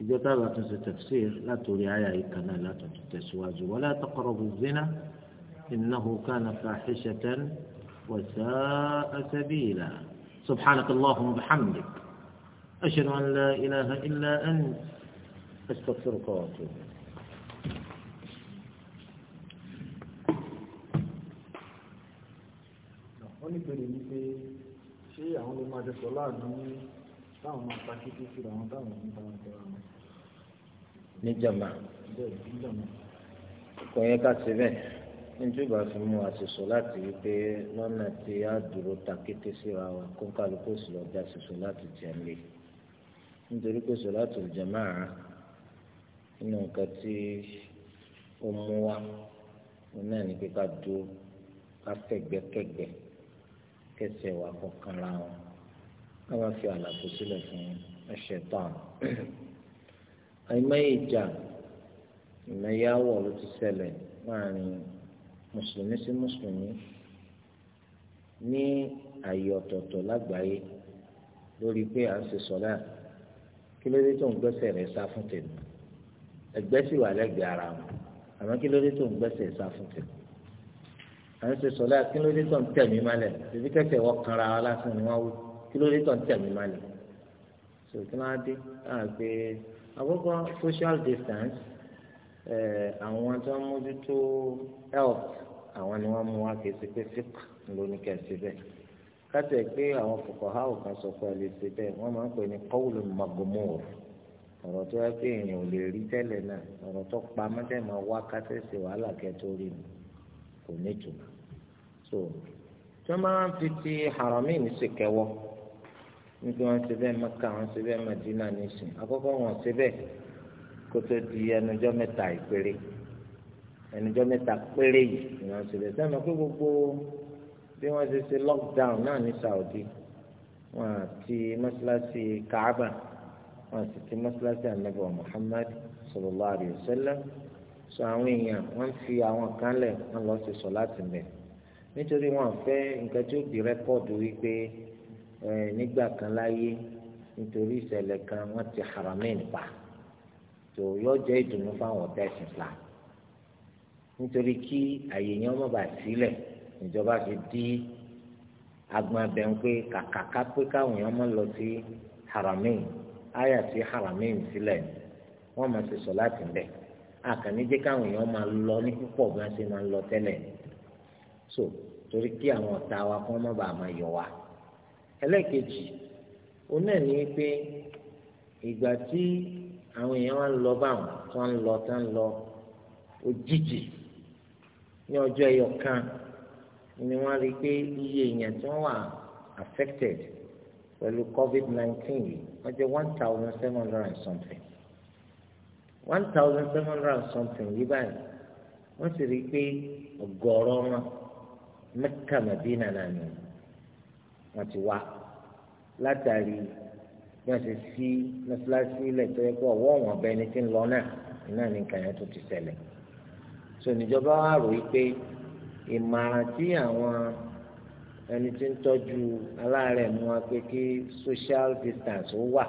ìjọ tábà tún ṣe tafsir látòrí àyà yìí kan náà látò tún tẹ̀síwájú. wala taqrabu zina innahu kana fahishatan wa sa'a sabila. سبحانك اللهم وبحمدك أشهد أن لا إله إلا أنت أستغفرك وأتوب إليك oníbèrè ní pé ṣé àwọn ló máa jẹ́sọ̀ láàrin ní táwọn máa ta kété sí àwọn táwọn ní táwọn tẹ̀ra wọn. níjàmbá kò yẹ ká ṣe bẹ́ẹ̀. níjọba fi mú àṣìṣọ láti rí pé lọ́nà tí a dúró takété síra wa kó kálukú sì lọ bí àṣìṣọ láti jẹ lé nítorí pé sọláàtù jàmáà nínú nǹkan tí ó mú wa náà ní pé ká dúró ká fẹ̀gbẹ́kẹ̀gbẹ́ kẹsẹ̀ wa kọ̀ọ̀kan ra wọn ká má fi àlàfo sílẹ̀ fún ẹ̀ṣẹ̀ tán àìmọye ìjà ìmọye ló ti ṣẹlẹ̀ láàrin mùsùlùmí sí mùsùlùmí ní àyè ọ̀tọ̀ọ̀tọ̀ lágbàáyé lórí pé à ń ṣe sọ́lá kí ló dé tó ń gbẹ́sẹ̀ rẹ̀ sá fún tèmi ẹgbẹ́ sì wà lẹ́gbẹ̀ẹ́ ara wọn àmọ́ kí ló dé tó ń gbẹ́sẹ̀ sá fún tèmi à ń ṣe sọ́lá kí ló dé tó ń tẹ̀mí malẹ̀ ibi kẹ́kẹ́ wọ́n kanra wa lásán ni wọ́n wú kí ló dé tó ń tẹ̀mí malẹ̀ sọ̀tún á dé á àkọ́kọ́ social distance àwọn tó ń mójútó health àwọn ni wọ́n mú wá kéésì pé sick lóní kẹsì bẹ́ẹ̀ kátẹ pé àwọn fòkànhá ò kan sọ pé àlè ṣe bẹ́ẹ̀ wọ́n máa ń pè ní kọwùlù magomor ọ̀rọ̀ tó yẹ pé èèyàn ò lè rí tẹ́lẹ̀ náà ọ̀rọ̀ tó pa mọtẹ máa wá kátẹ sí wàhálà kẹtó rí mi kò ní ìtumọ̀ so tí wọ́n máa ń fi ti haramin ṣe kẹwọ nígbà wọ́n ṣe bẹ́ẹ̀ Mẹ́kà wọ́n ṣe bẹ́ẹ̀ Mẹdínà nísìn àkọ́kọ́ wọ́n ṣe bẹ́ẹ̀ kótó di ẹnujọ́ mẹ́ta ìpéré ẹnujọ́ mẹ́ta péré yìí ni wọ́n ṣe lè sẹ́nu pé gbogbo bí wọ́n ṣe ṣe lockdown náà ní Saudi wọ́n ti mọ́ṣáláṣí Kaaba wọ́n sì ti mọ́ṣáláṣí anabi Muhammad sallallahu alayhi wa sallam sọ àwọn èèyàn wọ́n fi àwọn kan lẹ̀ wọ́n lọ sí sọ láti mẹ̀ nítorí wọ́n fẹ́ nǹkan tí ó di rẹ́kọ̀dù wípé nígbà kan láyé nítorí ìṣẹ̀lẹ̀ kan wọ́n ti Haramain pa tó yọ jẹ́ ìdùnnú fáwọn ọ̀tá ẹ̀sìn Islam nítorí kí àyè yẹn ọmọ bá sílẹ̀ ìjọba fi dí agbọn abẹ ń pé kàkàká pé káwọn èèyàn máa lọ sí haramain àyà sí haramain sílẹ̀ wọ́n máa ṣe sọ láti ń àkànní jẹ́ káwọn èèyàn máa lọ ní púpọ̀ bí wọ́n ṣe máa lọ tẹ́lẹ̀ so torí kí àwọn ọ̀tá wa kó má bàa máa yọ wa ẹlẹ́ẹ̀kejì onáà ní pé ìgbà tí àwọn èèyàn wá ń lọ báwọn tó ń lọ tó ń lọ òjijì ní ọjọ́ ẹyọ kan ni wọ́n rí i pé iye èèyàn tí wọ́n wà affected pẹ̀lú covid nineteen yìí wọ́n jẹ́ one thousand seven hundred and something one thousand seven hundred and something yìí báyìí wọ́n sì rí i pé ọ̀gọ̀ọ̀rọ̀ wọn Mẹ́kà Mẹ́dínà náà ni wọ́n ti wá látàrí náà ṣe sí mọ́ṣáláṣí ilẹ̀ tó yẹ kó ọwọ́ ọ̀wọ́n ọbẹ̀ ẹni tí ń lọ náà náà ní nǹkan tó ti ṣẹlẹ̀ so níjọba wa rò yí pé ìmọ̀ràn tí àwọn ẹni tí ń tọ́jú aláàárẹ̀ mú wa pé kí social distance ó wà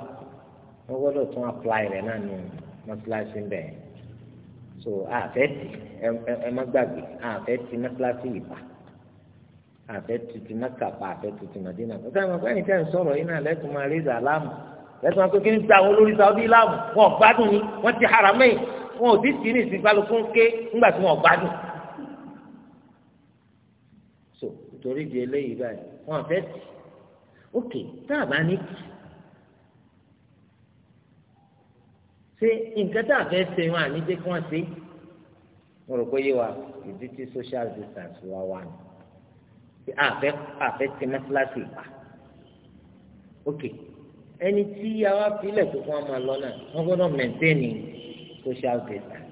wọ́n gbọ́dọ̀ tún apply rẹ̀ náà nù mọ́ṣáláṣí ń bẹ̀ yẹn so àfẹ́ tì ẹ má gbàgbé àfẹ́ tì mọ́ṣáláṣí yìí pa àfẹ́ tuntun mẹ́kà pa àfẹ́ tuntun mẹ́dínà kó sáà mọ̀ pé ẹni tẹ́ ń sọ̀rọ̀ yìí náà lẹ́tùn máa rí ìzàlámù lẹ́tùn máa kékeré ń ta àwọn olórí sáwọ́dí láàmù wọn ò gbádùn ni wọ́n ti haramẹ́yìn wọn ò sì sí ní ìsìnkálukú ń ké nígbà tí wọn ò gbádùn. so nítorí di eléyìí báyìí wọn fẹ́ tì ok tá a bá ní tì ṣé nǹkan tá a fẹ́ ṣe wọn àní jẹ́ kí wọ́n ṣe mo rò social distance wa wà ní àfẹ́ àfẹ́ ti mọ́sálásì pa ok ẹni tí àwa filẹ̀ tó fún ọmọ lọ́nà wọ́n gbọ́dọ̀ mẹ́ntẹ́ẹ̀nì social distance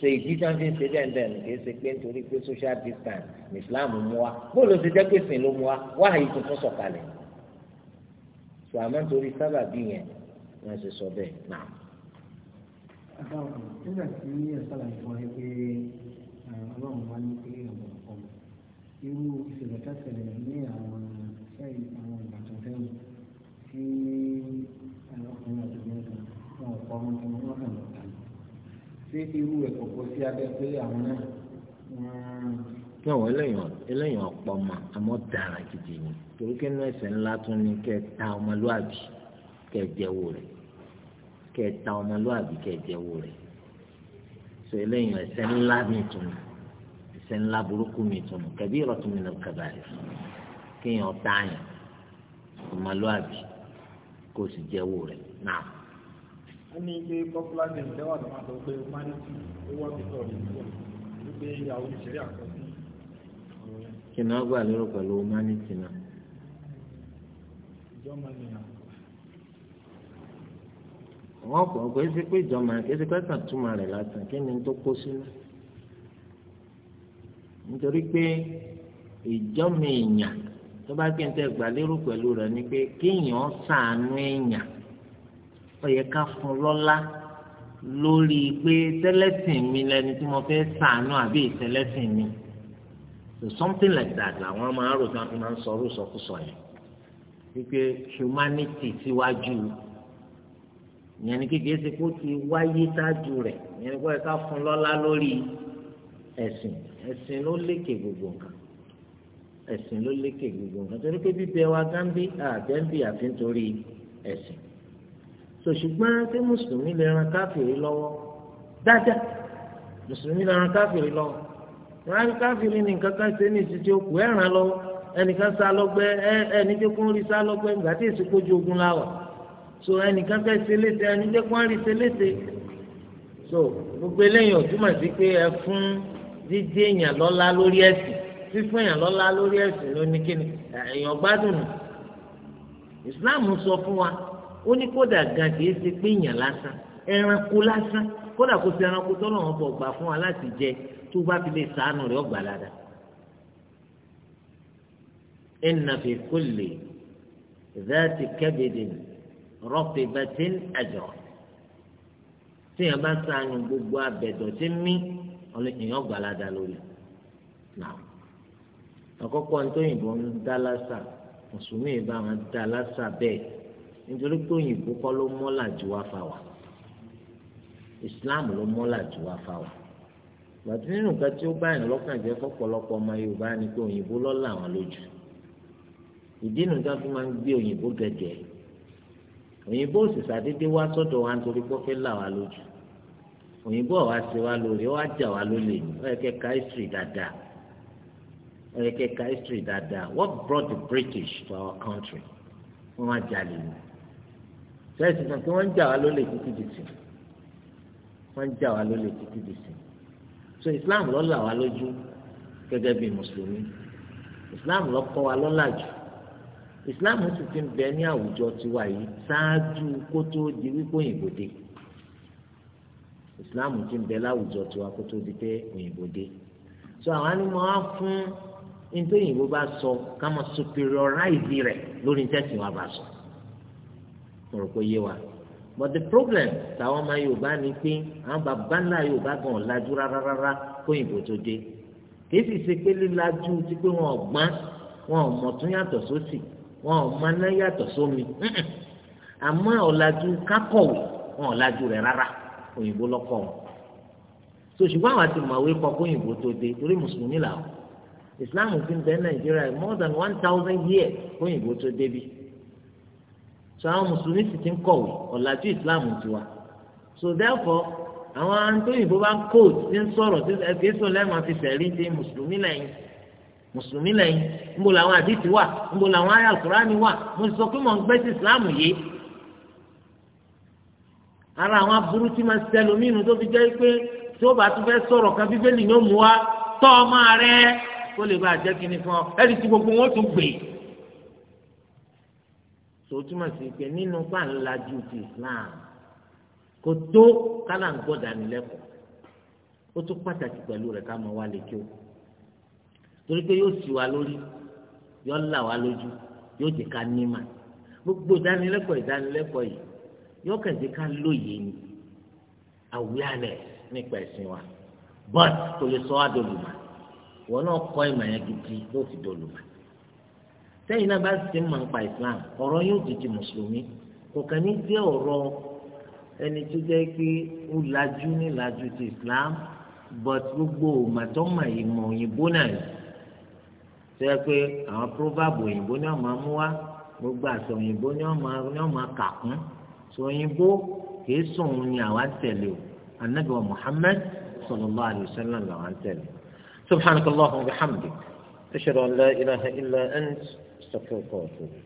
so ìdí tí wọ́n fi ń ṣe bẹ́ẹ̀ bẹ́ẹ̀ nìkan ṣe pé nítorí pé social distance ní Islam mú wa bóòlù ti jẹ́ pé sìn ló mú wa wáhàyè tuntun sọ̀kalẹ̀ so àmọ́ nítorí sábàbí yẹn wọ́n ṣe sọ bẹ́ẹ̀ náà. àbáwọ̀ nígbà tí ẹ̀sán àìsàn wáyé pé ọlọ́run wá ní pé irú ìṣẹ̀lẹ̀ kẹsẹ̀lẹ̀ ní àwọn sẹ́yìn àwọn ìbàdàn sẹ́yìn tí ọkùnrin àti obìnrin kan wọn kọ́ ọmọ tí wọ́n kàn lọ tà ní. ṣé irú ẹ̀ kọ̀kọ́ sí abẹ́ pé àwọn náà wọ́n. yóò wọ eléyàn eléyàn ọ̀pọ̀ ọmọ àmọ́ dára gidi ni torí kí inú ẹ̀ṣẹ̀ ńlá tún ni kẹ́ ta ọmọlúàbí kẹ́ ẹ rẹ̀ kẹ́ ta ọmọlúàbí kẹ́ ẹ rẹ̀ ẹ̀ṣẹ̀ ńlá burúkú mi tún kabiratun min al-kaba'ir kéèyàn táyàn ọmọlúwàbí kó o sì jẹ́wọ́ rẹ̀ náà. ó ní pé popular game lẹ́wà tó máa sọ pé humanity ó wọ́n ti sọ̀rọ̀ ìdíwọ̀ wípé ìyàwó ìṣẹ̀lẹ̀ àkọsí. kí ni wọ́n gbà lérò pẹ̀lú humanity náà. ìjọba ni àwọn wọn kò kò ése pé ìjọba kò ése pé kàn túmọ̀ rẹ̀ lásán kí ni tó kó sínú nítorí pé ìjọ́mọ èèyàn tó bá gbé níta ìgbàlérò pẹ̀lú rẹ̀ ni pé kéèyàn sàánú èèyàn ó yẹ ká fún lọ́lá lórí pé tẹ́lẹ̀sìn mi lẹni tí mo fẹ́ sàánú àbí ìtẹ́lẹ̀sìn mi so something like that làwọn máa ń rò tí wọn fi máa ń sọ ọrú sọkúsọ yẹn wípé humanity síwájú ìyẹn ni kékeré ṣe kó ti wáyé ṣáájú rẹ̀ ìyẹn ni kó yẹ ká fún lọ́lá lórí ẹ̀sìn ẹ̀sìn ló lékè gbogbo nǹkan ẹ̀sìn ló lékè gbogbo nǹkan torí pé bíbẹ wa gánbí àbẹ́ńbí àfi nítorí ẹ̀sìn so ṣùgbọ́n kí mùsùlùmí lè ran káfíìrì lọ́wọ́ dáadáa mùsùlùmí lè ran káfíìrì lọ́wọ́ ran káfíìrì ní nǹkan kan ṣe ní ìṣiṣẹ́ òkú ẹ̀ ràn lọ́wọ́ ẹnìkan sá lọ́gbẹ́ ẹ ẹni tó rí sá lọ́gbẹ́ nígbà tí èsì kójú ogun láwà so ẹnìkan fẹ́ ṣe léṣe ẹni tó kún rí ṣe léṣe so gbogbo eléyìí ò túmọ̀ sí pé ẹ fún jíjẹ́ èèyàn lọ́lá lórí ẹ̀sìn fífún èèyàn lọ́lá lórí ẹ̀sìn ló ní kíni èèyàn gbádùn nù Islam sọ fún wa ó ní kódà gan kìí ṣe pé èèyàn lásán ẹranko lásán kódà kó ṣe ẹranko tó lọ́wọ́ bọ̀ gbà fún wa láti jẹ tó bá fi lè sàánù rẹ̀ ọgbà lára inna fi kulli dhati kabidin ratibatin ajra tíyẹn bá sàánù gbogbo abẹ̀dọ̀ tí ń mí èèyàn gbàládà lórí náà àkọ́kọ́ nítòyìnbó ń dá lásà mùsùlùmí bá wọn dá lásà bẹ́ẹ̀ nítorí pé òyìnbó kọ́ ló mọ́là jù wá fà wá islam ló mọ́là jù wá fà wá gbàtí nínú nǹkan tí ó bá yàn lọ́kàn jẹ́ fọ́pọ̀lọpọ̀ ọmọ yorùbá ni pé òyìnbó lọ́lá wọn lójú ìdí nu tó fi máa ń gbé òyìnbó gẹ̀gẹ̀ òyìnbó sì ṣàdédé wá sọ́dọ̀ wa nítorí pé ó fẹ́ là wá lójú òyìnbó àwa ṣe wá lórí ó wá jà wá lólè ó yẹ kẹ́ ka history dáadáa ó yẹ kẹ́ history dáadáa what brought the British to our country wọ́n wá jalè ní sẹ́ẹ̀sì kan kí wọ́n ń jà wá lólè títí di sìn wọ́n jà wá lólè títí di sìn so Islam ló là wá lójú gẹ́gẹ́ bí mùsùlùmí Islam ló kọ́ wa lọ́lá jù Islam sì ti ń bẹ ní àwùjọ tiwa yìí ṣáájú kó di wípé òyìnbó dé islam ti ń bẹ láwùjọ tiwa kó tó di pé òyìnbó dé so àwọn ni á fún nítorí òyìnbó bá sọ ká mọ superiorize rẹ lórí tẹsán wa bá sọ mo rò pé yé wa but the problem táwọn ọmọ yorùbá ni pé àwọn bàbá ńlá yorùbá gan ọ̀làjú rárá rárá kó òyìnbó tó dé kìí sì ṣe pé lílajú ti pé wọn ọgbọ́n wọn ò mọ̀ tún yàtọ̀ sósì wọn ò mọ̀ náà yàtọ̀ sómi àmọ́ ọ̀làjú kákọ̀wé wọn ọ̀làjú rẹ̀ rárá òyìnbó lọ́kọ̀ wọn so ṣùgbọ́n àwọn àti màwé kọ kó òyìnbó tó dé torí mùsùlùmí là wọn Islam ti ń bẹ Nàìjíríà more than one thousand years kó òyìnbó tó débi so àwọn mùsùlùmí sì ti ń kọ̀wé ọ̀làjú Islam tiwa so therefore àwọn antóyìnbó bá ń kóòt tí ń sọ̀rọ̀ tí ẹgbẹ́ sọ lẹ́nu àti sẹ̀rí ti mùsùlùmí lẹ́yìn mùsùlùmí lẹ́yìn ńbo làwọn àdìsí wà ńbo làwọn ayé àkùránì wà mo sọ pé mò ń gbẹ́sí Islam yìí ara àwọn aburú tí máa ṣẹlẹ̀ mí nu tó fi jẹ́ pé tí ó bá tún fẹ́ sọ̀rọ̀ kan bíbélì ni ó mú wa tọ́ ọmọ rẹ kó lè bá jẹ́ kínní fún ọ ẹ̀rí tí gbogbo wọn tún gbè. tó túmọ̀ sí pé nínú pàǹlajú ti Islam kò tó kálá ń gbọ́ dánilẹ́kọ̀ọ́ ó tún pàtàkì pẹ̀lú rẹ̀ ká máa wá lè kí o torí pé yóò sì wá lórí yóò là wá lójú yóò jẹ́ ká ní mà gbogbo ìdánilẹ́kọ̀ọ́ ìdánilẹ́kọ̀ọ́ yìí yóò kẹ̀dé ká lóye ni awareness nípa ẹ̀sìn wa but kò lè sọ adolùmọ̀ wọn náà kọ́ ìmọ̀ yẹn gidi ló fi dolùmọ̀ sẹ́yìn náà bá ti mọ̀ nípa Islam ọ̀rọ̀ yóò di ti mùsùlùmí kò kàn ní jẹ́ ọ̀rọ̀ ẹni tó jẹ́ pé ó lajú ní lajú ti Islam but gbogbo òmàtọ́mà ìmọ̀ òyìnbó náà yìí tó yẹ pé àwọn proverb òyìnbó ni wọ́n máa mú wá gbogbo àṣà òyìnbó ni máa kà kún. sòyìnbó kìí sòun ni àwa ń tẹ̀lé o anabi wa muhammed sallallahu alayhi wa sallam làwa ń tẹ̀lé subhanak allah wa bihamdik ashhadu an la ilaha illa ant astaghfiruka wa atubu.